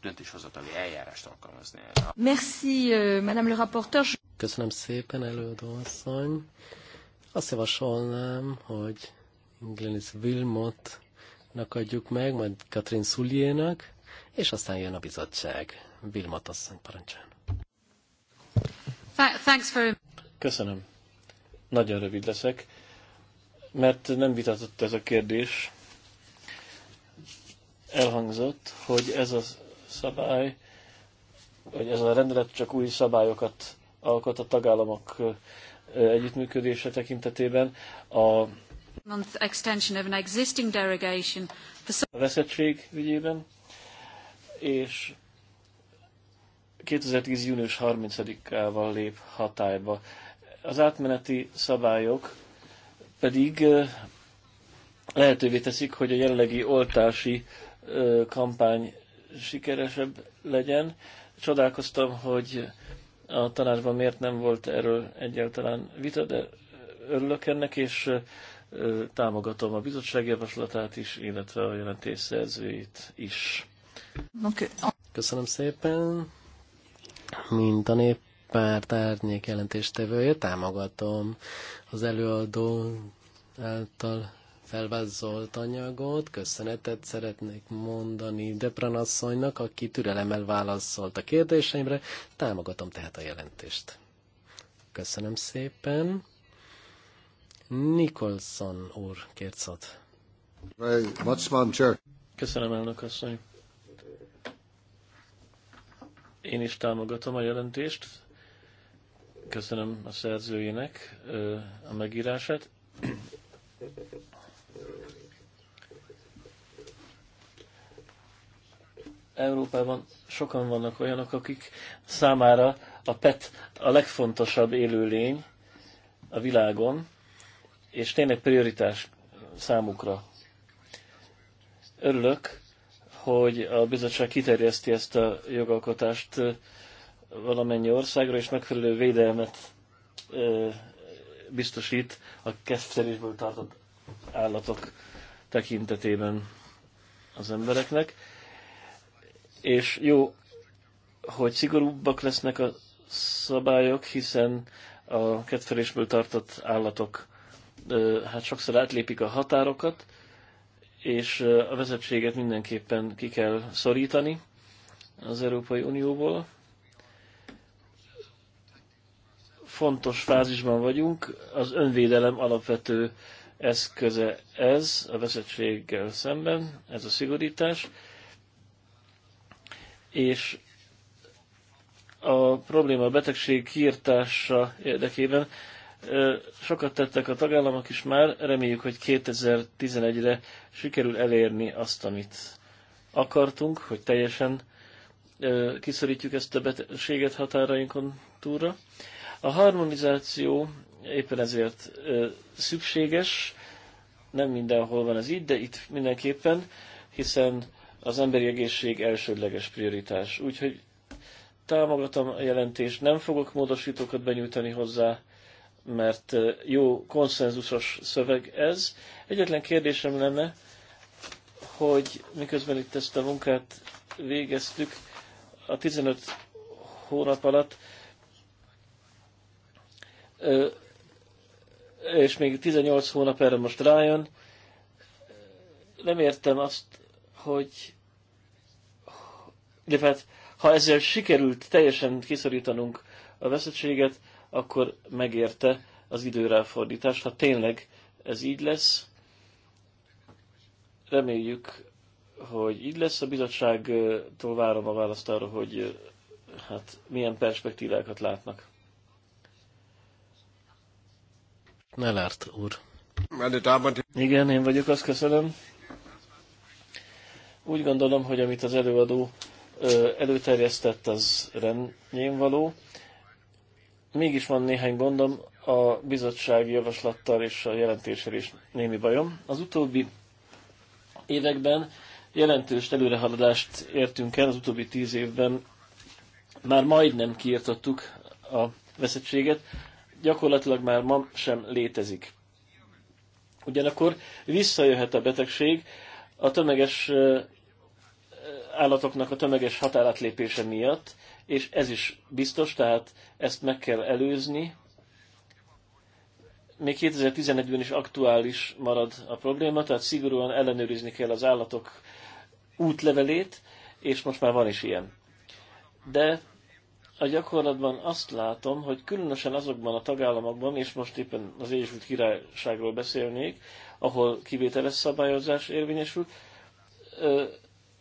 döntéshozatali eljárást alkalmazni. Merci, euh, madame le rapporteur. Köszönöm szépen, előadó asszony. Azt javasolnám, hogy Glenis nak adjuk meg, majd Katrin Szuljénak, és aztán jön a bizottság. Wilmot asszony parancsán. for... Köszönöm. Nagyon rövid leszek, mert nem vitatott ez a kérdés. Elhangzott, hogy ez a szabály, hogy ez a rendelet csak új szabályokat alkot a tagállamok együttműködése tekintetében. A a veszettség ügyében, és 2010. június 30-ával lép hatályba. Az átmeneti szabályok pedig lehetővé teszik, hogy a jelenlegi oltási kampány sikeresebb legyen. Csodálkoztam, hogy a tanácsban miért nem volt erről egyáltalán vita, de örülök ennek, és Támogatom a bizottság javaslatát is, illetve a jelentés szerzőjét is. Okay. Köszönöm szépen. Mint a néppárt árnyék jelentéstevője, támogatom az előadó által felvázolt anyagot. Köszönetet szeretnék mondani Depran asszonynak, aki türelemmel válaszolt a kérdéseimre. Támogatom tehát a jelentést. Köszönöm szépen. Nicholson úr kért szót. Köszönöm, elnök asszony. Én is támogatom a jelentést. Köszönöm a szerzőjének a megírását. Európában sokan vannak olyanok, akik számára a PET a legfontosabb élőlény a világon, és tényleg prioritás számukra. Örülök, hogy a bizottság kiterjeszti ezt a jogalkotást valamennyi országra, és megfelelő védelmet biztosít a kezdszerésből tartott állatok tekintetében az embereknek. És jó, hogy szigorúbbak lesznek a szabályok, hiszen a kedvelésből tartott állatok hát sokszor átlépik a határokat, és a vezetséget mindenképpen ki kell szorítani az Európai Unióból. Fontos fázisban vagyunk, az önvédelem alapvető eszköze ez a vezetséggel szemben, ez a szigorítás, és a probléma a betegség kiirtása érdekében Sokat tettek a tagállamok is már, reméljük, hogy 2011-re sikerül elérni azt, amit akartunk, hogy teljesen kiszorítjuk ezt a betegséget határainkon túlra. A harmonizáció éppen ezért szükséges, nem mindenhol van ez így, de itt mindenképpen, hiszen az emberi egészség elsődleges prioritás. Úgyhogy támogatom a jelentést, nem fogok módosítókat benyújtani hozzá, mert jó konszenzusos szöveg ez. Egyetlen kérdésem lenne, hogy miközben itt ezt a munkát végeztük, a 15 hónap alatt, és még 18 hónap erre most rájön, nem értem azt, hogy de hát, ha ezzel sikerült teljesen kiszorítanunk a veszettséget, akkor megérte az időráfordítást. Ha tényleg ez így lesz, reméljük, hogy így lesz. A bizottságtól várom a választ arra, hogy hát milyen perspektívákat látnak. lárt, úr. Igen, én vagyok, azt köszönöm. Úgy gondolom, hogy amit az előadó előterjesztett, az rendjén való mégis van néhány gondom a bizottsági javaslattal és a jelentéssel is némi bajom. Az utóbbi években jelentős előrehaladást értünk el, az utóbbi tíz évben már majdnem kiirtottuk a veszettséget, gyakorlatilag már ma sem létezik. Ugyanakkor visszajöhet a betegség a tömeges állatoknak a tömeges határátlépése miatt, és ez is biztos, tehát ezt meg kell előzni. Még 2011-ben is aktuális marad a probléma, tehát szigorúan ellenőrizni kell az állatok útlevelét, és most már van is ilyen. De a gyakorlatban azt látom, hogy különösen azokban a tagállamokban, és most éppen az Egyesült Királyságról beszélnék, ahol kivételes szabályozás érvényesül,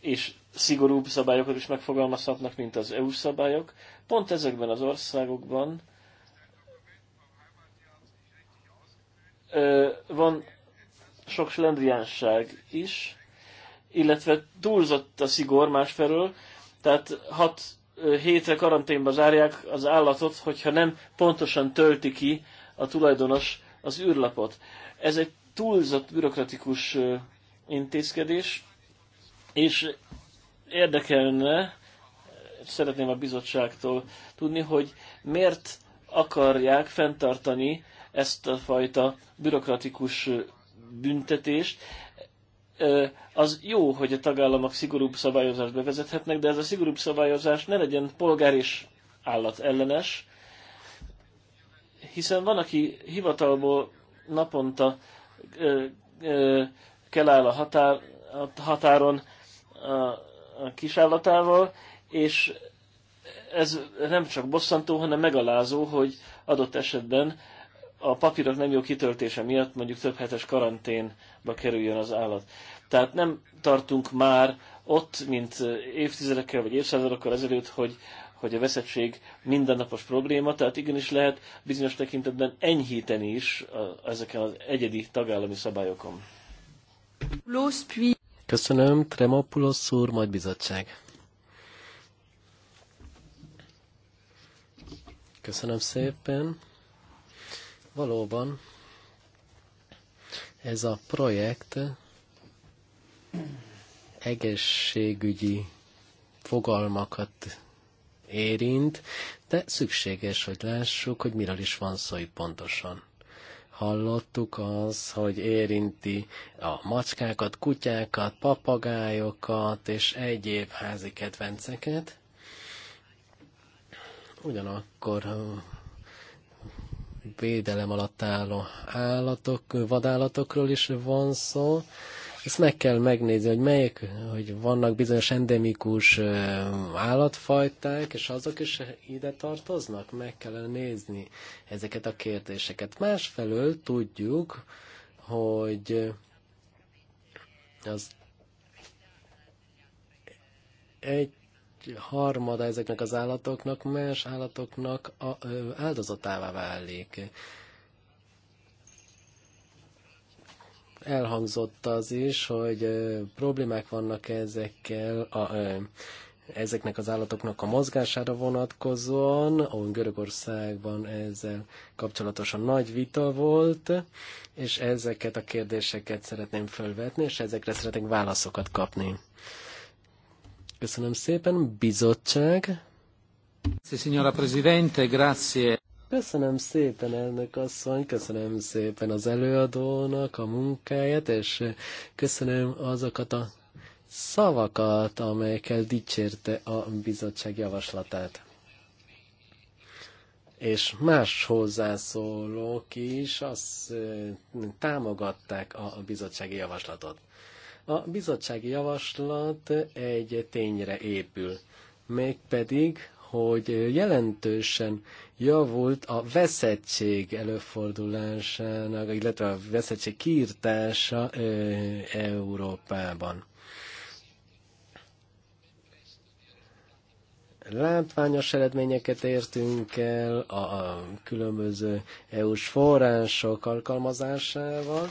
és szigorúbb szabályokat is megfogalmazhatnak, mint az EU szabályok. Pont ezekben az országokban van sok slendriánság is, illetve túlzott a szigor másfelől, tehát hat hétre karanténba zárják az állatot, hogyha nem pontosan tölti ki a tulajdonos az űrlapot. Ez egy túlzott bürokratikus intézkedés, és érdekelne, szeretném a bizottságtól tudni, hogy miért akarják fenntartani ezt a fajta bürokratikus büntetést. Az jó, hogy a tagállamok szigorúbb szabályozást bevezethetnek, de ez a szigorúbb szabályozás ne legyen polgár és állat ellenes, hiszen van, aki hivatalból naponta kell áll a határ, határon, a, a kisállatával, és ez nem csak bosszantó, hanem megalázó, hogy adott esetben a papírok nem jó kitöltése miatt mondjuk több hetes karanténba kerüljön az állat. Tehát nem tartunk már ott, mint évtizedekkel vagy évszázadokkal ezelőtt, hogy, hogy a veszettség mindennapos probléma, tehát igenis lehet bizonyos tekintetben enyhíteni is a, ezeken az egyedi tagállami szabályokon. Plusz, puis... Köszönöm, Tremopulos úr, majd bizottság. Köszönöm szépen. Valóban ez a projekt egészségügyi fogalmakat érint, de szükséges, hogy lássuk, hogy miről is van szó itt pontosan hallottuk az, hogy érinti a macskákat, kutyákat, papagájokat és egyéb házi kedvenceket. Ugyanakkor védelem alatt álló állatok, vadállatokról is van szó, ezt meg kell megnézni, hogy melyek, hogy vannak bizonyos endemikus állatfajták, és azok is ide tartoznak. Meg kell nézni ezeket a kérdéseket. Másfelől tudjuk, hogy az egy harmada ezeknek az állatoknak más állatoknak áldozatává válik. elhangzott az is, hogy problémák vannak ezekkel a, ezeknek az állatoknak a mozgására vonatkozóan, ahol Görögországban ezzel kapcsolatosan nagy vita volt, és ezeket a kérdéseket szeretném felvetni, és ezekre szeretnék válaszokat kapni. Köszönöm szépen, bizottság! Signora Presidente, grazie. Köszönöm szépen, elnök asszony, köszönöm szépen az előadónak a munkáját, és köszönöm azokat a szavakat, amelyekkel dicsérte a bizottság javaslatát. És más hozzászólók is azt támogatták a bizottsági javaslatot. A bizottsági javaslat egy tényre épül, mégpedig, hogy jelentősen javult a veszettség előfordulásának, illetve a veszettség kiirtása Európában. látványos eredményeket értünk el a különböző EU-s források alkalmazásával,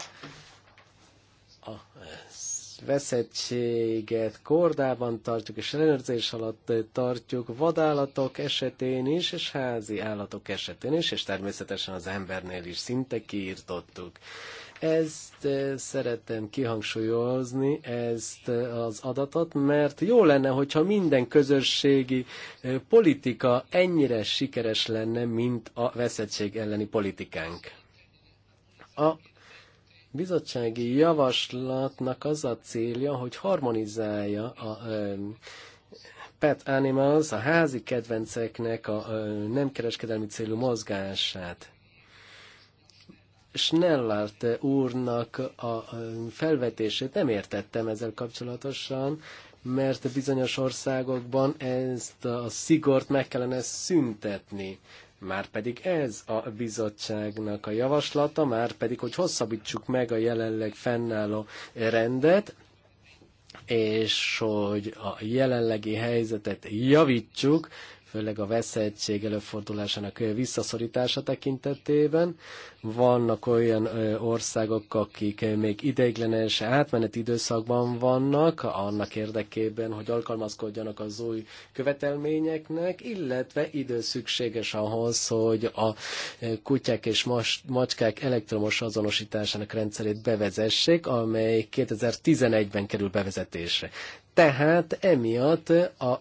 veszettséget kordában tartjuk és ellenőrzés alatt tartjuk vadállatok esetén is, és házi állatok esetén is, és természetesen az embernél is szinte kiirtottuk. Ezt eh, szeretem kihangsúlyozni, ezt eh, az adatot, mert jó lenne, hogyha minden közösségi eh, politika ennyire sikeres lenne, mint a veszettség elleni politikánk. A bizottsági javaslatnak az a célja, hogy harmonizálja a pet animals, a házi kedvenceknek a nem kereskedelmi célú mozgását. Snellart úrnak a felvetését nem értettem ezzel kapcsolatosan, mert bizonyos országokban ezt a szigort meg kellene szüntetni. Már pedig ez a bizottságnak a javaslata, már pedig hogy hosszabbítsuk meg a jelenleg fennálló rendet, és hogy a jelenlegi helyzetet javítsuk, főleg a veszettség előfordulásának visszaszorítása tekintetében. Vannak olyan országok, akik még ideiglenes átmeneti időszakban vannak, annak érdekében, hogy alkalmazkodjanak az új követelményeknek, illetve idő szükséges ahhoz, hogy a kutyák és macskák elektromos azonosításának rendszerét bevezessék, amely 2011-ben kerül bevezetésre. Tehát emiatt a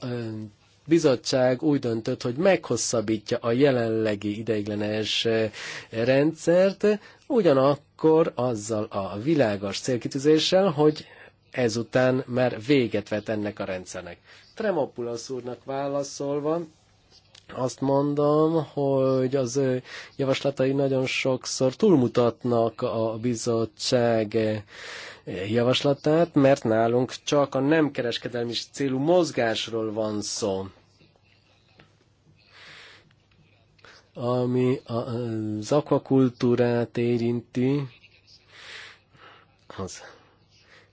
bizottság úgy döntött, hogy meghosszabbítja a jelenlegi ideiglenes eh, rendszert, ugyanakkor azzal a világos célkitűzéssel, hogy ezután már véget vet ennek a rendszernek. Tremopulasz úrnak válaszolva, azt mondom, hogy az ő javaslatai nagyon sokszor túlmutatnak a bizottság eh, javaslatát, mert nálunk csak a nem kereskedelmi célú mozgásról van szó. ami az akvakultúrát érinti, az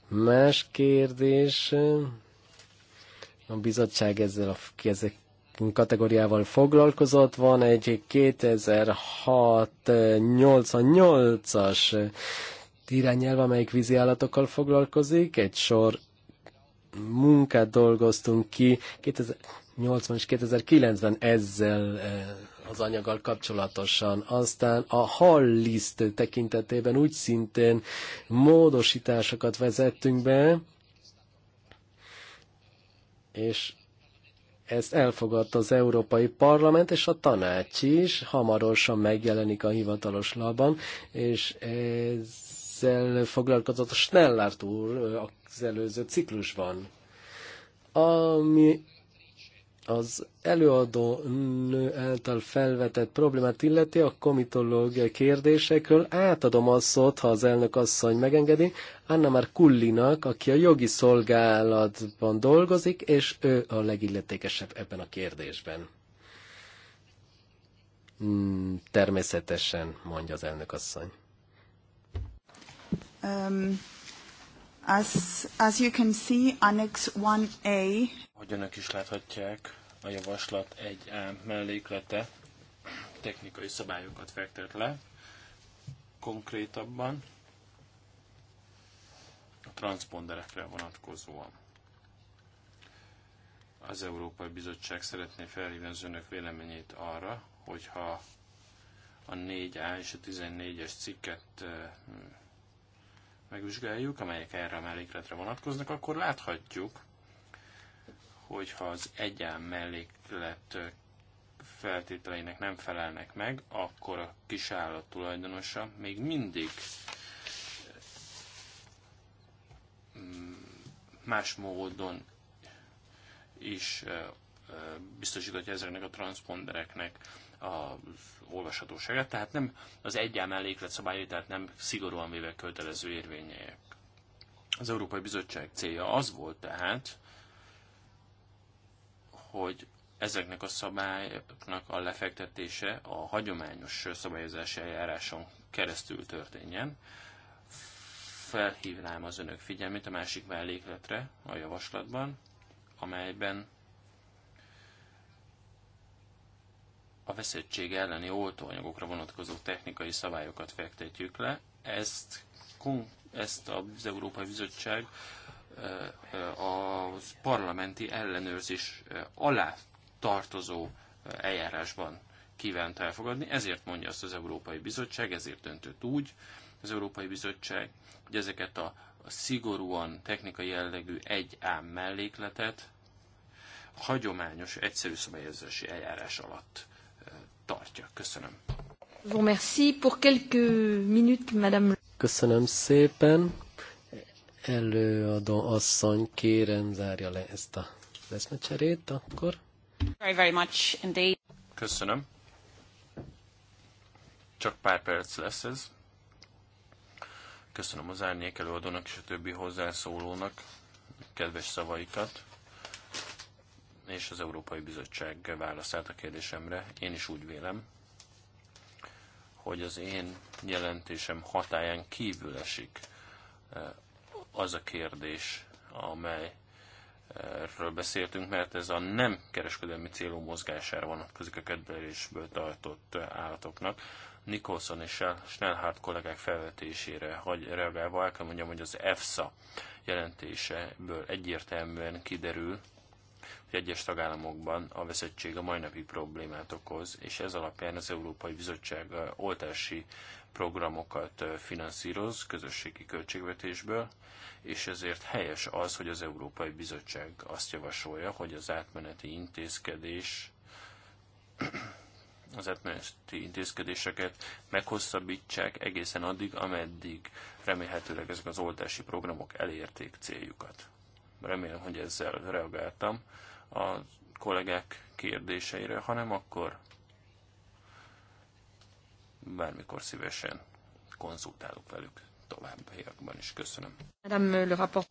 más kérdés. A bizottság ezzel a kategóriával foglalkozott. Van egy 2006-88-as irányelv, amelyik víziállatokkal foglalkozik. Egy sor munkát dolgoztunk ki 2008 és 2009-ben ezzel eh, az anyaggal kapcsolatosan. Aztán a halliszt tekintetében úgy szintén módosításokat vezettünk be, és ezt elfogadta az Európai Parlament és a tanács is, hamarosan megjelenik a hivatalos labban, és ezzel foglalkozott a Snellart úr az előző ciklusban. Ami az előadó nő által felvetett problémát illeti a komitológiai kérdésekről. Átadom a szót, ha az elnök asszony megengedi, Anna már Kullinak, aki a jogi szolgálatban dolgozik, és ő a legilletékesebb ebben a kérdésben. Mm, természetesen, mondja az elnök asszony. Um, as, as you can see, Annex 1A hogy önök is láthatják, a javaslat egy a melléklete technikai szabályokat fektet le, konkrétabban a transponderekre vonatkozóan. Az Európai Bizottság szeretné felhívni az önök véleményét arra, hogyha a 4A és a 14-es cikket megvizsgáljuk, amelyek erre a mellékletre vonatkoznak, akkor láthatjuk, hogyha az egyen melléklet feltételeinek nem felelnek meg, akkor a kisállat tulajdonosa még mindig mm, más módon is biztosítatja ezeknek a transpondereknek a olvashatóságát, tehát nem az egyen melléklet szabályai, tehát nem szigorúan véve kötelező érvények. Az Európai Bizottság célja az volt tehát, hogy ezeknek a szabályoknak a lefektetése a hagyományos szabályozási eljáráson keresztül történjen. Felhívnám az önök figyelmét a másik mellékletre a javaslatban, amelyben a veszettség elleni oltóanyagokra vonatkozó technikai szabályokat fektetjük le. Ezt, ezt az Európai Bizottság a parlamenti ellenőrzés eh, alá tartozó eh, eljárásban kívánta elfogadni. Ezért mondja azt az Európai Bizottság, ezért döntött úgy az Európai Bizottság, hogy ezeket a, a szigorúan technikai jellegű egy ám mellékletet a hagyományos, egyszerű szabályozási eljárás alatt eh, tartja. Köszönöm. Köszönöm szépen. Előadó asszony, kérem zárja le ezt a leszmecserét, akkor. Very, very much indeed. Köszönöm. Csak pár perc lesz ez. Köszönöm az árnyék előadónak és a többi hozzászólónak kedves szavaikat és az Európai Bizottság válaszát a kérdésemre. Én is úgy vélem, hogy az én jelentésem hatáján kívül esik eh, az a kérdés, amely erről beszéltünk, mert ez a nem kereskedelmi célú mozgására vonatkozik a kedvelésből tartott állatoknak. Nicholson és Schnellhardt kollégák felvetésére hagy reagálva el kell mondjam, hogy az EFSA jelentéseből egyértelműen kiderül, hogy egyes tagállamokban a veszettség a mai napi problémát okoz, és ez alapján az Európai Bizottság oltási programokat finanszíroz közösségi költségvetésből, és ezért helyes az, hogy az Európai Bizottság azt javasolja, hogy az átmeneti intézkedés *clears throat* az átmeneti intézkedéseket meghosszabbítsák egészen addig, ameddig remélhetőleg ezek az oltási programok elérték céljukat. Remélem, hogy ezzel reagáltam a kollégák kérdéseire, hanem akkor bármikor szívesen konzultálok velük továbbiakban is. Köszönöm.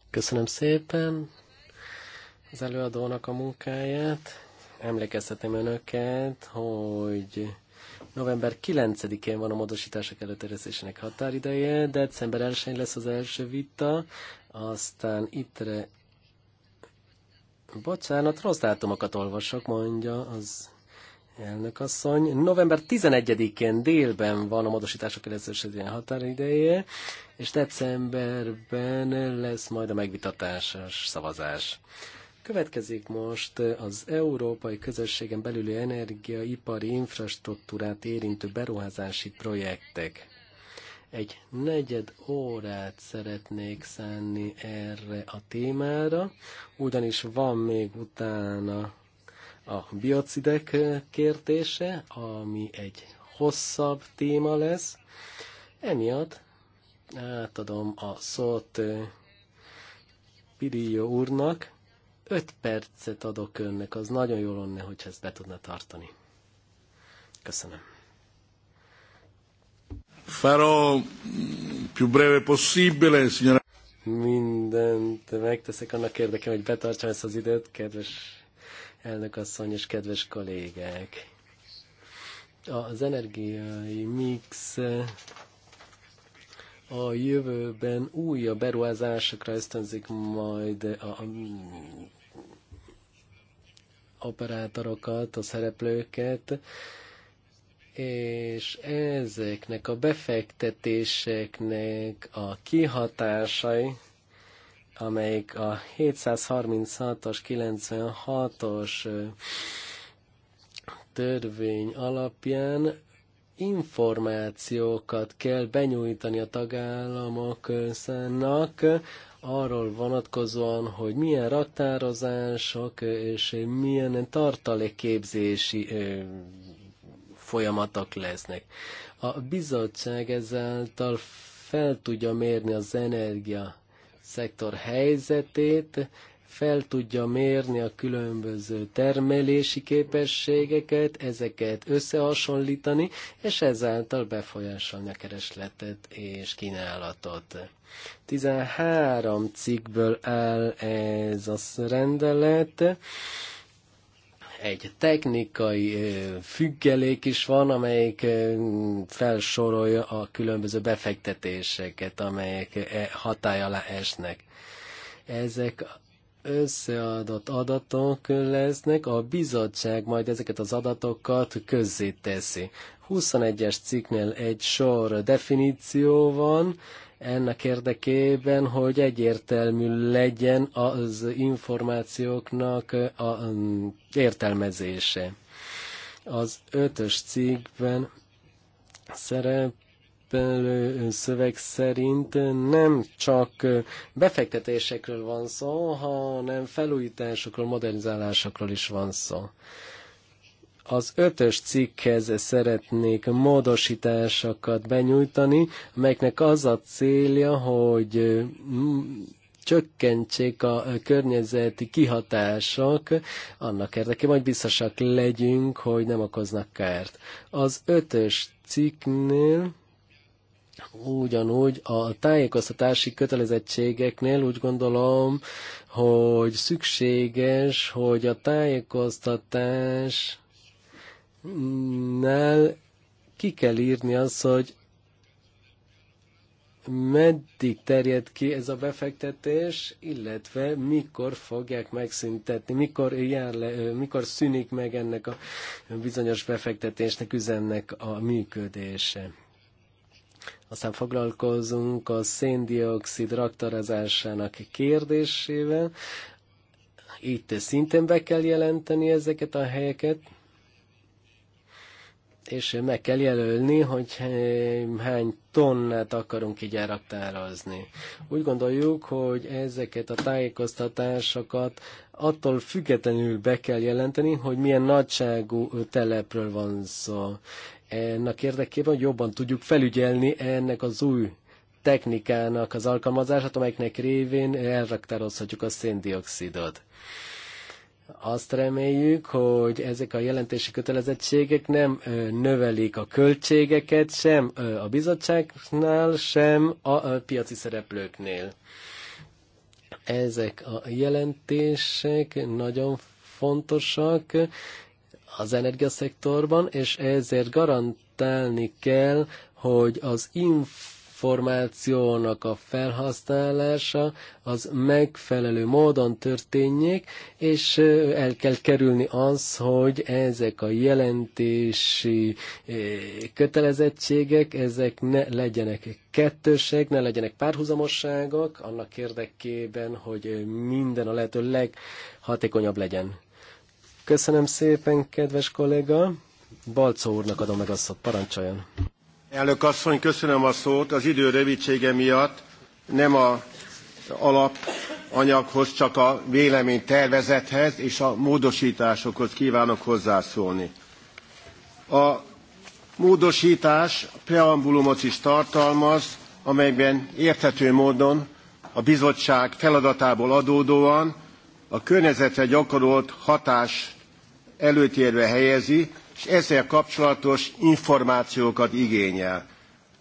Köszönöm szépen az előadónak a munkáját. Emlékeztetem önöket, hogy november 9-én van a módosítások előterjesztésének határideje, december 1 lesz az első vita, aztán ittre... Bocsánat, rossz dátumokat olvasok, mondja az Elnök asszony, november 11-én délben van a módosítások előszörségen határideje, és decemberben lesz majd a megvitatásos szavazás. Következik most az Európai Közösségen belüli energiaipari infrastruktúrát érintő beruházási projektek. Egy negyed órát szeretnék szánni erre a témára, ugyanis van még utána a biocidek kérdése, ami egy hosszabb téma lesz. Emiatt átadom a szót eh, Pirillo úrnak. Öt percet adok önnek, az nagyon jól lenne, hogy ezt be tudna tartani. Köszönöm. Farò più breve possibile, signora. Mindent megteszek annak érdekében, hogy betartsam ezt az időt, kedves elnök asszony és kedves kollégák! Az energiai mix a jövőben újabb beruházásokra ösztönzik majd a operátorokat, a szereplőket, és ezeknek a befektetéseknek a kihatásai amelyik a 736-os, 96-os törvény alapján információkat kell benyújtani a tagállamok szennak arról vonatkozóan, hogy milyen raktározások és milyen tartalékképzési folyamatok lesznek. A bizottság ezáltal fel tudja mérni az energia szektor helyzetét, fel tudja mérni a különböző termelési képességeket, ezeket összehasonlítani, és ezáltal befolyásolni a keresletet és kínálatot. 13 cikkből áll ez a rendelet, egy technikai függelék is van, amelyik felsorolja a különböző befektetéseket, amelyek e, hatály alá esnek. Ezek összeadott adatok lesznek, a bizottság majd ezeket az adatokat közzé teszi. 21-es cikknél egy sor definíció van, ennek érdekében, hogy egyértelmű legyen az információknak a mm, értelmezése. Az ötös cikkben szerep szerepelő szöveg szerint nem csak befektetésekről van szó, hanem felújításokról, modernizálásokról is van szó. Az ötös cikkhez szeretnék módosításokat benyújtani, amelyeknek az a célja, hogy csökkentsék a környezeti kihatások, annak érdekében, hogy biztosak legyünk, hogy nem okoznak kárt. Az ötös cikknél ugyanúgy a tájékoztatási kötelezettségeknél úgy gondolom, hogy szükséges, hogy a tájékoztatás nál ki kell írni az, hogy meddig terjed ki ez a befektetés, illetve mikor fogják megszüntetni, mikor, jár le, mikor szűnik meg ennek a bizonyos befektetésnek, üzemnek a működése. Aztán foglalkozunk a széndiokszid raktarazásának kérdésével. Itt szintén be kell jelenteni ezeket a helyeket, és meg kell jelölni, hogy hány tonnát akarunk így elraktározni. Úgy gondoljuk, hogy ezeket a tájékoztatásokat attól függetlenül be kell jelenteni, hogy milyen nagyságú telepről van szó. Ennek érdekében, hogy jobban tudjuk felügyelni ennek az új technikának az alkalmazását, amelyeknek révén elraktározhatjuk a széndiokszidot. Azt reméljük, hogy ezek a jelentési kötelezettségek nem növelik a költségeket sem a bizottságnál, sem a piaci szereplőknél. Ezek a jelentések nagyon fontosak az energiaszektorban, és ezért garantálni kell, hogy az inf információnak a felhasználása az megfelelő módon történjék, és el kell kerülni az, hogy ezek a jelentési kötelezettségek, ezek ne legyenek kettősek, ne legyenek párhuzamosságok, annak érdekében, hogy minden a lehető leghatékonyabb legyen. Köszönöm szépen, kedves kolléga! Balcó úrnak adom meg a szót, parancsoljon! Elnök asszony, köszönöm a szót. Az idő rövidsége miatt nem a alapanyaghoz, csak a véleménytervezethez és a módosításokhoz kívánok hozzászólni. A módosítás preambulumot is tartalmaz, amelyben érthető módon a bizottság feladatából adódóan a környezetre gyakorolt hatás előtérbe helyezi, és ezzel kapcsolatos információkat igényel.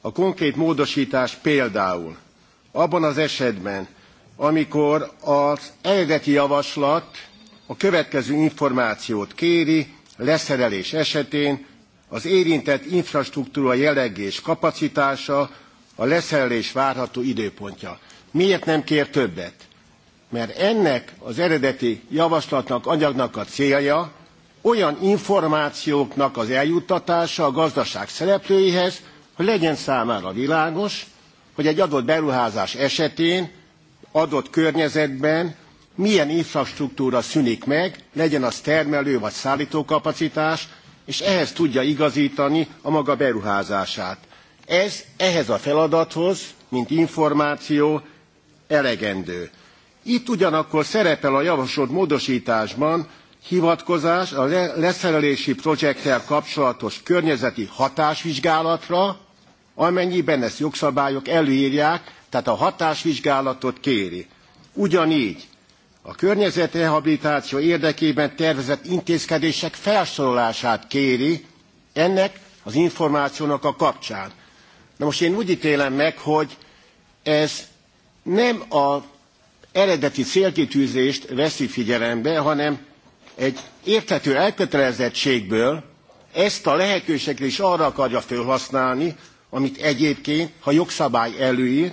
A konkrét módosítás például abban az esetben, amikor az eredeti javaslat a következő információt kéri, leszerelés esetén az érintett infrastruktúra jellegé és kapacitása, a leszerelés várható időpontja. Miért nem kér többet? Mert ennek az eredeti javaslatnak, anyagnak a célja, olyan információknak az eljuttatása a gazdaság szereplőihez, hogy legyen számára világos, hogy egy adott beruházás esetén, adott környezetben milyen infrastruktúra szűnik meg, legyen az termelő vagy kapacitás, és ehhez tudja igazítani a maga beruházását. Ez ehhez a feladathoz, mint információ, elegendő. Itt ugyanakkor szerepel a javasolt módostásban hivatkozás a leszerelési projekttel kapcsolatos környezeti hatásvizsgálatra, amennyiben ezt jogszabályok előírják, tehát a hatásvizsgálatot kéri. Ugyanígy a környezetrehabilitáció érdekében tervezett intézkedések felsorolását kéri ennek az információnak a kapcsán. Na most én úgy ítélem meg, hogy ez nem az eredeti célkitűzést veszi figyelembe, hanem egy érthető elkötelezettségből ezt a lehetőséget is arra akarja felhasználni, amit egyébként, ha jogszabály előír,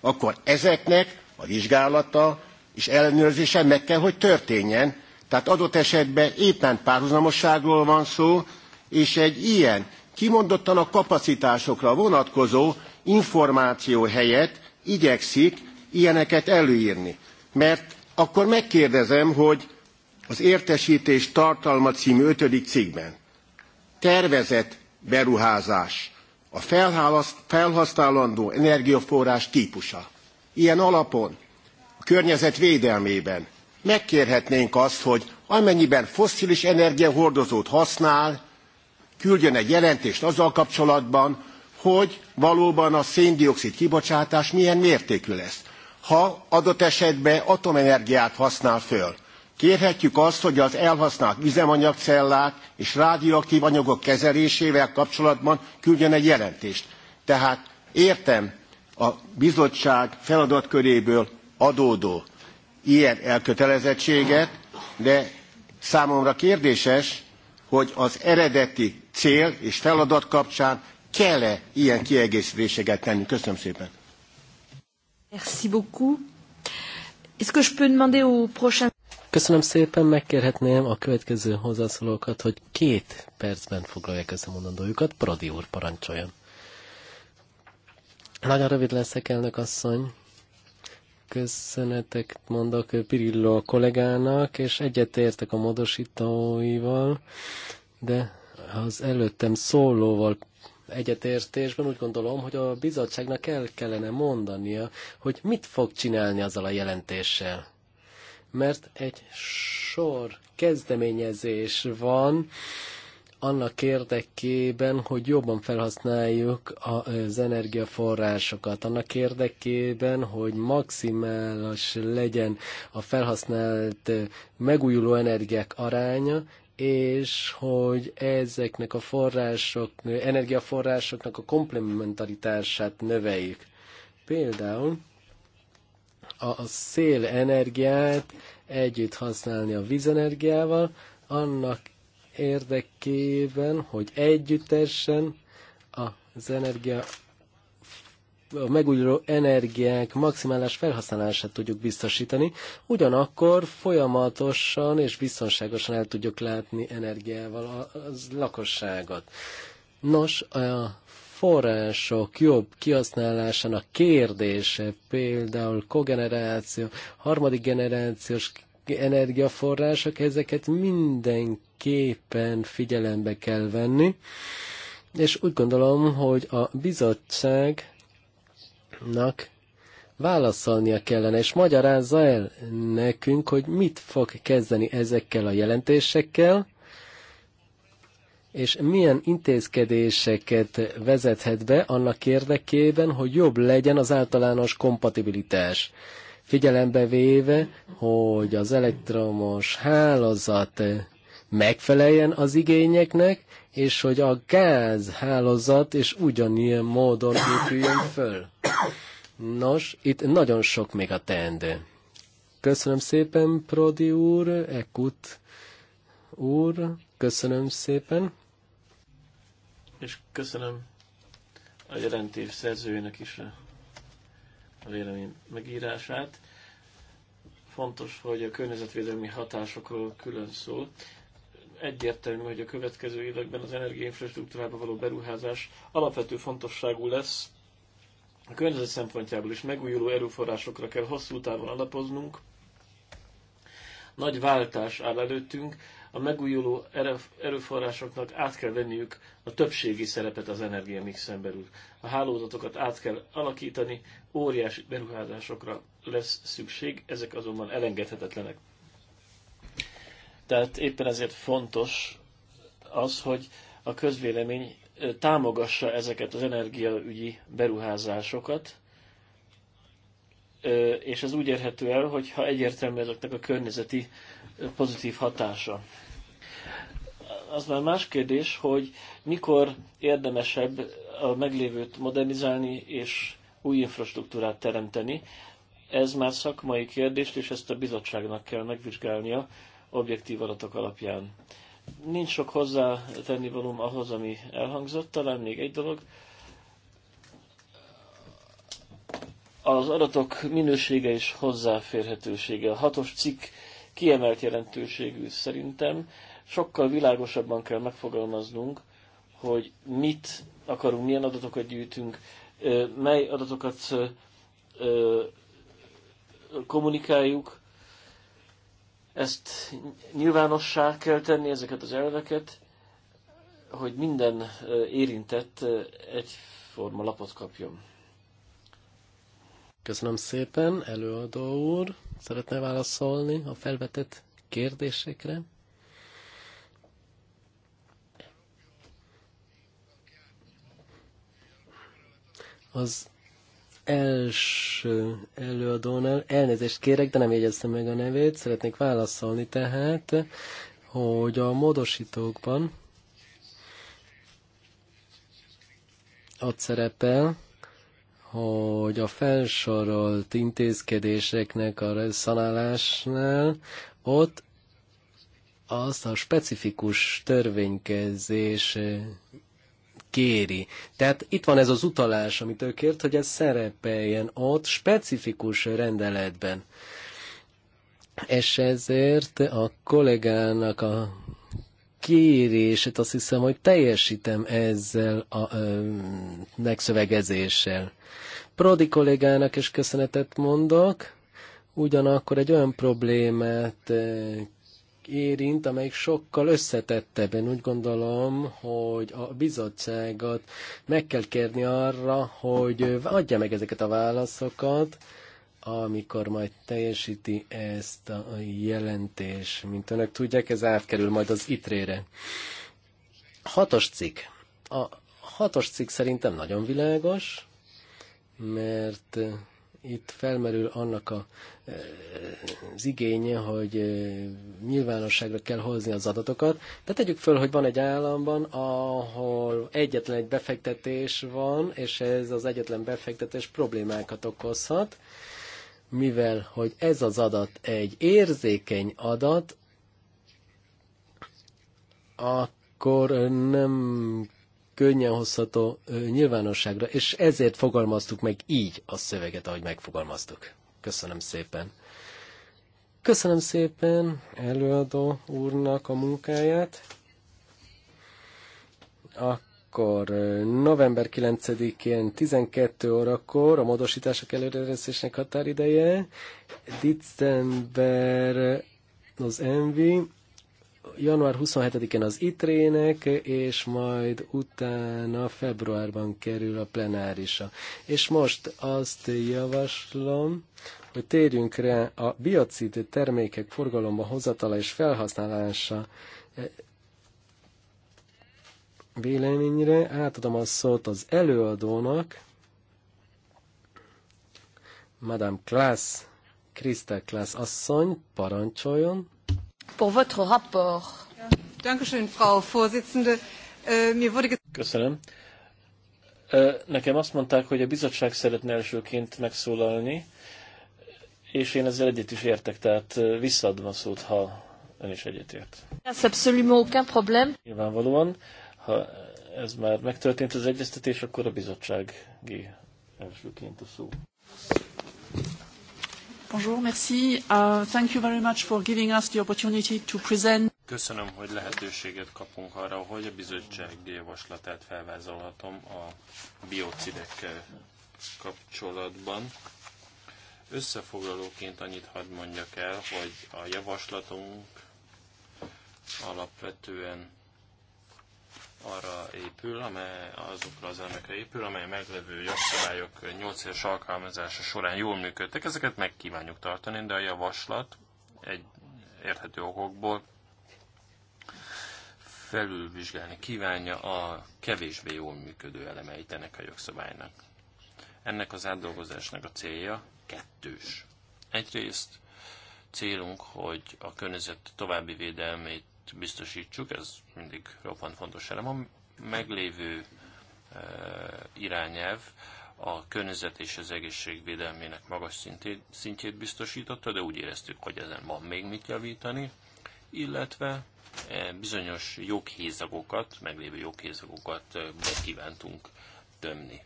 akkor ezeknek a vizsgálata és ellenőrzése meg kell, hogy történjen. Tehát adott esetben éppen párhuzamosságról van szó, és egy ilyen kimondottan a kapacitásokra vonatkozó információ helyett igyekszik ilyeneket előírni. Mert akkor megkérdezem, hogy az értesítés tartalma című 5. cikkben. Tervezett beruházás. A felhasználandó energiaforrás típusa. Ilyen alapon a környezet védelmében megkérhetnénk azt, hogy amennyiben fosszilis energiahordozót használ, küldjön egy jelentést azzal kapcsolatban, hogy valóban a széndiokszid kibocsátás milyen mértékű lesz, ha adott esetben atomenergiát használ föl Kérhetjük azt, hogy az elhasznált üzemanyagcellák és radioaktv anyagok kezelésével kapcsolatban küldjön egy jelentést. Tehát értem a bizottság feladatköréből adódó ilyen elkötelezettséget, de számomra kérdéses, hogy az eredeti cél és feladat kapcsán kell-e ilyen kiegészítéseket tenni. Köszönöm szépen. Merci beaucoup. Est-ce que je peux demander au prochain... Köszönöm szépen, megkérhetném a következő hozzászólókat, hogy két percben foglalják össze mondandójukat. Prodi úr, parancsoljon. Nagyon rövid leszek, elnök asszony. Köszönetek mondok Pirillo kollégának, és egyetértek a módosítóival, de az előttem szólóval egyetértésben úgy gondolom, hogy a bizottságnak el kellene mondania, hogy mit fog csinálni azzal a jelentéssel mert egy sor kezdeményezés van annak érdekében, hogy jobban felhasználjuk az energiaforrásokat, annak érdekében, hogy maximális legyen a felhasznált megújuló energiák aránya, és hogy ezeknek a források, energiaforrásoknak a komplementaritását növeljük. Például a szélenergiát együtt használni a vízenergiával, annak érdekében, hogy együttesen az energia a megújuló energiák maximális felhasználását tudjuk biztosítani, ugyanakkor folyamatosan és biztonságosan el tudjuk látni energiával a, a lakosságot. Nos, a források jobb kihasználásának kérdése, például kogeneráció, harmadik generációs energiaforrások, ezeket mindenképpen figyelembe kell venni, és úgy gondolom, hogy a bizottságnak válaszolnia kellene, és magyarázza el nekünk, hogy mit fog kezdeni ezekkel a jelentésekkel, és milyen intézkedéseket vezethet be annak érdekében, hogy jobb legyen az általános kompatibilitás. Figyelembe véve, hogy az elektromos hálózat megfeleljen az igényeknek, és hogy a gáz hálózat is ugyanilyen módon épüljön föl. Nos, itt nagyon sok még a teendő. Köszönöm szépen, Prodi úr, Ekut úr. Köszönöm szépen. És köszönöm a jelentés szerzőjének is a, a vélemény megírását. Fontos, hogy a környezetvédelmi hatásokról külön szól. Egyértelmű, hogy a következő években az energiainfrastruktúrába való beruházás alapvető fontosságú lesz. A környezet szempontjából is megújuló erőforrásokra kell hosszú távon alapoznunk. Nagy váltás áll előttünk a megújuló erőforrásoknak át kell venniük a többségi szerepet az energiamixen belül. A hálózatokat át kell alakítani, óriási beruházásokra lesz szükség, ezek azonban elengedhetetlenek. Tehát éppen ezért fontos az, hogy a közvélemény támogassa ezeket az energiaügyi beruházásokat, és ez úgy érhető el, hogyha egyértelmű ezeknek a környezeti pozitív hatása. Az már más kérdés, hogy mikor érdemesebb a meglévőt modernizálni és új infrastruktúrát teremteni. Ez már szakmai kérdést, és ezt a bizottságnak kell megvizsgálnia objektív adatok alapján. Nincs sok hozzá tennivalóm ahhoz, ami elhangzott, talán még egy dolog, az adatok minősége és hozzáférhetősége. A hatos cikk kiemelt jelentőségű szerintem. Sokkal világosabban kell megfogalmaznunk, hogy mit akarunk, milyen adatokat gyűjtünk, mely adatokat kommunikáljuk. Ezt nyilvánossá kell tenni, ezeket az elveket, hogy minden érintett egyforma lapot kapjon. Köszönöm szépen, előadó úr. Szeretne válaszolni a felvetett kérdésekre? Az első előadónál elnézést kérek, de nem jegyeztem meg a nevét. Szeretnék válaszolni tehát, hogy a módosítókban ott szerepel, hogy a felsorolt intézkedéseknek a szanálásnál ott azt a specifikus törvénykezés eh, kéri. Tehát itt van ez az utalás, amit ő kért, hogy ez szerepeljen ott specifikus rendeletben. És ezért a kollégának a kérését azt hiszem, hogy teljesítem ezzel a ö, megszövegezéssel. Prodi kollégának is köszönetet mondok, ugyanakkor egy olyan problémát érint, amelyik sokkal összetettebb. Én úgy gondolom, hogy a bizottságot meg kell kérni arra, hogy adja meg ezeket a válaszokat, amikor majd teljesíti ezt a jelentés. Mint önök tudják, ez átkerül majd az itrére. Hatos cikk. A hatos cikk szerintem nagyon világos, mert eh, itt felmerül annak a, eh, az igénye, hogy eh, nyilvánosságra kell hozni az adatokat. De tegyük föl, hogy van egy államban, ahol egyetlen egy befektetés van, és ez az egyetlen befektetés problémákat okozhat mivel hogy ez az adat egy érzékeny adat, akkor nem könnyen hozható nyilvánosságra, és ezért fogalmaztuk meg így a szöveget, ahogy megfogalmaztuk. Köszönöm szépen. Köszönöm szépen előadó úrnak a munkáját. A akkor november 9-én 12 órakor a módosítások előrejelzésnek határideje, december az Envi, január 27-én az ITRÉ-nek, és majd utána februárban kerül a plenárisa. És most azt javaslom, hogy térjünk rá a biocid termékek forgalomba hozatala és felhasználása véleményre. Átadom a szót az előadónak, Madame Klaas, Krista Klaas asszony, parancsoljon. Pour votre rapport. Dankeschön, Frau Vorsitzende. Äh, mir wurde Köszönöm. Äh, nekem azt mondták, hogy a bizottság szeretne elsőként megszólalni, és én ezzel egyet is értek, tehát äh, visszaadom a szót, ha ön is egyetért. Ez abszolút aucun problém. Nyilvánvalóan. Ha ez már megtörtént az egyeztetés, akkor a G elsőként a szó. Bonjour, merci. Uh, thank you very much for giving us the opportunity to present. Köszönöm, hogy lehetőséget kapunk arra, hogy a bizottság javaslatát felvázolhatom a biocidekkel kapcsolatban. Összefoglalóként annyit hadd mondjak el, hogy a javaslatunk alapvetően arra épül, amely azokra az elemekre épül, amely a meglevő jogszabályok 8 éves alkalmazása során jól működtek. Ezeket meg kívánjuk tartani, de a javaslat egy érthető okokból felülvizsgálni kívánja a kevésbé jól működő elemeit ennek a jogszabálynak. Ennek az átdolgozásnak a célja kettős. Egyrészt célunk, hogy a környezet további védelmét biztosítsuk, ez mindig roppant fontos elem. A meglévő e, irányelv a környezet és az egészségvédelmének magas szintét, szintjét biztosította, de úgy éreztük, hogy ezen van még mit javítani, illetve e, bizonyos joghézagokat, meglévő joghézagokat e, be kívántunk tömni.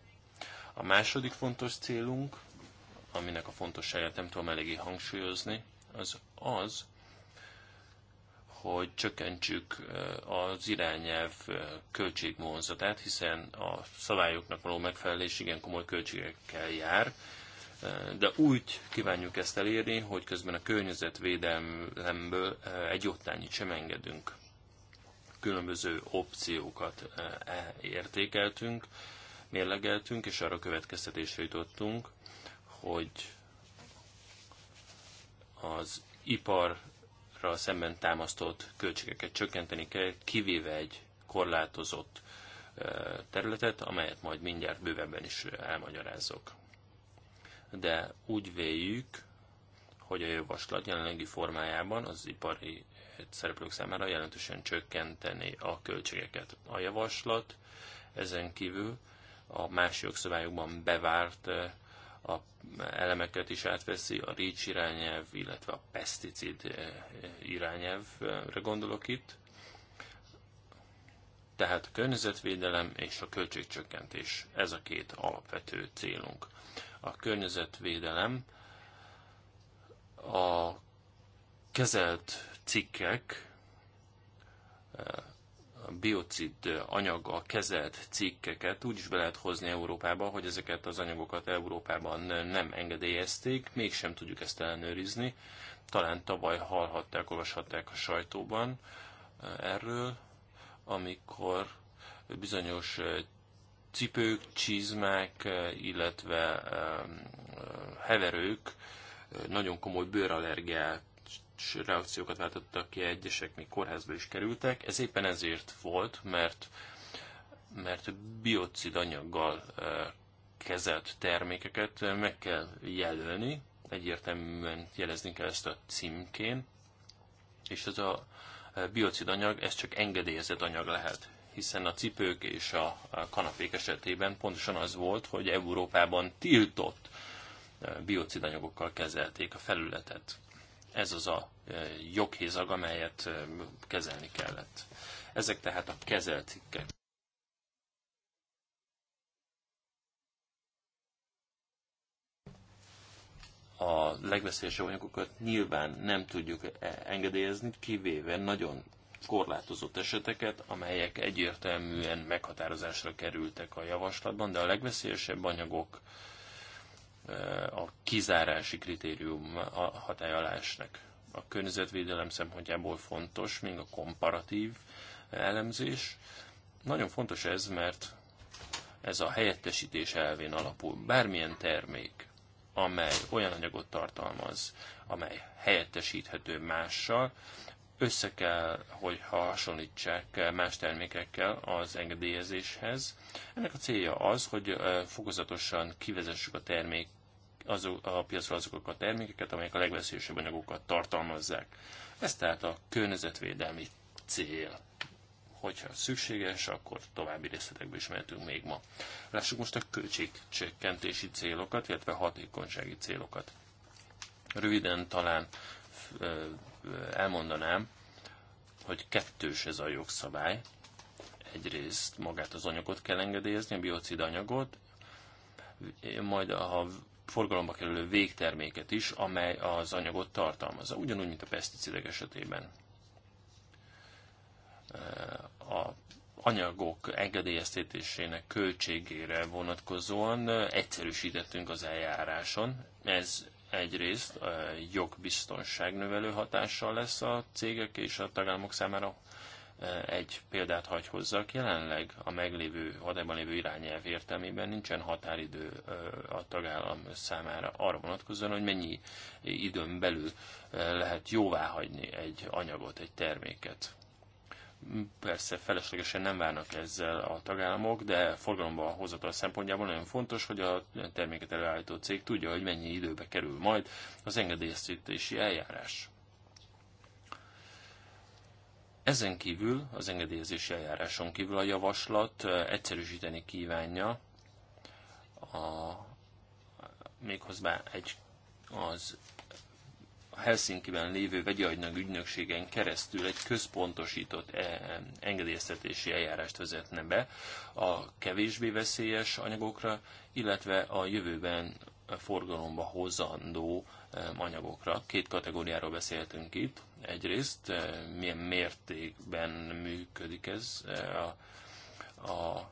A második fontos célunk, aminek a fontosságát nem tudom eléggé hangsúlyozni, az az, hogy csökkentsük az irányelv költségvonzatát, hiszen a szabályoknak való megfelelés igen komoly költségekkel jár, de úgy kívánjuk ezt elérni, hogy közben a környezetvédelemből egy ottányit sem engedünk. Különböző opciókat e, értékeltünk, mérlegeltünk, és arra következtetésre jutottunk, hogy az ipar a szemben támasztott költségeket csökkenteni kell, kivéve egy korlátozott területet, amelyet majd mindjárt bővebben is elmagyarázok. De úgy véljük, hogy a javaslat jelenlegi formájában az ipari szereplők számára jelentősen csökkenteni a költségeket. A javaslat ezen kívül a más jogszabályokban bevárt a elemeket is átveszi, a REACH irányelv, illetve a peszticid eh, irányelvre gondolok itt. Tehát a környezetvédelem és a költségcsökkentés, ez a két alapvető célunk. A környezetvédelem a kezelt cikkek eh, biocid anyaggal kezelt cikkeket úgy is be lehet hozni Európába, hogy ezeket az anyagokat Európában nem engedélyezték, mégsem tudjuk ezt ellenőrizni. Talán tavaly hallhatták, olvashatták a sajtóban erről, amikor bizonyos cipők, csizmák, illetve heverők nagyon komoly bőrallergiát és reakciókat váltottak ki egyesek, még kórházba is kerültek. Ez éppen ezért volt, mert, mert biocid anyaggal kezelt termékeket meg kell jelölni, egyértelműen jelezni kell ezt a címkén, és ez a biocid anyag, ez csak engedélyezett anyag lehet hiszen a cipők és a kanapék esetében pontosan az volt, hogy Európában tiltott biocidanyagokkal kezelték a felületet. Ez az a e, joghézag, amelyet e, kezelni kellett. Ezek tehát a kezelcikkek. a legveszélyesebb anyagokat nyilván nem tudjuk e, engedélyezni, kivéve nagyon korlátozott eseteket, amelyek egyértelműen meghatározásra kerültek a javaslatban, de a legveszélyesebb anyagok a kizárási kritérium hatály alá esnek. A környezetvédelem szempontjából fontos, még a komparatív elemzés. Nagyon fontos ez, mert ez a helyettesítés elvén alapul. Bármilyen termék, amely olyan anyagot tartalmaz, amely helyettesíthető mással, össze kell, hogy hasonlítsák más termékekkel az engedélyezéshez. Ennek a célja az, hogy fokozatosan kivezessük a termék azok, a piacra azokat a termékeket, amelyek a legveszélyesebb anyagokat tartalmazzák. Ez tehát a környezetvédelmi cél. Hogyha szükséges, akkor további részletekbe is mehetünk még ma. Lássuk most a költségcsökkentési célokat, illetve hatékonysági célokat. Röviden talán elmondanám, hogy kettős ez a jogszabály. Egyrészt magát az anyagot kell engedélyezni, a biocid anyagot, majd a forgalomba kerülő végterméket is, amely az anyagot tartalmazza, ugyanúgy, mint a peszticidek esetében. A anyagok engedélyeztetésének költségére vonatkozóan egyszerűsítettünk az eljáráson. Ez egyrészt a jogbiztonság növelő hatással lesz a cégek és a tagállamok számára. Egy példát hagy hozzak, jelenleg a meglévő, hatályban lévő irányelv értelmében nincsen határidő a tagállam számára arra vonatkozóan, hogy mennyi időn belül lehet jóvá hagyni egy anyagot, egy terméket. Persze feleslegesen nem várnak ezzel a tagállamok, de a hozatal szempontjából nagyon fontos, hogy a terméket előállító cég tudja, hogy mennyi időbe kerül majd az engedélyeztetési eljárás. Ezen kívül, az engedélyezési eljáráson kívül a javaslat egyszerűsíteni kívánja a, méghozzá egy, az Helsinki-ben lévő vegyajnag ügynökségen keresztül egy központosított e, engedélyeztetési eljárást vezetne be a kevésbé veszélyes anyagokra, illetve a jövőben forgalomba hozandó e, anyagokra. Két kategóriáról beszéltünk itt. Egyrészt e, milyen mértékben működik ez a, a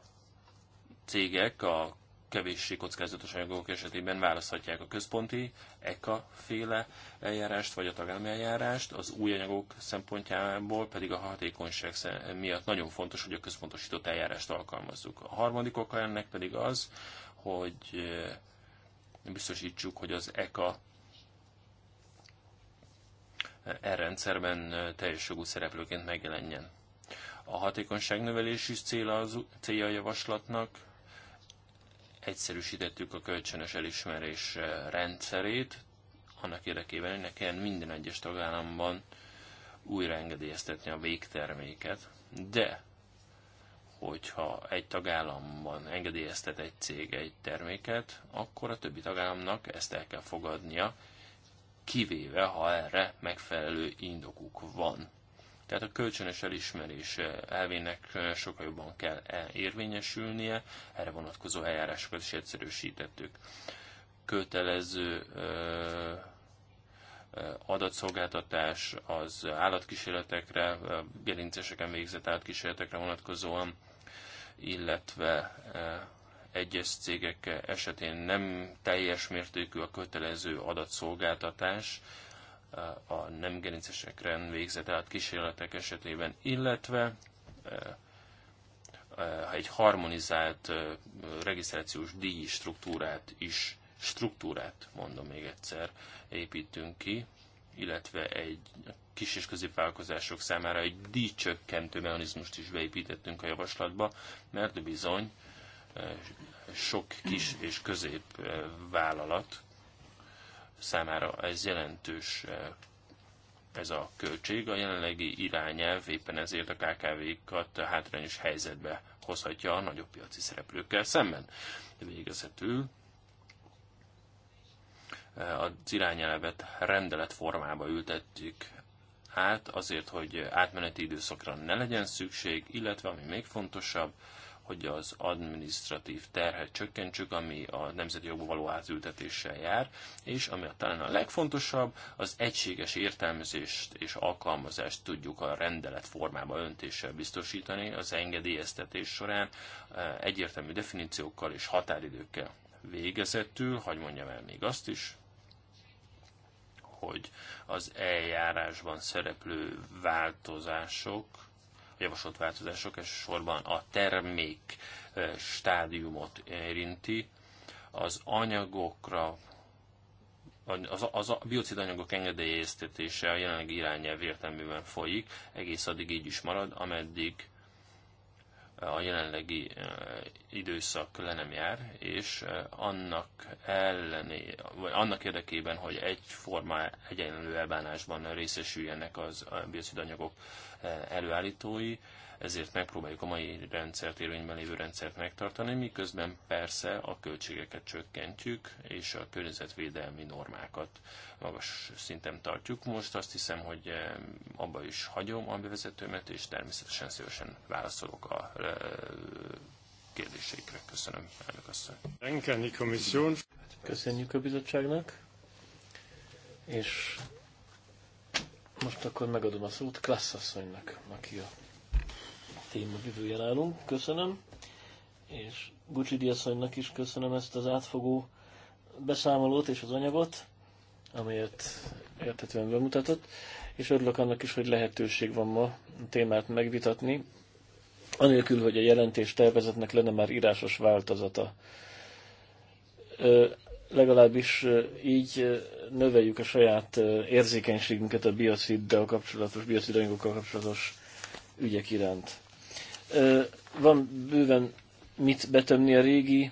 cégek, a kevéssé kockázatos anyagok esetében választhatják a központi ECA féle eljárást, vagy a tagállami eljárást, az új anyagok szempontjából pedig a hatékonyság miatt nagyon fontos, hogy a központosított eljárást alkalmazzuk. A harmadik oka ennek pedig az, hogy eh, biztosítsuk, hogy az ECA eh, e rendszerben eh, teljes jogú szereplőként megjelenjen. A hatékonyság növelési cél az, célja a javaslatnak, egyszerűsítettük a kölcsönös elismerés eh, rendszerét, annak érdekében, hogy ne kelljen minden egyes tagállamban újra engedélyeztetni a végterméket, de hogyha egy tagállamban engedélyeztet egy cég egy terméket, akkor a többi tagállamnak ezt el kell fogadnia, kivéve ha erre megfelelő indokuk van. Tehát a kölcsönös elismerés eh, elvének eh, sokkal jobban kell eh, érvényesülnie, erre vonatkozó eljárásokat is egyszerűsítettük. Kötelező adatszolgáltatás az állatkísérletekre, gerinceseken végzett állatkísérletekre vonatkozóan, illetve egyes cégek esetén nem teljes mértékű a kötelező adatszolgáltatás, a nem gerincesekren végzett át kísérletek esetében, illetve e, e, egy harmonizált e, regisztrációs díj struktúrát is, struktúrát mondom még egyszer, építünk ki, illetve egy kis és középvállalkozások számára egy díjcsökkentő mechanizmust is beépítettünk a javaslatba, mert bizony sok kis és középvállalat számára ez jelentős eh, ez a költség. A jelenlegi irányelv éppen ezért a KKV-kat hátrányos helyzetbe hozhatja a nagyobb piaci szereplőkkel szemben. Végezetül eh, az irányelvet rendelet formába ültettük át, azért, hogy átmeneti időszakra ne legyen szükség, illetve ami még fontosabb, hogy az administratív terhet csökkentsük, ami a nemzeti jogba való átültetéssel jár, és ami a, talán a legfontosabb, az egységes értelmezést és alkalmazást tudjuk a rendelet formába öntéssel biztosítani az engedélyeztetés során e, egyértelmű definíciókkal és határidőkkel. végezettül, hagy mondjam el még azt is, hogy az eljárásban szereplő változások javasolt változások sorban a termék stádiumot érinti, az anyagokra, az, az a biocid anyagok engedélyeztetése a jelenlegi irányelv értelműben folyik, egész addig így is marad, ameddig a jelenlegi eh, időszak le nem jár, és eh, annak ellené, vagy annak érdekében, hogy egyforma egyenlő elbánásban részesüljenek az eh, biocidanyagok előállítói, ezért megpróbáljuk a mai rendszert, érvényben lévő rendszert megtartani, miközben persze a költségeket csökkentjük, és a környezetvédelmi normákat magas szinten tartjuk. Most azt hiszem, hogy eh, abba is hagyom a bevezetőmet, és természetesen szívesen válaszolok a eh, kérdésekre. Köszönöm, elnök asszony. Köszönjük a bizottságnak, és most akkor megadom a szót Klassz asszonynak, aki a téma jövője nálunk. Köszönöm, és Gucsidi Diaszonynak is köszönöm ezt az átfogó beszámolót és az anyagot, amelyet érthetően bemutatott, és örülök annak is, hogy lehetőség van ma a témát megvitatni, anélkül, hogy a jelentés tervezetnek lenne már írásos változata. legalábbis így növeljük a saját érzékenységünket a biociddal kapcsolatos, biocidanyagok kapcsolatos ügyek iránt. Van bőven mit betömni a régi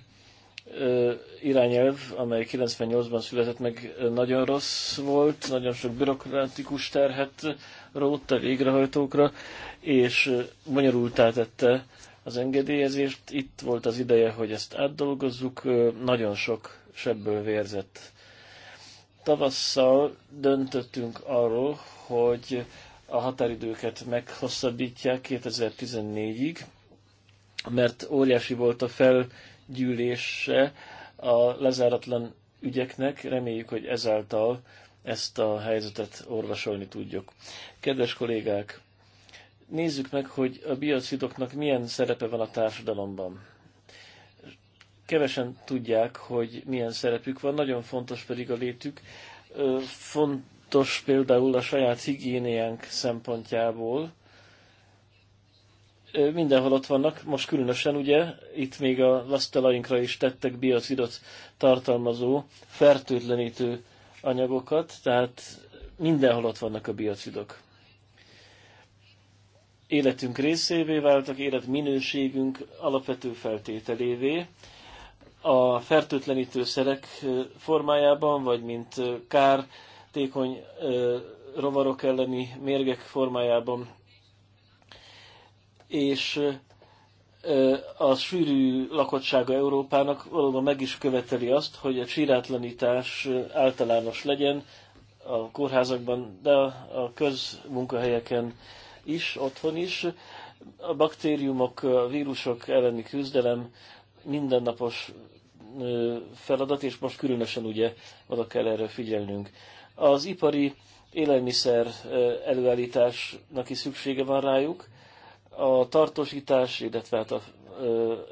irányelv, amely 98-ban született meg, nagyon rossz volt, nagyon sok bürokratikus terhet rótta végrehajtókra, és bonyolultá tette az engedélyezést. Itt volt az ideje, hogy ezt átdolgozzuk, nagyon sok sebből vérzett. Tavasszal döntöttünk arról, hogy a határidőket meghosszabbítják 2014-ig, mert óriási volt a felgyűlése a lezáratlan ügyeknek, reméljük, hogy ezáltal ezt a helyzetet orvosolni tudjuk. Kedves kollégák, nézzük meg, hogy a biocidoknak milyen szerepe van a társadalomban. Kevesen tudják, hogy milyen szerepük van, nagyon fontos pedig a létük. Font fontos például a saját higiéniánk szempontjából. Mindenhol ott vannak, most különösen ugye, itt még a lasztalainkra is tettek biocidot tartalmazó, fertőtlenítő anyagokat, tehát mindenhol ott vannak a biocidok. Életünk részévé váltak, életminőségünk alapvető feltételévé a fertőtlenítő szerek formájában, vagy mint kár hatékony rovarok elleni mérgek formájában, és a sűrű lakottsága Európának valóban meg is követeli azt, hogy a csirátlanítás általános legyen a kórházakban, de a közmunkahelyeken is, otthon is. A baktériumok, a vírusok elleni küzdelem mindennapos feladat, és most különösen ugye oda kell erre figyelnünk. Az ipari élelmiszer előállításnak is szüksége van rájuk, a tartósítás, illetve hát a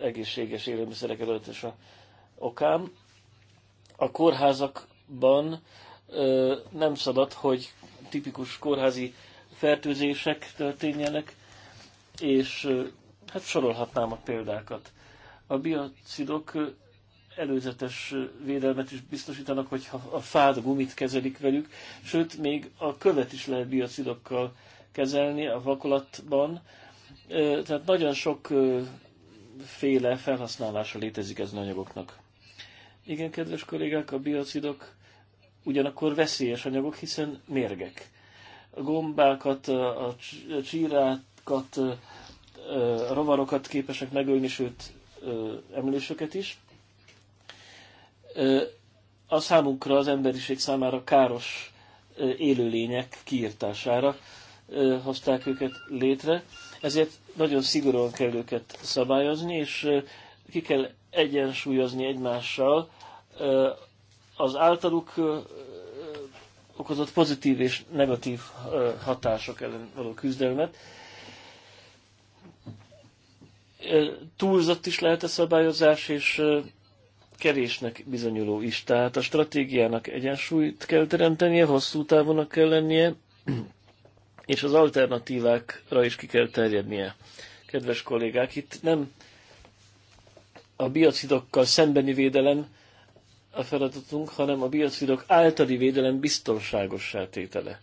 egészséges élelmiszerek előállítása okán. A kórházakban nem szabad, hogy tipikus kórházi fertőzések történjenek, és hát sorolhatnám a példákat. A biocidok előzetes védelmet is biztosítanak, hogyha a fád a gumit kezelik velük, sőt, még a követ is lehet biocidokkal kezelni a vakolatban. Tehát nagyon sok féle felhasználása létezik ez anyagoknak. Igen, kedves kollégák, a biocidok ugyanakkor veszélyes anyagok, hiszen mérgek. A gombákat, a csírákat, a rovarokat képesek megölni, sőt, emlősöket is a számunkra, az emberiség számára káros élőlények kiirtására hozták őket létre, ezért nagyon szigorúan kell őket szabályozni, és ki kell egyensúlyozni egymással az általuk okozott pozitív és negatív hatások ellen való küzdelmet. Túlzott is lehet a szabályozás, és kerésnek bizonyuló is. Tehát a stratégiának egyensúlyt kell teremtenie, hosszú távonak kell lennie, *clears throat* és az alternatívákra is ki kell terjednie. Kedves kollégák, itt nem a biocidokkal szembeni védelem a feladatunk, hanem a biocidok általi védelem biztonságossá tétele.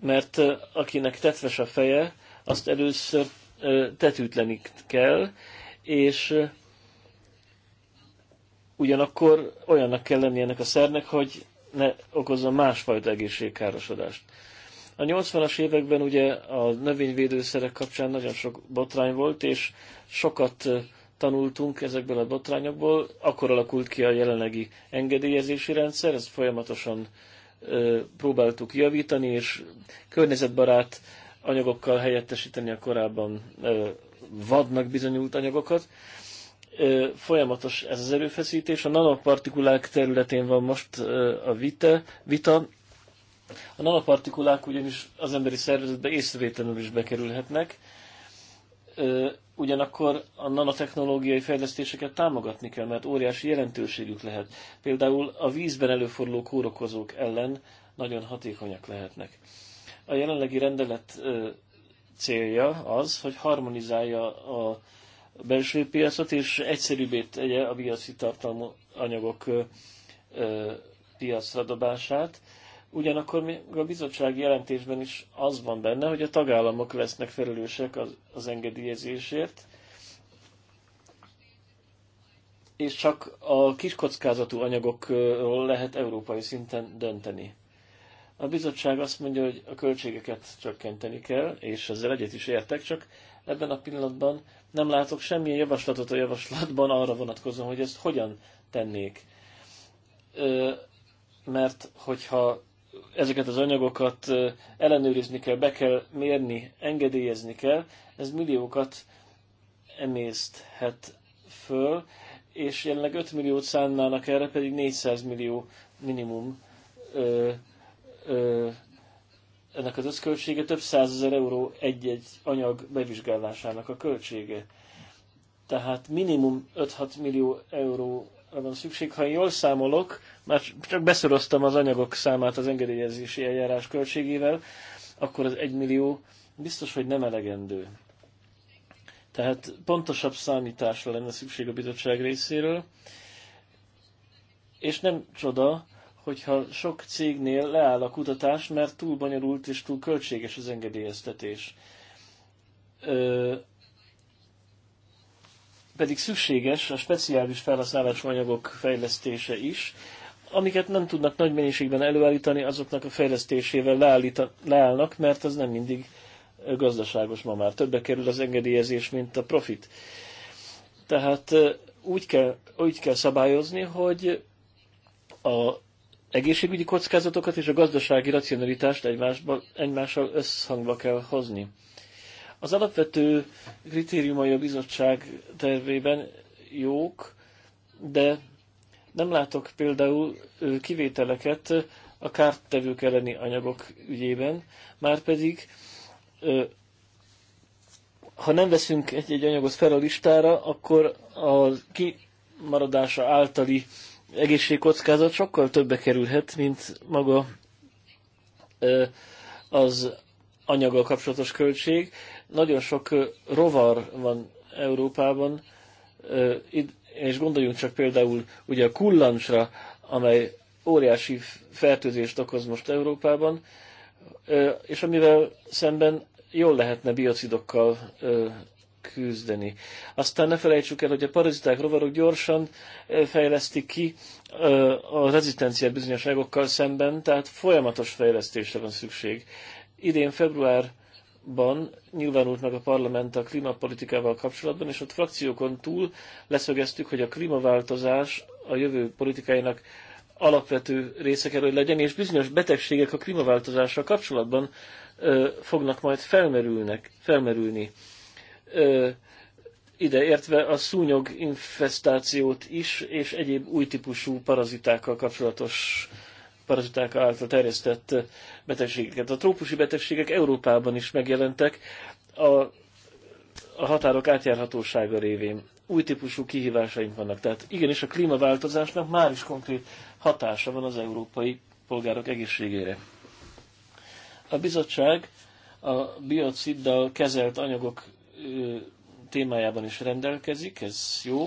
Mert akinek tetves a feje, azt először tetűtlenik kell, és ugyanakkor olyannak kell lennie ennek a szernek, hogy ne okozza másfajta egészségkárosodást. A 80-as években ugye a növényvédőszerek kapcsán nagyon sok botrány volt, és sokat tanultunk ezekből a botrányokból. Akkor alakult ki a jelenlegi engedélyezési rendszer, ezt folyamatosan próbáltuk javítani, és környezetbarát anyagokkal helyettesíteni a korábban vadnak bizonyult anyagokat folyamatos ez az erőfeszítés. A nanopartikulák területén van most a vita, vita. A nanopartikulák ugyanis az emberi szervezetbe észrevétlenül is bekerülhetnek, ugyanakkor a nanotechnológiai fejlesztéseket támogatni kell, mert óriási jelentőségük lehet. Például a vízben előforduló kórokozók ellen nagyon hatékonyak lehetnek. A jelenlegi rendelet célja az, hogy harmonizálja a a belső piacot, és egyszerűbbé tegye a piaci tartalmú anyagok piacra dobását. Ugyanakkor még a bizottsági jelentésben is az van benne, hogy a tagállamok lesznek felelősek az, az engedélyezésért, és csak a kiskockázatú anyagokról lehet európai szinten dönteni. A bizottság azt mondja, hogy a költségeket csökkenteni kell, és ezzel egyet is értek, csak ebben a pillanatban nem látok semmilyen javaslatot a javaslatban arra vonatkozóan, hogy ezt hogyan tennék. Mert hogyha ezeket az anyagokat ellenőrizni kell, be kell mérni, engedélyezni kell, ez milliókat emészthet föl, és jelenleg 5 milliót szánnának erre, pedig 400 millió minimum ö, ö, ennek az összköltsége több százezer euró egy-egy anyag bevizsgálásának a költsége. Tehát minimum 5-6 millió euróra van szükség. Ha én jól számolok, már csak beszoroztam az anyagok számát az engedélyezési eljárás költségével, akkor az 1 millió biztos, hogy nem elegendő. Tehát pontosabb számításra lenne szükség a bizottság részéről, és nem csoda, hogyha sok cégnél leáll a kutatás, mert túl bonyolult és túl költséges az engedélyeztetés. Ö, pedig szükséges a speciális felhasználású anyagok fejlesztése is, amiket nem tudnak nagy mennyiségben előállítani, azoknak a fejlesztésével leállnak, mert az nem mindig gazdaságos ma már. Többe kerül az engedélyezés, mint a profit. Tehát úgy kell, úgy kell szabályozni, hogy a egészségügyi kockázatokat és a gazdasági racionalitást egymásba, egymással összhangba kell hozni. Az alapvető kritériumai a bizottság tervében jók, de nem látok például kivételeket a kárttevők elleni anyagok ügyében, már pedig ha nem veszünk egy-egy anyagot fel a listára, akkor a kimaradása általi egészségkockázat sokkal többe kerülhet, mint maga az anyaggal kapcsolatos költség. Nagyon sok rovar van Európában, és gondoljunk csak például ugye a kullancsra, amely óriási fertőzést okoz most Európában, és amivel szemben jól lehetne biocidokkal küzdeni. Aztán ne felejtsük el, hogy a paraziták rovarok gyorsan fejlesztik ki a rezisztencia bizonyos szemben, tehát folyamatos fejlesztésre van szükség. Idén februárban nyilvánult meg a parlament a klímapolitikával kapcsolatban, és ott frakciókon túl leszögeztük, hogy a klímaváltozás a jövő politikáinak alapvető része kell, hogy legyen, és bizonyos betegségek a klímaváltozással kapcsolatban ö, fognak majd felmerülnek, felmerülni ideértve a szúnyog infestációt is, és egyéb új típusú parazitákkal kapcsolatos paraziták által terjesztett betegségeket. A trópusi betegségek Európában is megjelentek a, a határok átjárhatósága révén. Új típusú kihívásaink vannak. Tehát igenis a klímaváltozásnak már is konkrét hatása van az európai polgárok egészségére. A bizottság a biociddal kezelt anyagok témájában is rendelkezik, ez jó.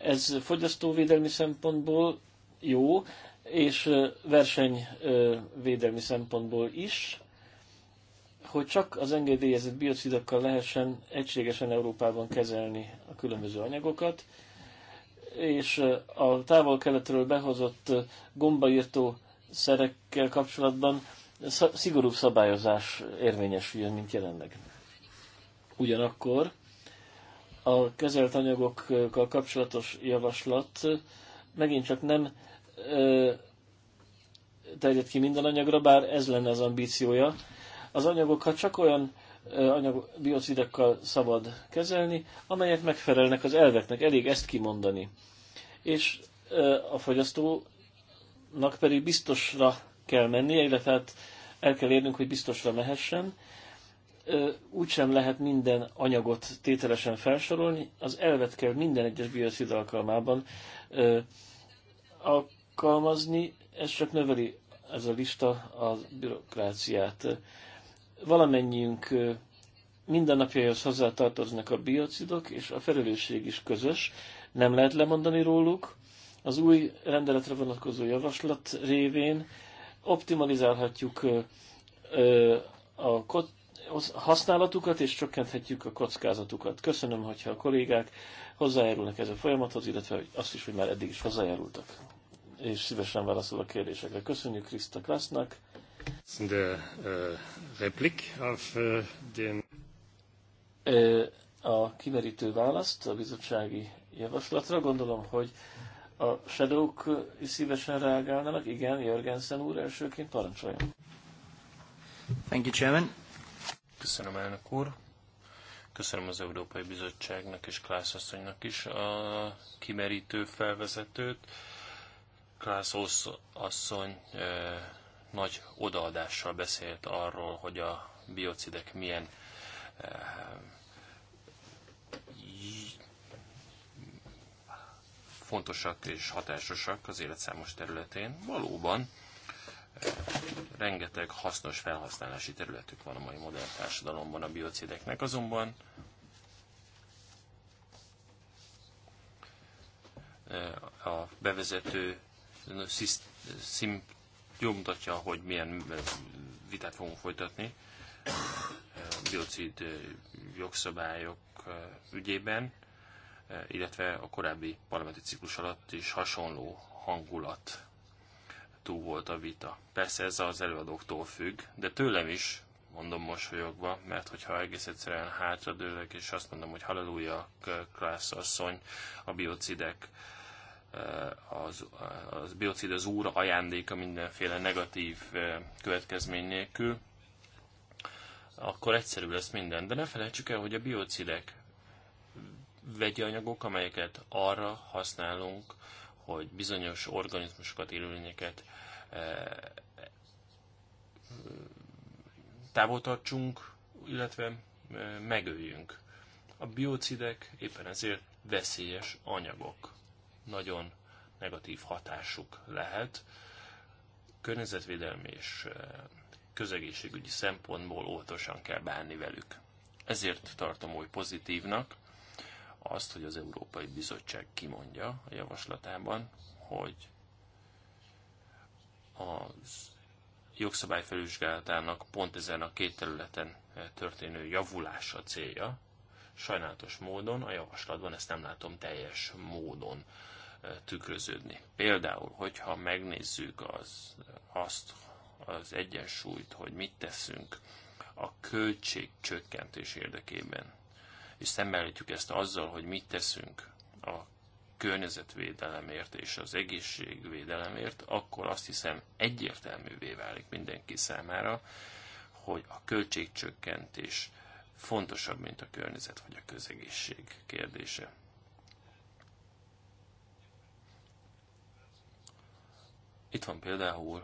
Ez fogyasztóvédelmi szempontból jó, és versenyvédelmi szempontból is, hogy csak az engedélyezett biocidokkal lehessen egységesen Európában kezelni a különböző anyagokat, és a távol-keletről behozott gombaírtó szerekkel kapcsolatban szigorúbb szabályozás érvényesüljön, mint jelenleg. Ugyanakkor a kezelt anyagokkal kapcsolatos javaslat megint csak nem ö, terjed ki minden anyagra, bár ez lenne az ambíciója. Az anyagokat csak olyan anyag, biocidekkal szabad kezelni, amelyek megfelelnek az elveknek. Elég ezt kimondani. És ö, a fogyasztónak pedig biztosra kell mennie, illetve hát el kell érnünk, hogy biztosra mehessen, úgysem lehet minden anyagot tételesen felsorolni, az elvet kell minden egyes bioszid alkalmában alkalmazni, ez csak növeli ez a lista a bürokráciát. Valamennyiünk mindennapjaihoz hozzátartoznak a biocidok, és a felelősség is közös, nem lehet lemondani róluk. Az új rendeletre vonatkozó javaslat révén optimalizálhatjuk a használatukat, és csökkenthetjük a kockázatukat. Köszönöm, hogyha a kollégák hozzájárulnak ez a folyamathoz, illetve azt is, hogy már eddig is hozzájárultak. És szívesen válaszol a kérdésekre. Köszönjük Krista Krasznak. De uh, replik of, uh, den... A kimerítő választ a bizottsági javaslatra. Gondolom, hogy a shadow is szívesen reagálnának. Igen, Jörgensen úr elsőként parancsoljon. Thank you, Chairman. Köszönöm, elnök úr. Köszönöm az Európai Bizottságnak és Klász asszonynak is a kimerítő felvezetőt. Klász asszony eh, nagy odaadással beszélt arról, hogy a biocidek milyen eh, fontosak és hatásosak az életszámos területén. Valóban rengeteg hasznos felhasználási területük van a mai modern társadalomban a biocideknek, azonban eh, a bevezető szim nyomtatja, hogy milyen eh, vitát fogunk folytatni eh, biocid jogszabályok ügyében, illetve a korábbi parlamenti ciklus alatt is hasonló hangulat Túl volt a vita. Persze ez az előadóktól függ, de tőlem is, mondom mosolyogva, mert hogyha egész egyszerűen hátradőlök, és azt mondom, hogy halleluja, Klász asszony, a biocidek, eh, az, eh, az biocid az úr ajándéka mindenféle negatív eh, következmény nélkül, akkor egyszerű lesz minden. De ne felejtsük el, hogy a biocidek vegyi anyagok, amelyeket arra használunk, hogy bizonyos organizmusokat, élőlényeket e, távol tartsunk, illetve e, megöljünk. A biocidek éppen ezért veszélyes anyagok. Nagyon negatív hatásuk lehet. Környezetvédelmi és e, közegészségügyi szempontból óvatosan kell bánni velük. Ezért tartom oly pozitívnak, azt, hogy az Európai Bizottság kimondja a javaslatában, hogy az jogszabály felvizsgálatának pont ezen a két területen történő javulása célja. Sajnálatos módon a javaslatban ezt nem látom teljes módon eh, tükröződni. Például, hogyha megnézzük az, azt az egyensúlyt, hogy mit teszünk a költség csökkentés érdekében, és szemmelítjük ezt azzal, hogy mit teszünk a környezetvédelemért és az egészségvédelemért, akkor azt hiszem egyértelművé válik mindenki számára, hogy a költségcsökkentés fontosabb, mint a környezet vagy a közegészség kérdése. Itt van például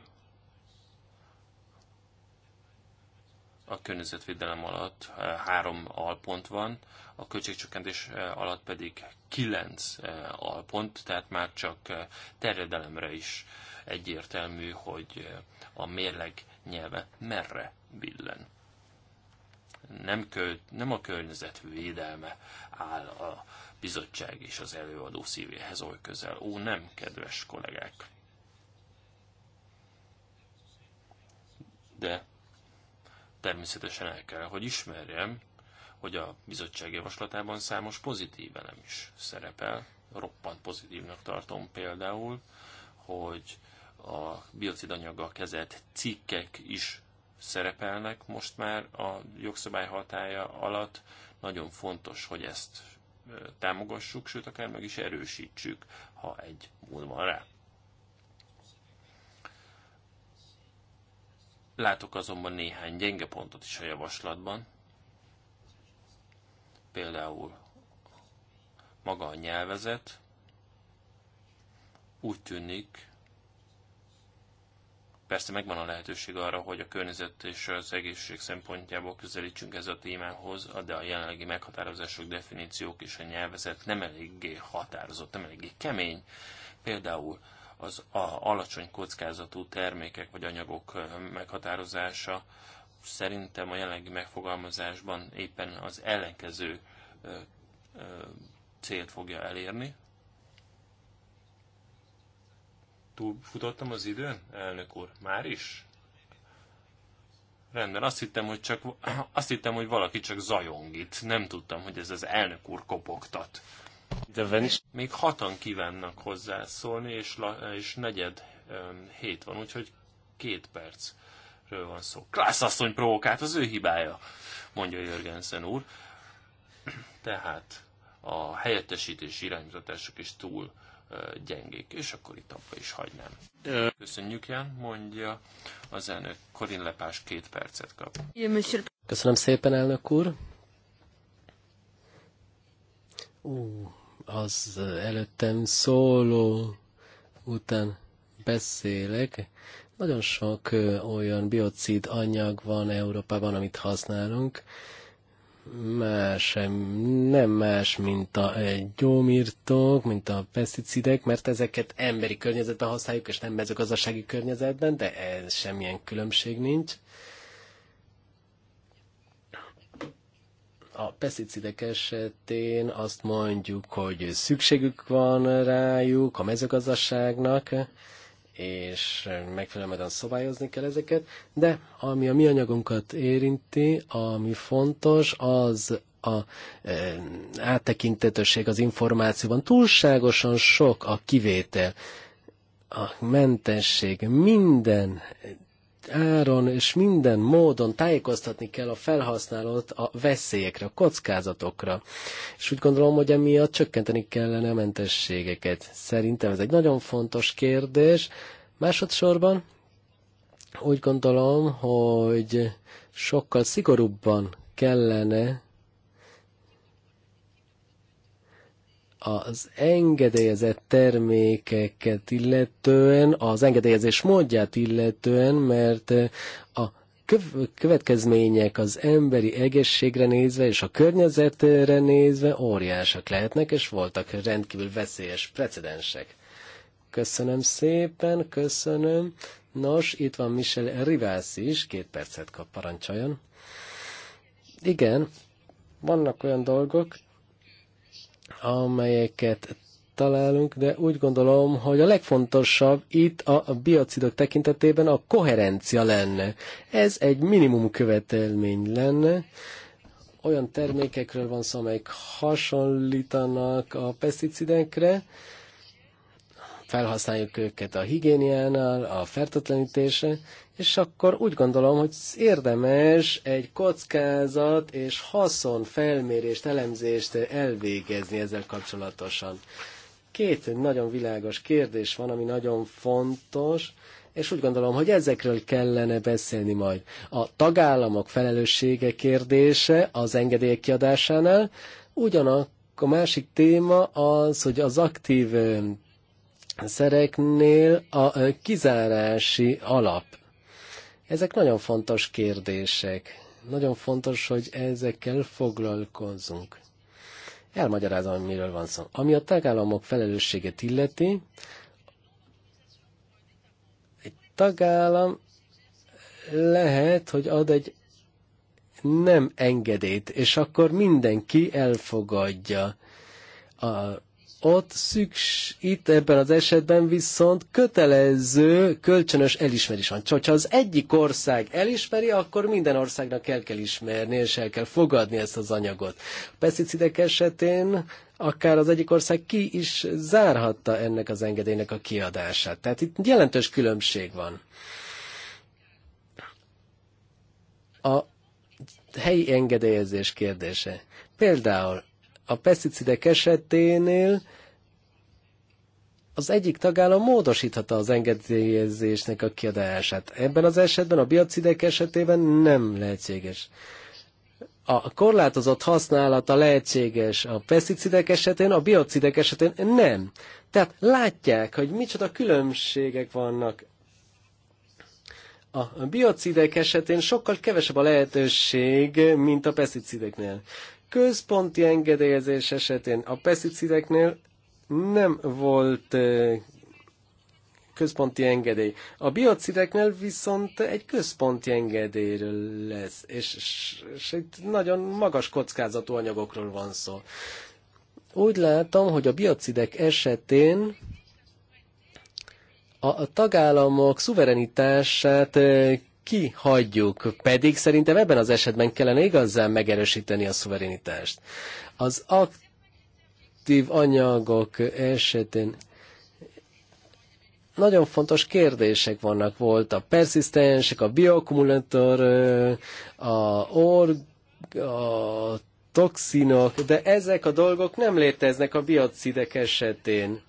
a környezetvédelem alatt eh, három alpont van, a költségcsökkentés eh, alatt pedig 9 eh, alpont, tehát már csak eh, terjedelemre is egyértelmű, hogy a mérleg nyelve merre billen. Nem, köl, nem a környezet védelme áll a bizottság és az előadó szívéhez oly közel. Ó, nem, kedves kollégák! De természetesen el kell, hogy ismerjem, hogy a bizottság javaslatában számos pozitív elem is szerepel. Roppant pozitívnak tartom például, hogy a biocidanyaggal kezelt cikkek is szerepelnek most már a jogszabály hatája alatt. Nagyon fontos, hogy ezt támogassuk, sőt akár meg is erősítsük, ha egy múl van rá. Látok azonban néhány gyenge pontot is a javaslatban, például maga a nyelvezet úgy tűnik, persze megvan a lehetőség arra, hogy a környezet és az egészség szempontjából közelítsünk ez a témához, de a jelenlegi meghatározások, definíciók és a nyelvezet nem eléggé határozott, nem eléggé kemény. Például az a alacsony kockázatú termékek vagy anyagok meghatározása Szerintem a jelenlegi megfogalmazásban éppen az ellenkező célt fogja elérni. Túl futottam az időn, elnök úr? Már is? Rendben, azt hittem, hogy csak, *clears throat* azt hittem, hogy valaki csak zajong itt. Nem tudtam, hogy ez az elnök úr kopogtat. De Még hatan kívánnak hozzászólni, és, la, és negyed um, hét van, úgyhogy két perc ről van szó. Klászasszony provokált, az ő hibája, mondja Jörgensen úr. Tehát a helyettesítés iránymutatások is túl gyengék, és akkor itt abba is hagynám. Köszönjük, Jan, mondja az elnök. Korin Lepás két percet kap. Köszönöm szépen, elnök úr. Ú, az előttem szóló után beszélek. Nagyon sok olyan biocid anyag van Európában, amit használunk, más, nem más, mint a gyómírtók, mint a peszticidek, mert ezeket emberi környezetben használjuk, és nem mezőgazdasági környezetben, de ez semmilyen különbség nincs. A peszticidek esetén azt mondjuk, hogy szükségük van rájuk a mezőgazdaságnak, és megfelelő módon szabályozni kell ezeket, de ami a mi anyagunkat érinti, ami fontos, az a e, áttekintetőség az információban. Túlságosan sok a kivétel, a mentesség minden áron és minden módon tájékoztatni kell a felhasználót a veszélyekre, a kockázatokra. És úgy gondolom, hogy emiatt csökkenteni kellene a mentességeket. Szerintem ez egy nagyon fontos kérdés. Másodszorban úgy gondolom, hogy sokkal szigorúbban kellene az engedélyezett termékeket illetően, az engedélyezés módját illetően, mert eh, a következmények az emberi egészségre nézve és a környezetre nézve óriásak lehetnek, és voltak rendkívül veszélyes precedensek. Köszönöm szépen, köszönöm. Nos, itt van Michel Rivász is, két percet kap, parancsoljon. Igen, vannak olyan dolgok, amelyeket találunk, de úgy gondolom, hogy a legfontosabb itt a biocidok tekintetében a koherencia lenne. Ez egy minimum követelmény lenne. Olyan termékekről van szó, amelyek hasonlítanak a peszticidekre, felhasználjuk őket a higiéniánál, a fertőtlenítése, és akkor úgy gondolom, hogy érdemes egy kockázat és haszon felmérést, elemzést elvégezni ezzel kapcsolatosan. Két nagyon világos kérdés van, ami nagyon fontos, és úgy gondolom, hogy ezekről kellene beszélni majd. A tagállamok felelőssége kérdése az engedélyek kiadásánál, ugyanakkor a másik téma az, hogy az aktív szereknél a kizárási alap ezek nagyon fontos kérdések. Nagyon fontos, hogy ezekkel foglalkozzunk. Elmagyarázom, miről van szó. Ami a tagállamok felelősséget illeti, egy tagállam lehet, hogy ad egy nem engedélyt, és akkor mindenki elfogadja a ott szüks, itt ebben az esetben viszont kötelező kölcsönös elismerés van. Csak ha az egyik ország elismeri, akkor minden országnak el kell ismerni, és el kell fogadni ezt az anyagot. A peszticidek esetén akár az egyik ország ki is zárhatta ennek az engedélynek a kiadását. Tehát itt jelentős különbség van. A helyi engedélyezés kérdése. Például a peszticidek eseténél az egyik tagállam módosíthatta az engedélyezésnek a kiadását. Ebben az esetben, a biocidek esetében nem lehetséges. A korlátozott használata lehetséges a peszticidek esetén, a biocidek esetén nem. Tehát látják, hogy micsoda különbségek vannak. A biocidek esetén sokkal kevesebb a lehetőség, mint a peszticideknél központi engedélyezés esetén a peszticideknél nem volt központi engedély. A biocideknél viszont egy központi engedélyről lesz, és, és, egy nagyon magas kockázatú anyagokról van szó. Úgy látom, hogy a biocidek esetén a, a tagállamok szuverenitását kihagyjuk, pedig szerintem ebben az esetben kellene igazán megerősíteni a szuverenitást. Az aktív anyagok esetén nagyon fontos kérdések vannak. Volt a persistensek, a bioakkumulátor, a org, a toxinok, de ezek a dolgok nem léteznek a biocidek esetén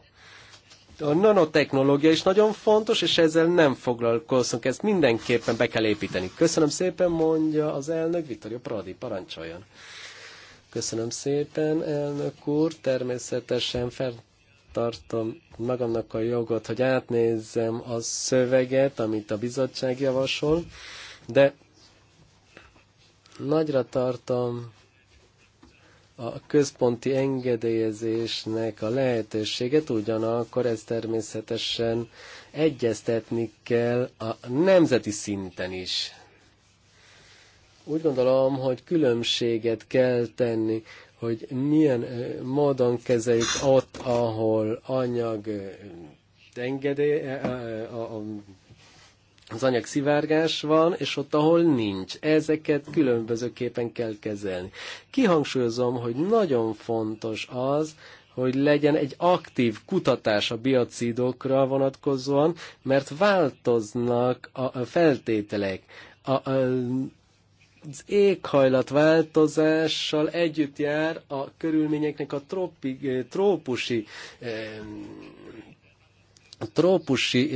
a nanotechnológia is nagyon fontos, és ezzel nem foglalkozunk, ezt mindenképpen be kell építeni. Köszönöm szépen, mondja az elnök, Vittorio Pradi, parancsoljon. Köszönöm szépen, elnök úr, természetesen fel tartom magamnak a jogot, hogy átnézzem a szöveget, amit a bizottság javasol, de nagyra tartom a központi engedélyezésnek a lehetőséget, ugyanakkor ez természetesen egyeztetni kell a nemzeti szinten is. Úgy gondolom, hogy különbséget kell tenni, hogy milyen módon kezeljük ott, ahol anyag engedély, a, a, a az anyagszivárgás van, és ott, ahol nincs. Ezeket különbözőképpen kell kezelni. Kihangsúlyozom, hogy nagyon fontos az, hogy legyen egy aktív kutatás a biocidokra vonatkozóan, mert változnak a feltételek. A, a, az változással együtt jár a körülményeknek a tropi, eh, trópusi eh, a trópusi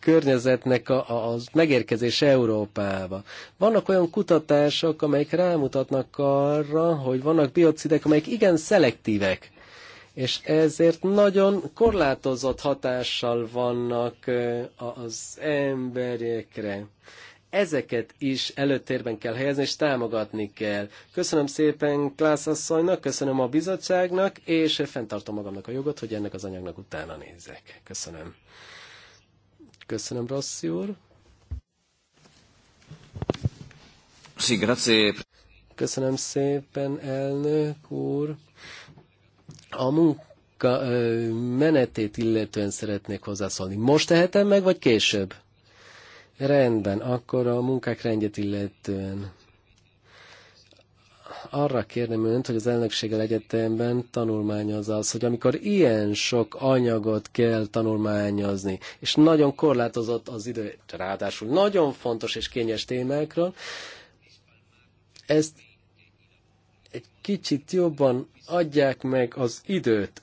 környezetnek a, az megérkezés Európába. Vannak olyan kutatások, amelyek rámutatnak arra, hogy vannak biocidek, amelyek igen szelektívek, és ezért nagyon korlátozott hatással vannak az emberekre ezeket is előtérben kell helyezni, és támogatni kell. Köszönöm szépen Klász asszonynak, köszönöm a bizottságnak, és fenntartom magamnak a jogot, hogy ennek az anyagnak utána nézzek. Köszönöm. Köszönöm, Rossi úr. Köszönöm szépen, elnök úr. A munka menetét illetően szeretnék hozzászólni. Most tehetem meg, vagy később? Rendben, akkor a munkák rendjét illetően arra kérném önt, hogy az elnökséggel egyetemben tanulmányozza az, hogy amikor ilyen sok anyagot kell tanulmányozni, és nagyon korlátozott az idő, ráadásul nagyon fontos és kényes témákról, ezt egy kicsit jobban adják meg az időt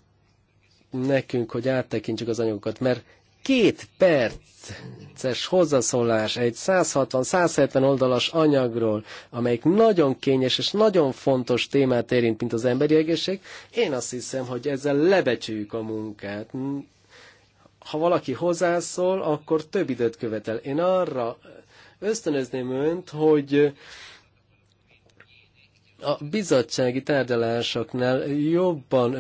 nekünk, hogy áttekintsük az anyagokat, mert két perces hozzaszólás egy 160-170 oldalas anyagról, amelyik nagyon kényes és nagyon fontos témát érint, mint az emberi egészség, én azt hiszem, hogy ezzel lebecsüljük a munkát. Ha valaki hozzászól, akkor több időt követel. Én arra ösztönözném önt, hogy a bizottsági tárgyalásoknál jobban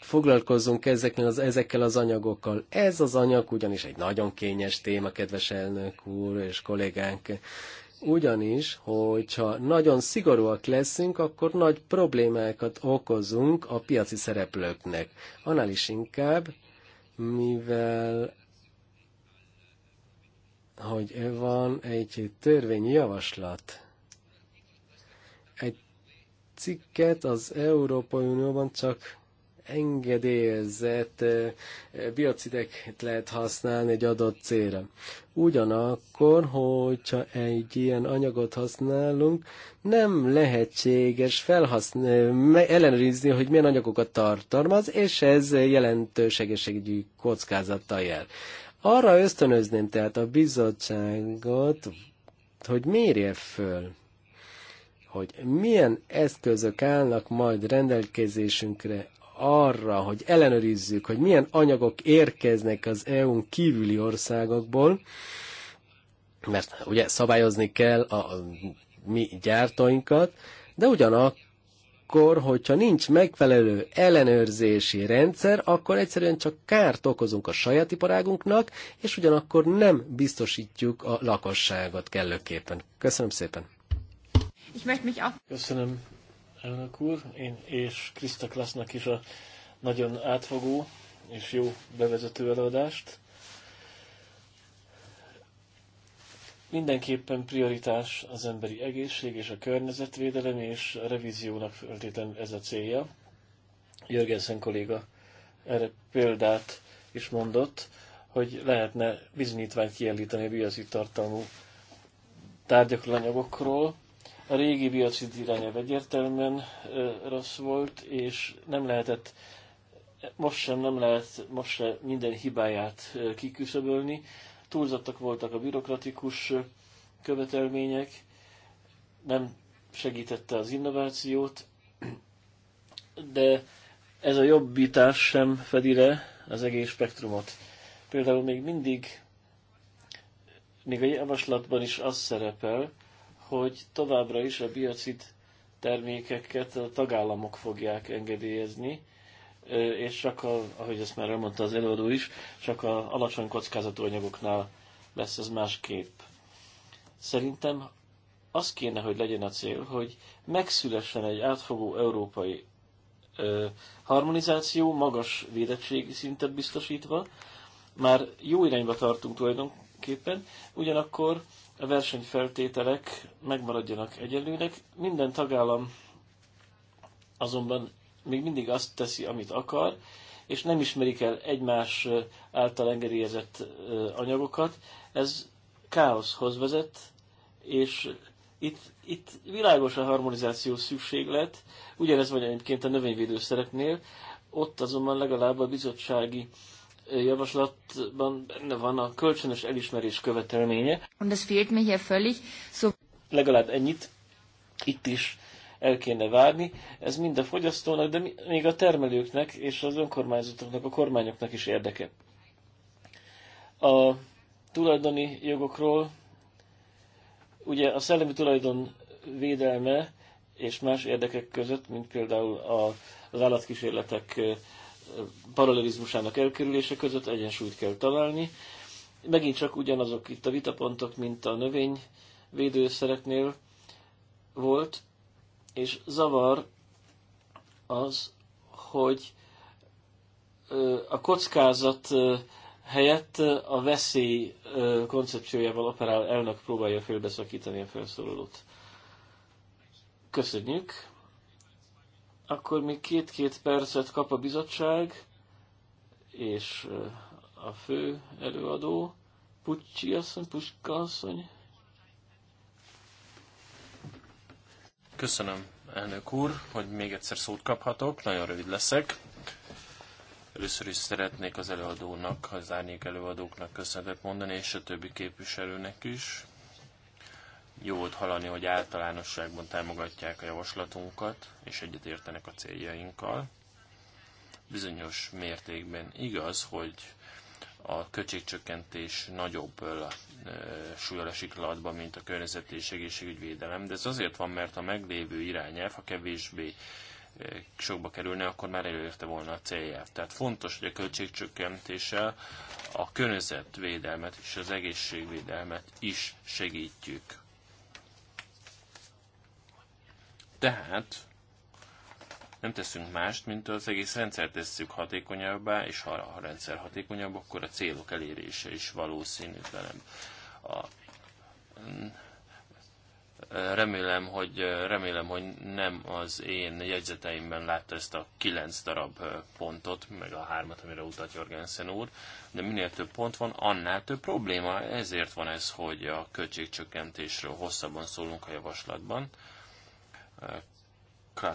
foglalkozzunk ezeknél az, ezekkel az anyagokkal. Ez az anyag ugyanis egy nagyon kényes téma, kedves elnök úr és kollégánk. Ugyanis, hogyha nagyon szigorúak leszünk, akkor nagy problémákat okozunk a piaci szereplőknek. Annál is inkább, mivel hogy van egy törvényjavaslat, javaslat cikket az Európai Unióban csak engedélyezett eh, biocideket lehet használni egy adott célra. Ugyanakkor, hogyha egy ilyen anyagot használunk, nem lehetséges felhasználni, ellenőrizni, hogy milyen anyagokat tartalmaz, és ez jelentős egészségügyi kockázattal jár. Arra ösztönözném tehát a bizottságot, hogy mérje föl hogy milyen eszközök állnak majd rendelkezésünkre arra, hogy ellenőrizzük, hogy milyen anyagok érkeznek az EU-n kívüli országokból, mert ugye szabályozni kell a mi gyártóinkat, de ugyanakkor, hogyha nincs megfelelő ellenőrzési rendszer, akkor egyszerűen csak kárt okozunk a saját iparágunknak, és ugyanakkor nem biztosítjuk a lakosságot kellőképpen. Köszönöm szépen! Ich möchte mich auch... Köszönöm, elnök úr. Én és Krista Klassnak is a nagyon átfogó és jó bevezető előadást. Mindenképpen prioritás az emberi egészség és a környezetvédelem, és a revíziónak feltétlenül ez a célja. Jörgensen kolléga erre példát is mondott, hogy lehetne bizonyítványt kiállítani a bioszid tartalmú tárgyakról, anyagokról, a régi biocid irányelv egyértelműen rossz volt, és nem lehetett, most sem nem lehet most sem minden hibáját kiküszöbölni. Túlzottak voltak a bürokratikus követelmények, nem segítette az innovációt, de ez a jobbítás sem fedi le az egész spektrumot. Például még mindig, még a javaslatban is az szerepel, hogy továbbra is a biocid termékeket a tagállamok fogják engedélyezni, és csak, a, ahogy ezt már elmondta az előadó is, csak a alacsony kockázatú anyagoknál lesz ez másképp. Szerintem az kéne, hogy legyen a cél, hogy megszülessen egy átfogó európai ö, harmonizáció, magas védettségi szintet biztosítva, már jó irányba tartunk tulajdonképpen, ugyanakkor a versenyfeltételek megmaradjanak egyenlőnek. Minden tagállam azonban még mindig azt teszi, amit akar, és nem ismerik el egymás által engedélyezett anyagokat. Ez káoszhoz vezet, és itt, itt világos a harmonizáció szükséglet, ugyanez vagy egyébként a növényvédőszereknél, ott azonban legalább a bizottsági javaslatban benne van a kölcsönös elismerés követelménye. Und das fehlt mir hier völlig. So... Legalább ennyit itt is el kéne várni. Ez mind a fogyasztónak, de még a termelőknek és az önkormányzatoknak, a kormányoknak is érdeke. A tulajdoni jogokról, ugye a szellemi tulajdon védelme és más érdekek között, mint például az állatkísérletek paralelizmusának elkerülése között egyensúlyt kell találni. Megint csak ugyanazok itt a vitapontok, mint a növény védőszereknél volt, és zavar az, hogy a kockázat helyett a veszély koncepciójával operál elnök próbálja félbeszakítani a felszólalót. Köszönjük! Akkor még két-két percet kap a bizottság, és eh, a fő előadó, Pucsi asszony, Puska asszony. Köszönöm, elnök úr, hogy még egyszer szót kaphatok, nagyon rövid leszek. Először is szeretnék az előadónak, az árnyék előadóknak köszönetet mondani, és a többi képviselőnek is jó volt hallani, hogy általánosságban támogatják a javaslatunkat, és egyetértenek a céljainkkal. Bizonyos mértékben igaz, hogy a költségcsökkentés nagyobb súlyra siklatba, mint a környezeti és egészségügyvédelem, de ez azért van, mert a meglévő irányelv, ha kevésbé sokba kerülne, akkor már elérte volna a célját. Tehát fontos, hogy a költségcsökkentéssel a környezetvédelmet és az egészségvédelmet is segítjük. Tehát nem teszünk mást, mint az egész rendszer tesszük hatékonyabbá, és ha a rendszer hatékonyabb, akkor a célok elérése is valószínűtlenebb. A, remélem, hogy, remélem, hogy nem az én jegyzeteimben látta ezt a kilenc darab pontot, meg a hármat, amire utalt Jorgensen úr, de minél több pont van, annál több probléma. Ezért van ez, hogy a költségcsökkentésről hosszabban szólunk a javaslatban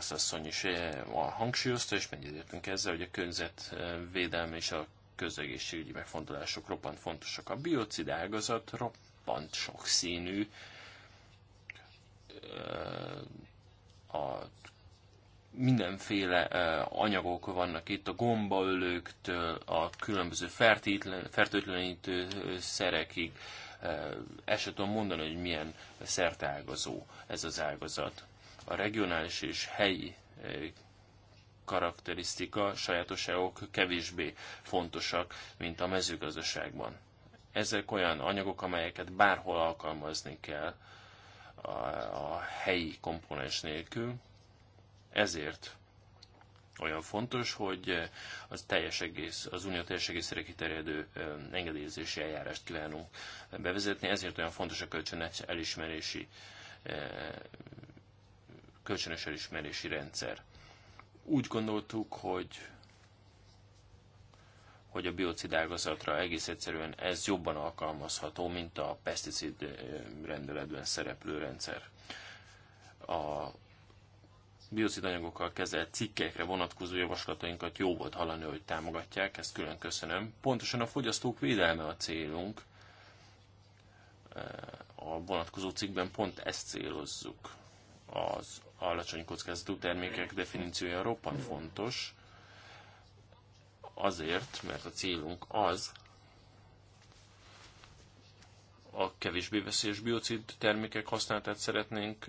asszony is eh, hangsúlyozta, és megegyetünk ezzel, hogy a környezetvédelmi és a közegészségügyi megfontolások roppant fontosak. A biocid ágazat roppant sokszínű, eh, a mindenféle eh, anyagok vannak itt, a gombaölőktől, a különböző fertőtlenítő szerekig, el sem tudom mondani, hogy milyen szerteágazó ez az ágazat a regionális és helyi eh, karakterisztika, sajátosságok kevésbé fontosak, mint a mezőgazdaságban. Ezek olyan anyagok, amelyeket bárhol alkalmazni kell a, a helyi komponens nélkül, ezért olyan fontos, hogy eh, az teljes egész, az unió teljes egészére kiterjedő eh, engedélyezési eljárást kívánunk bevezetni, ezért olyan fontos a kölcsönet elismerési kölcsönös elismerési rendszer. Úgy gondoltuk, hogy hogy a biocid ágazatra egész egyszerűen ez jobban alkalmazható, mint a pesticid eh, rendeletben szereplő rendszer. A biocidanyagokkal kezelt cikkekre vonatkozó javaslatainkat jó volt hallani, hogy támogatják, ezt külön köszönöm. Pontosan a fogyasztók védelme a célunk, eh, a vonatkozó cikkben pont ezt célozzuk. Az alacsony kockázatú termékek definíciója roppan fontos, azért, mert a célunk az, a kevésbé veszélyes biocid termékek használatát szeretnénk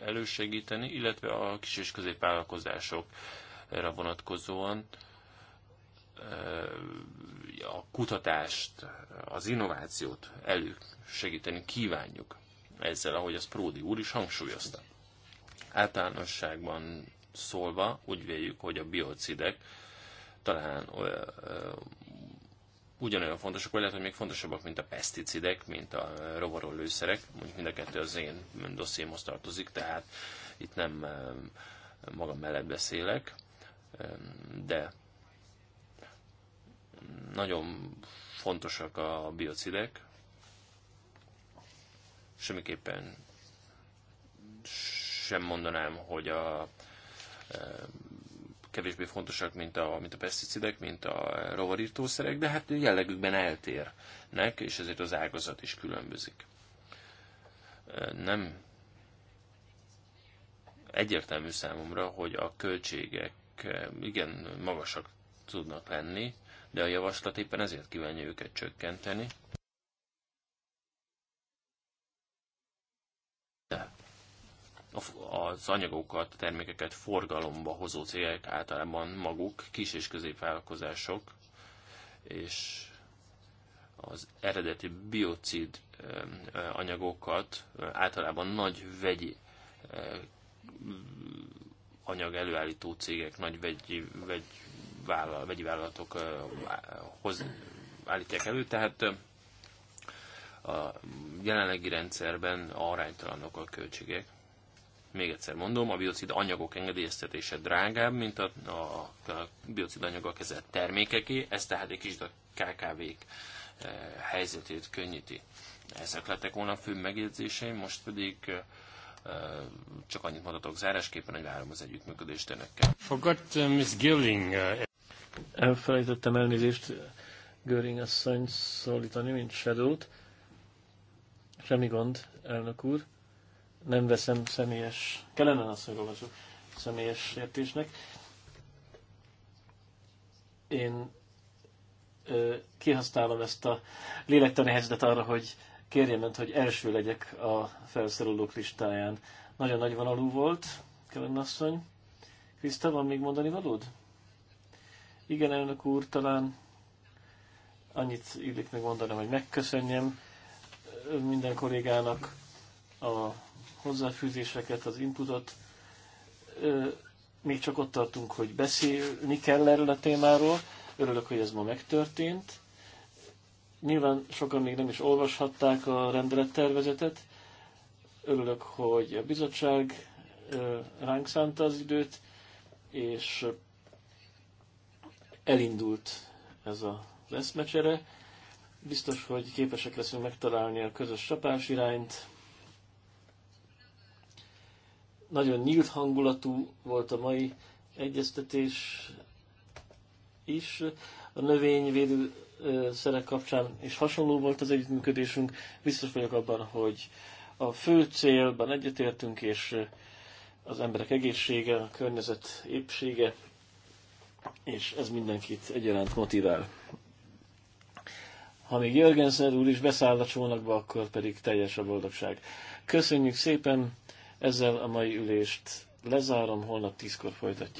elősegíteni, illetve a kis és középvállalkozásokra vonatkozóan a kutatást, az innovációt elősegíteni kívánjuk ezzel, ahogy az Pródi úr is hangsúlyozta. Általánosságban szólva úgy véljük, hogy a biocidek talán ugyanolyan fontosak, vagy lehet, hogy még fontosabbak, mint a peszticidek, mint a rovarolőszerek. Mondjuk mind a kettő az én dossziémhoz tartozik, tehát itt nem magam mellett beszélek, de nagyon fontosak a biocidek. Semmiképpen sem mondanám, hogy a e, kevésbé fontosak, mint a, mint a peszticidek, mint a rovarírtószerek, de hát jellegükben eltérnek, és ezért az ágazat is különbözik. E, nem egyértelmű számomra, hogy a költségek e, igen magasak tudnak lenni, de a javaslat éppen ezért kívánja őket csökkenteni. az anyagokat, termékeket forgalomba hozó cégek általában maguk, kis és középvállalkozások, és az eredeti biocid anyagokat általában nagy vegyi anyag előállító cégek, nagy vegyi, vegy, vállal, vegyi vállalatok hoz, állítják elő, tehát a jelenlegi rendszerben aránytalanok a költségek. Még egyszer mondom, a biocid anyagok engedélyeztetése drágább, mint a, a, a biocid anyagok kezelt termékeké, ez tehát egy kis KKV-k e, eh, helyzetét könnyíti. Ezek lettek volna a fő megjegyzéseim, most pedig e, csak annyit mondhatok zárásképpen, hogy várom az együttműködést önökkel. Forgot uh, Miss Gilling. Uh, Elfelejtettem elnézést Göring asszony szólítani, mint shadow -t. Semmi gond, elnök úr nem veszem személyes, kellene azt, hogy olvasok, személyes értésnek. Én ö, kihasználom ezt a lélektani helyzetet arra, hogy kérjem önt, hogy első legyek a felszerelők listáján. Nagyon nagy vonalú volt, Kellen asszony. Kriszta, van még mondani valód? Igen, elnök úr, talán annyit illik még mondanom, hogy megköszönjem minden kollégának a hozzáfűzéseket, az inputot. Még csak ott tartunk, hogy beszélni kell erről a témáról. Örülök, hogy ez ma megtörtént. Nyilván sokan még nem is olvashatták a rendelettervezetet. Örülök, hogy a bizottság ránk szánta az időt, és elindult ez a eszmecsere. Biztos, hogy képesek leszünk megtalálni a közös csapás irányt. Nagyon nyílt hangulatú volt a mai egyeztetés is. A növényvédő szerek kapcsán és hasonló volt az együttműködésünk. Biztos vagyok abban, hogy a fő célban egyetértünk, és az emberek egészsége, a környezet épsége, és ez mindenkit egyaránt motivál. Ha még Jörgenszer úr is beszáll a csónakba, akkor pedig teljes a boldogság. Köszönjük szépen ezzel a mai ülést lezárom, holnap tízkor folytatjuk.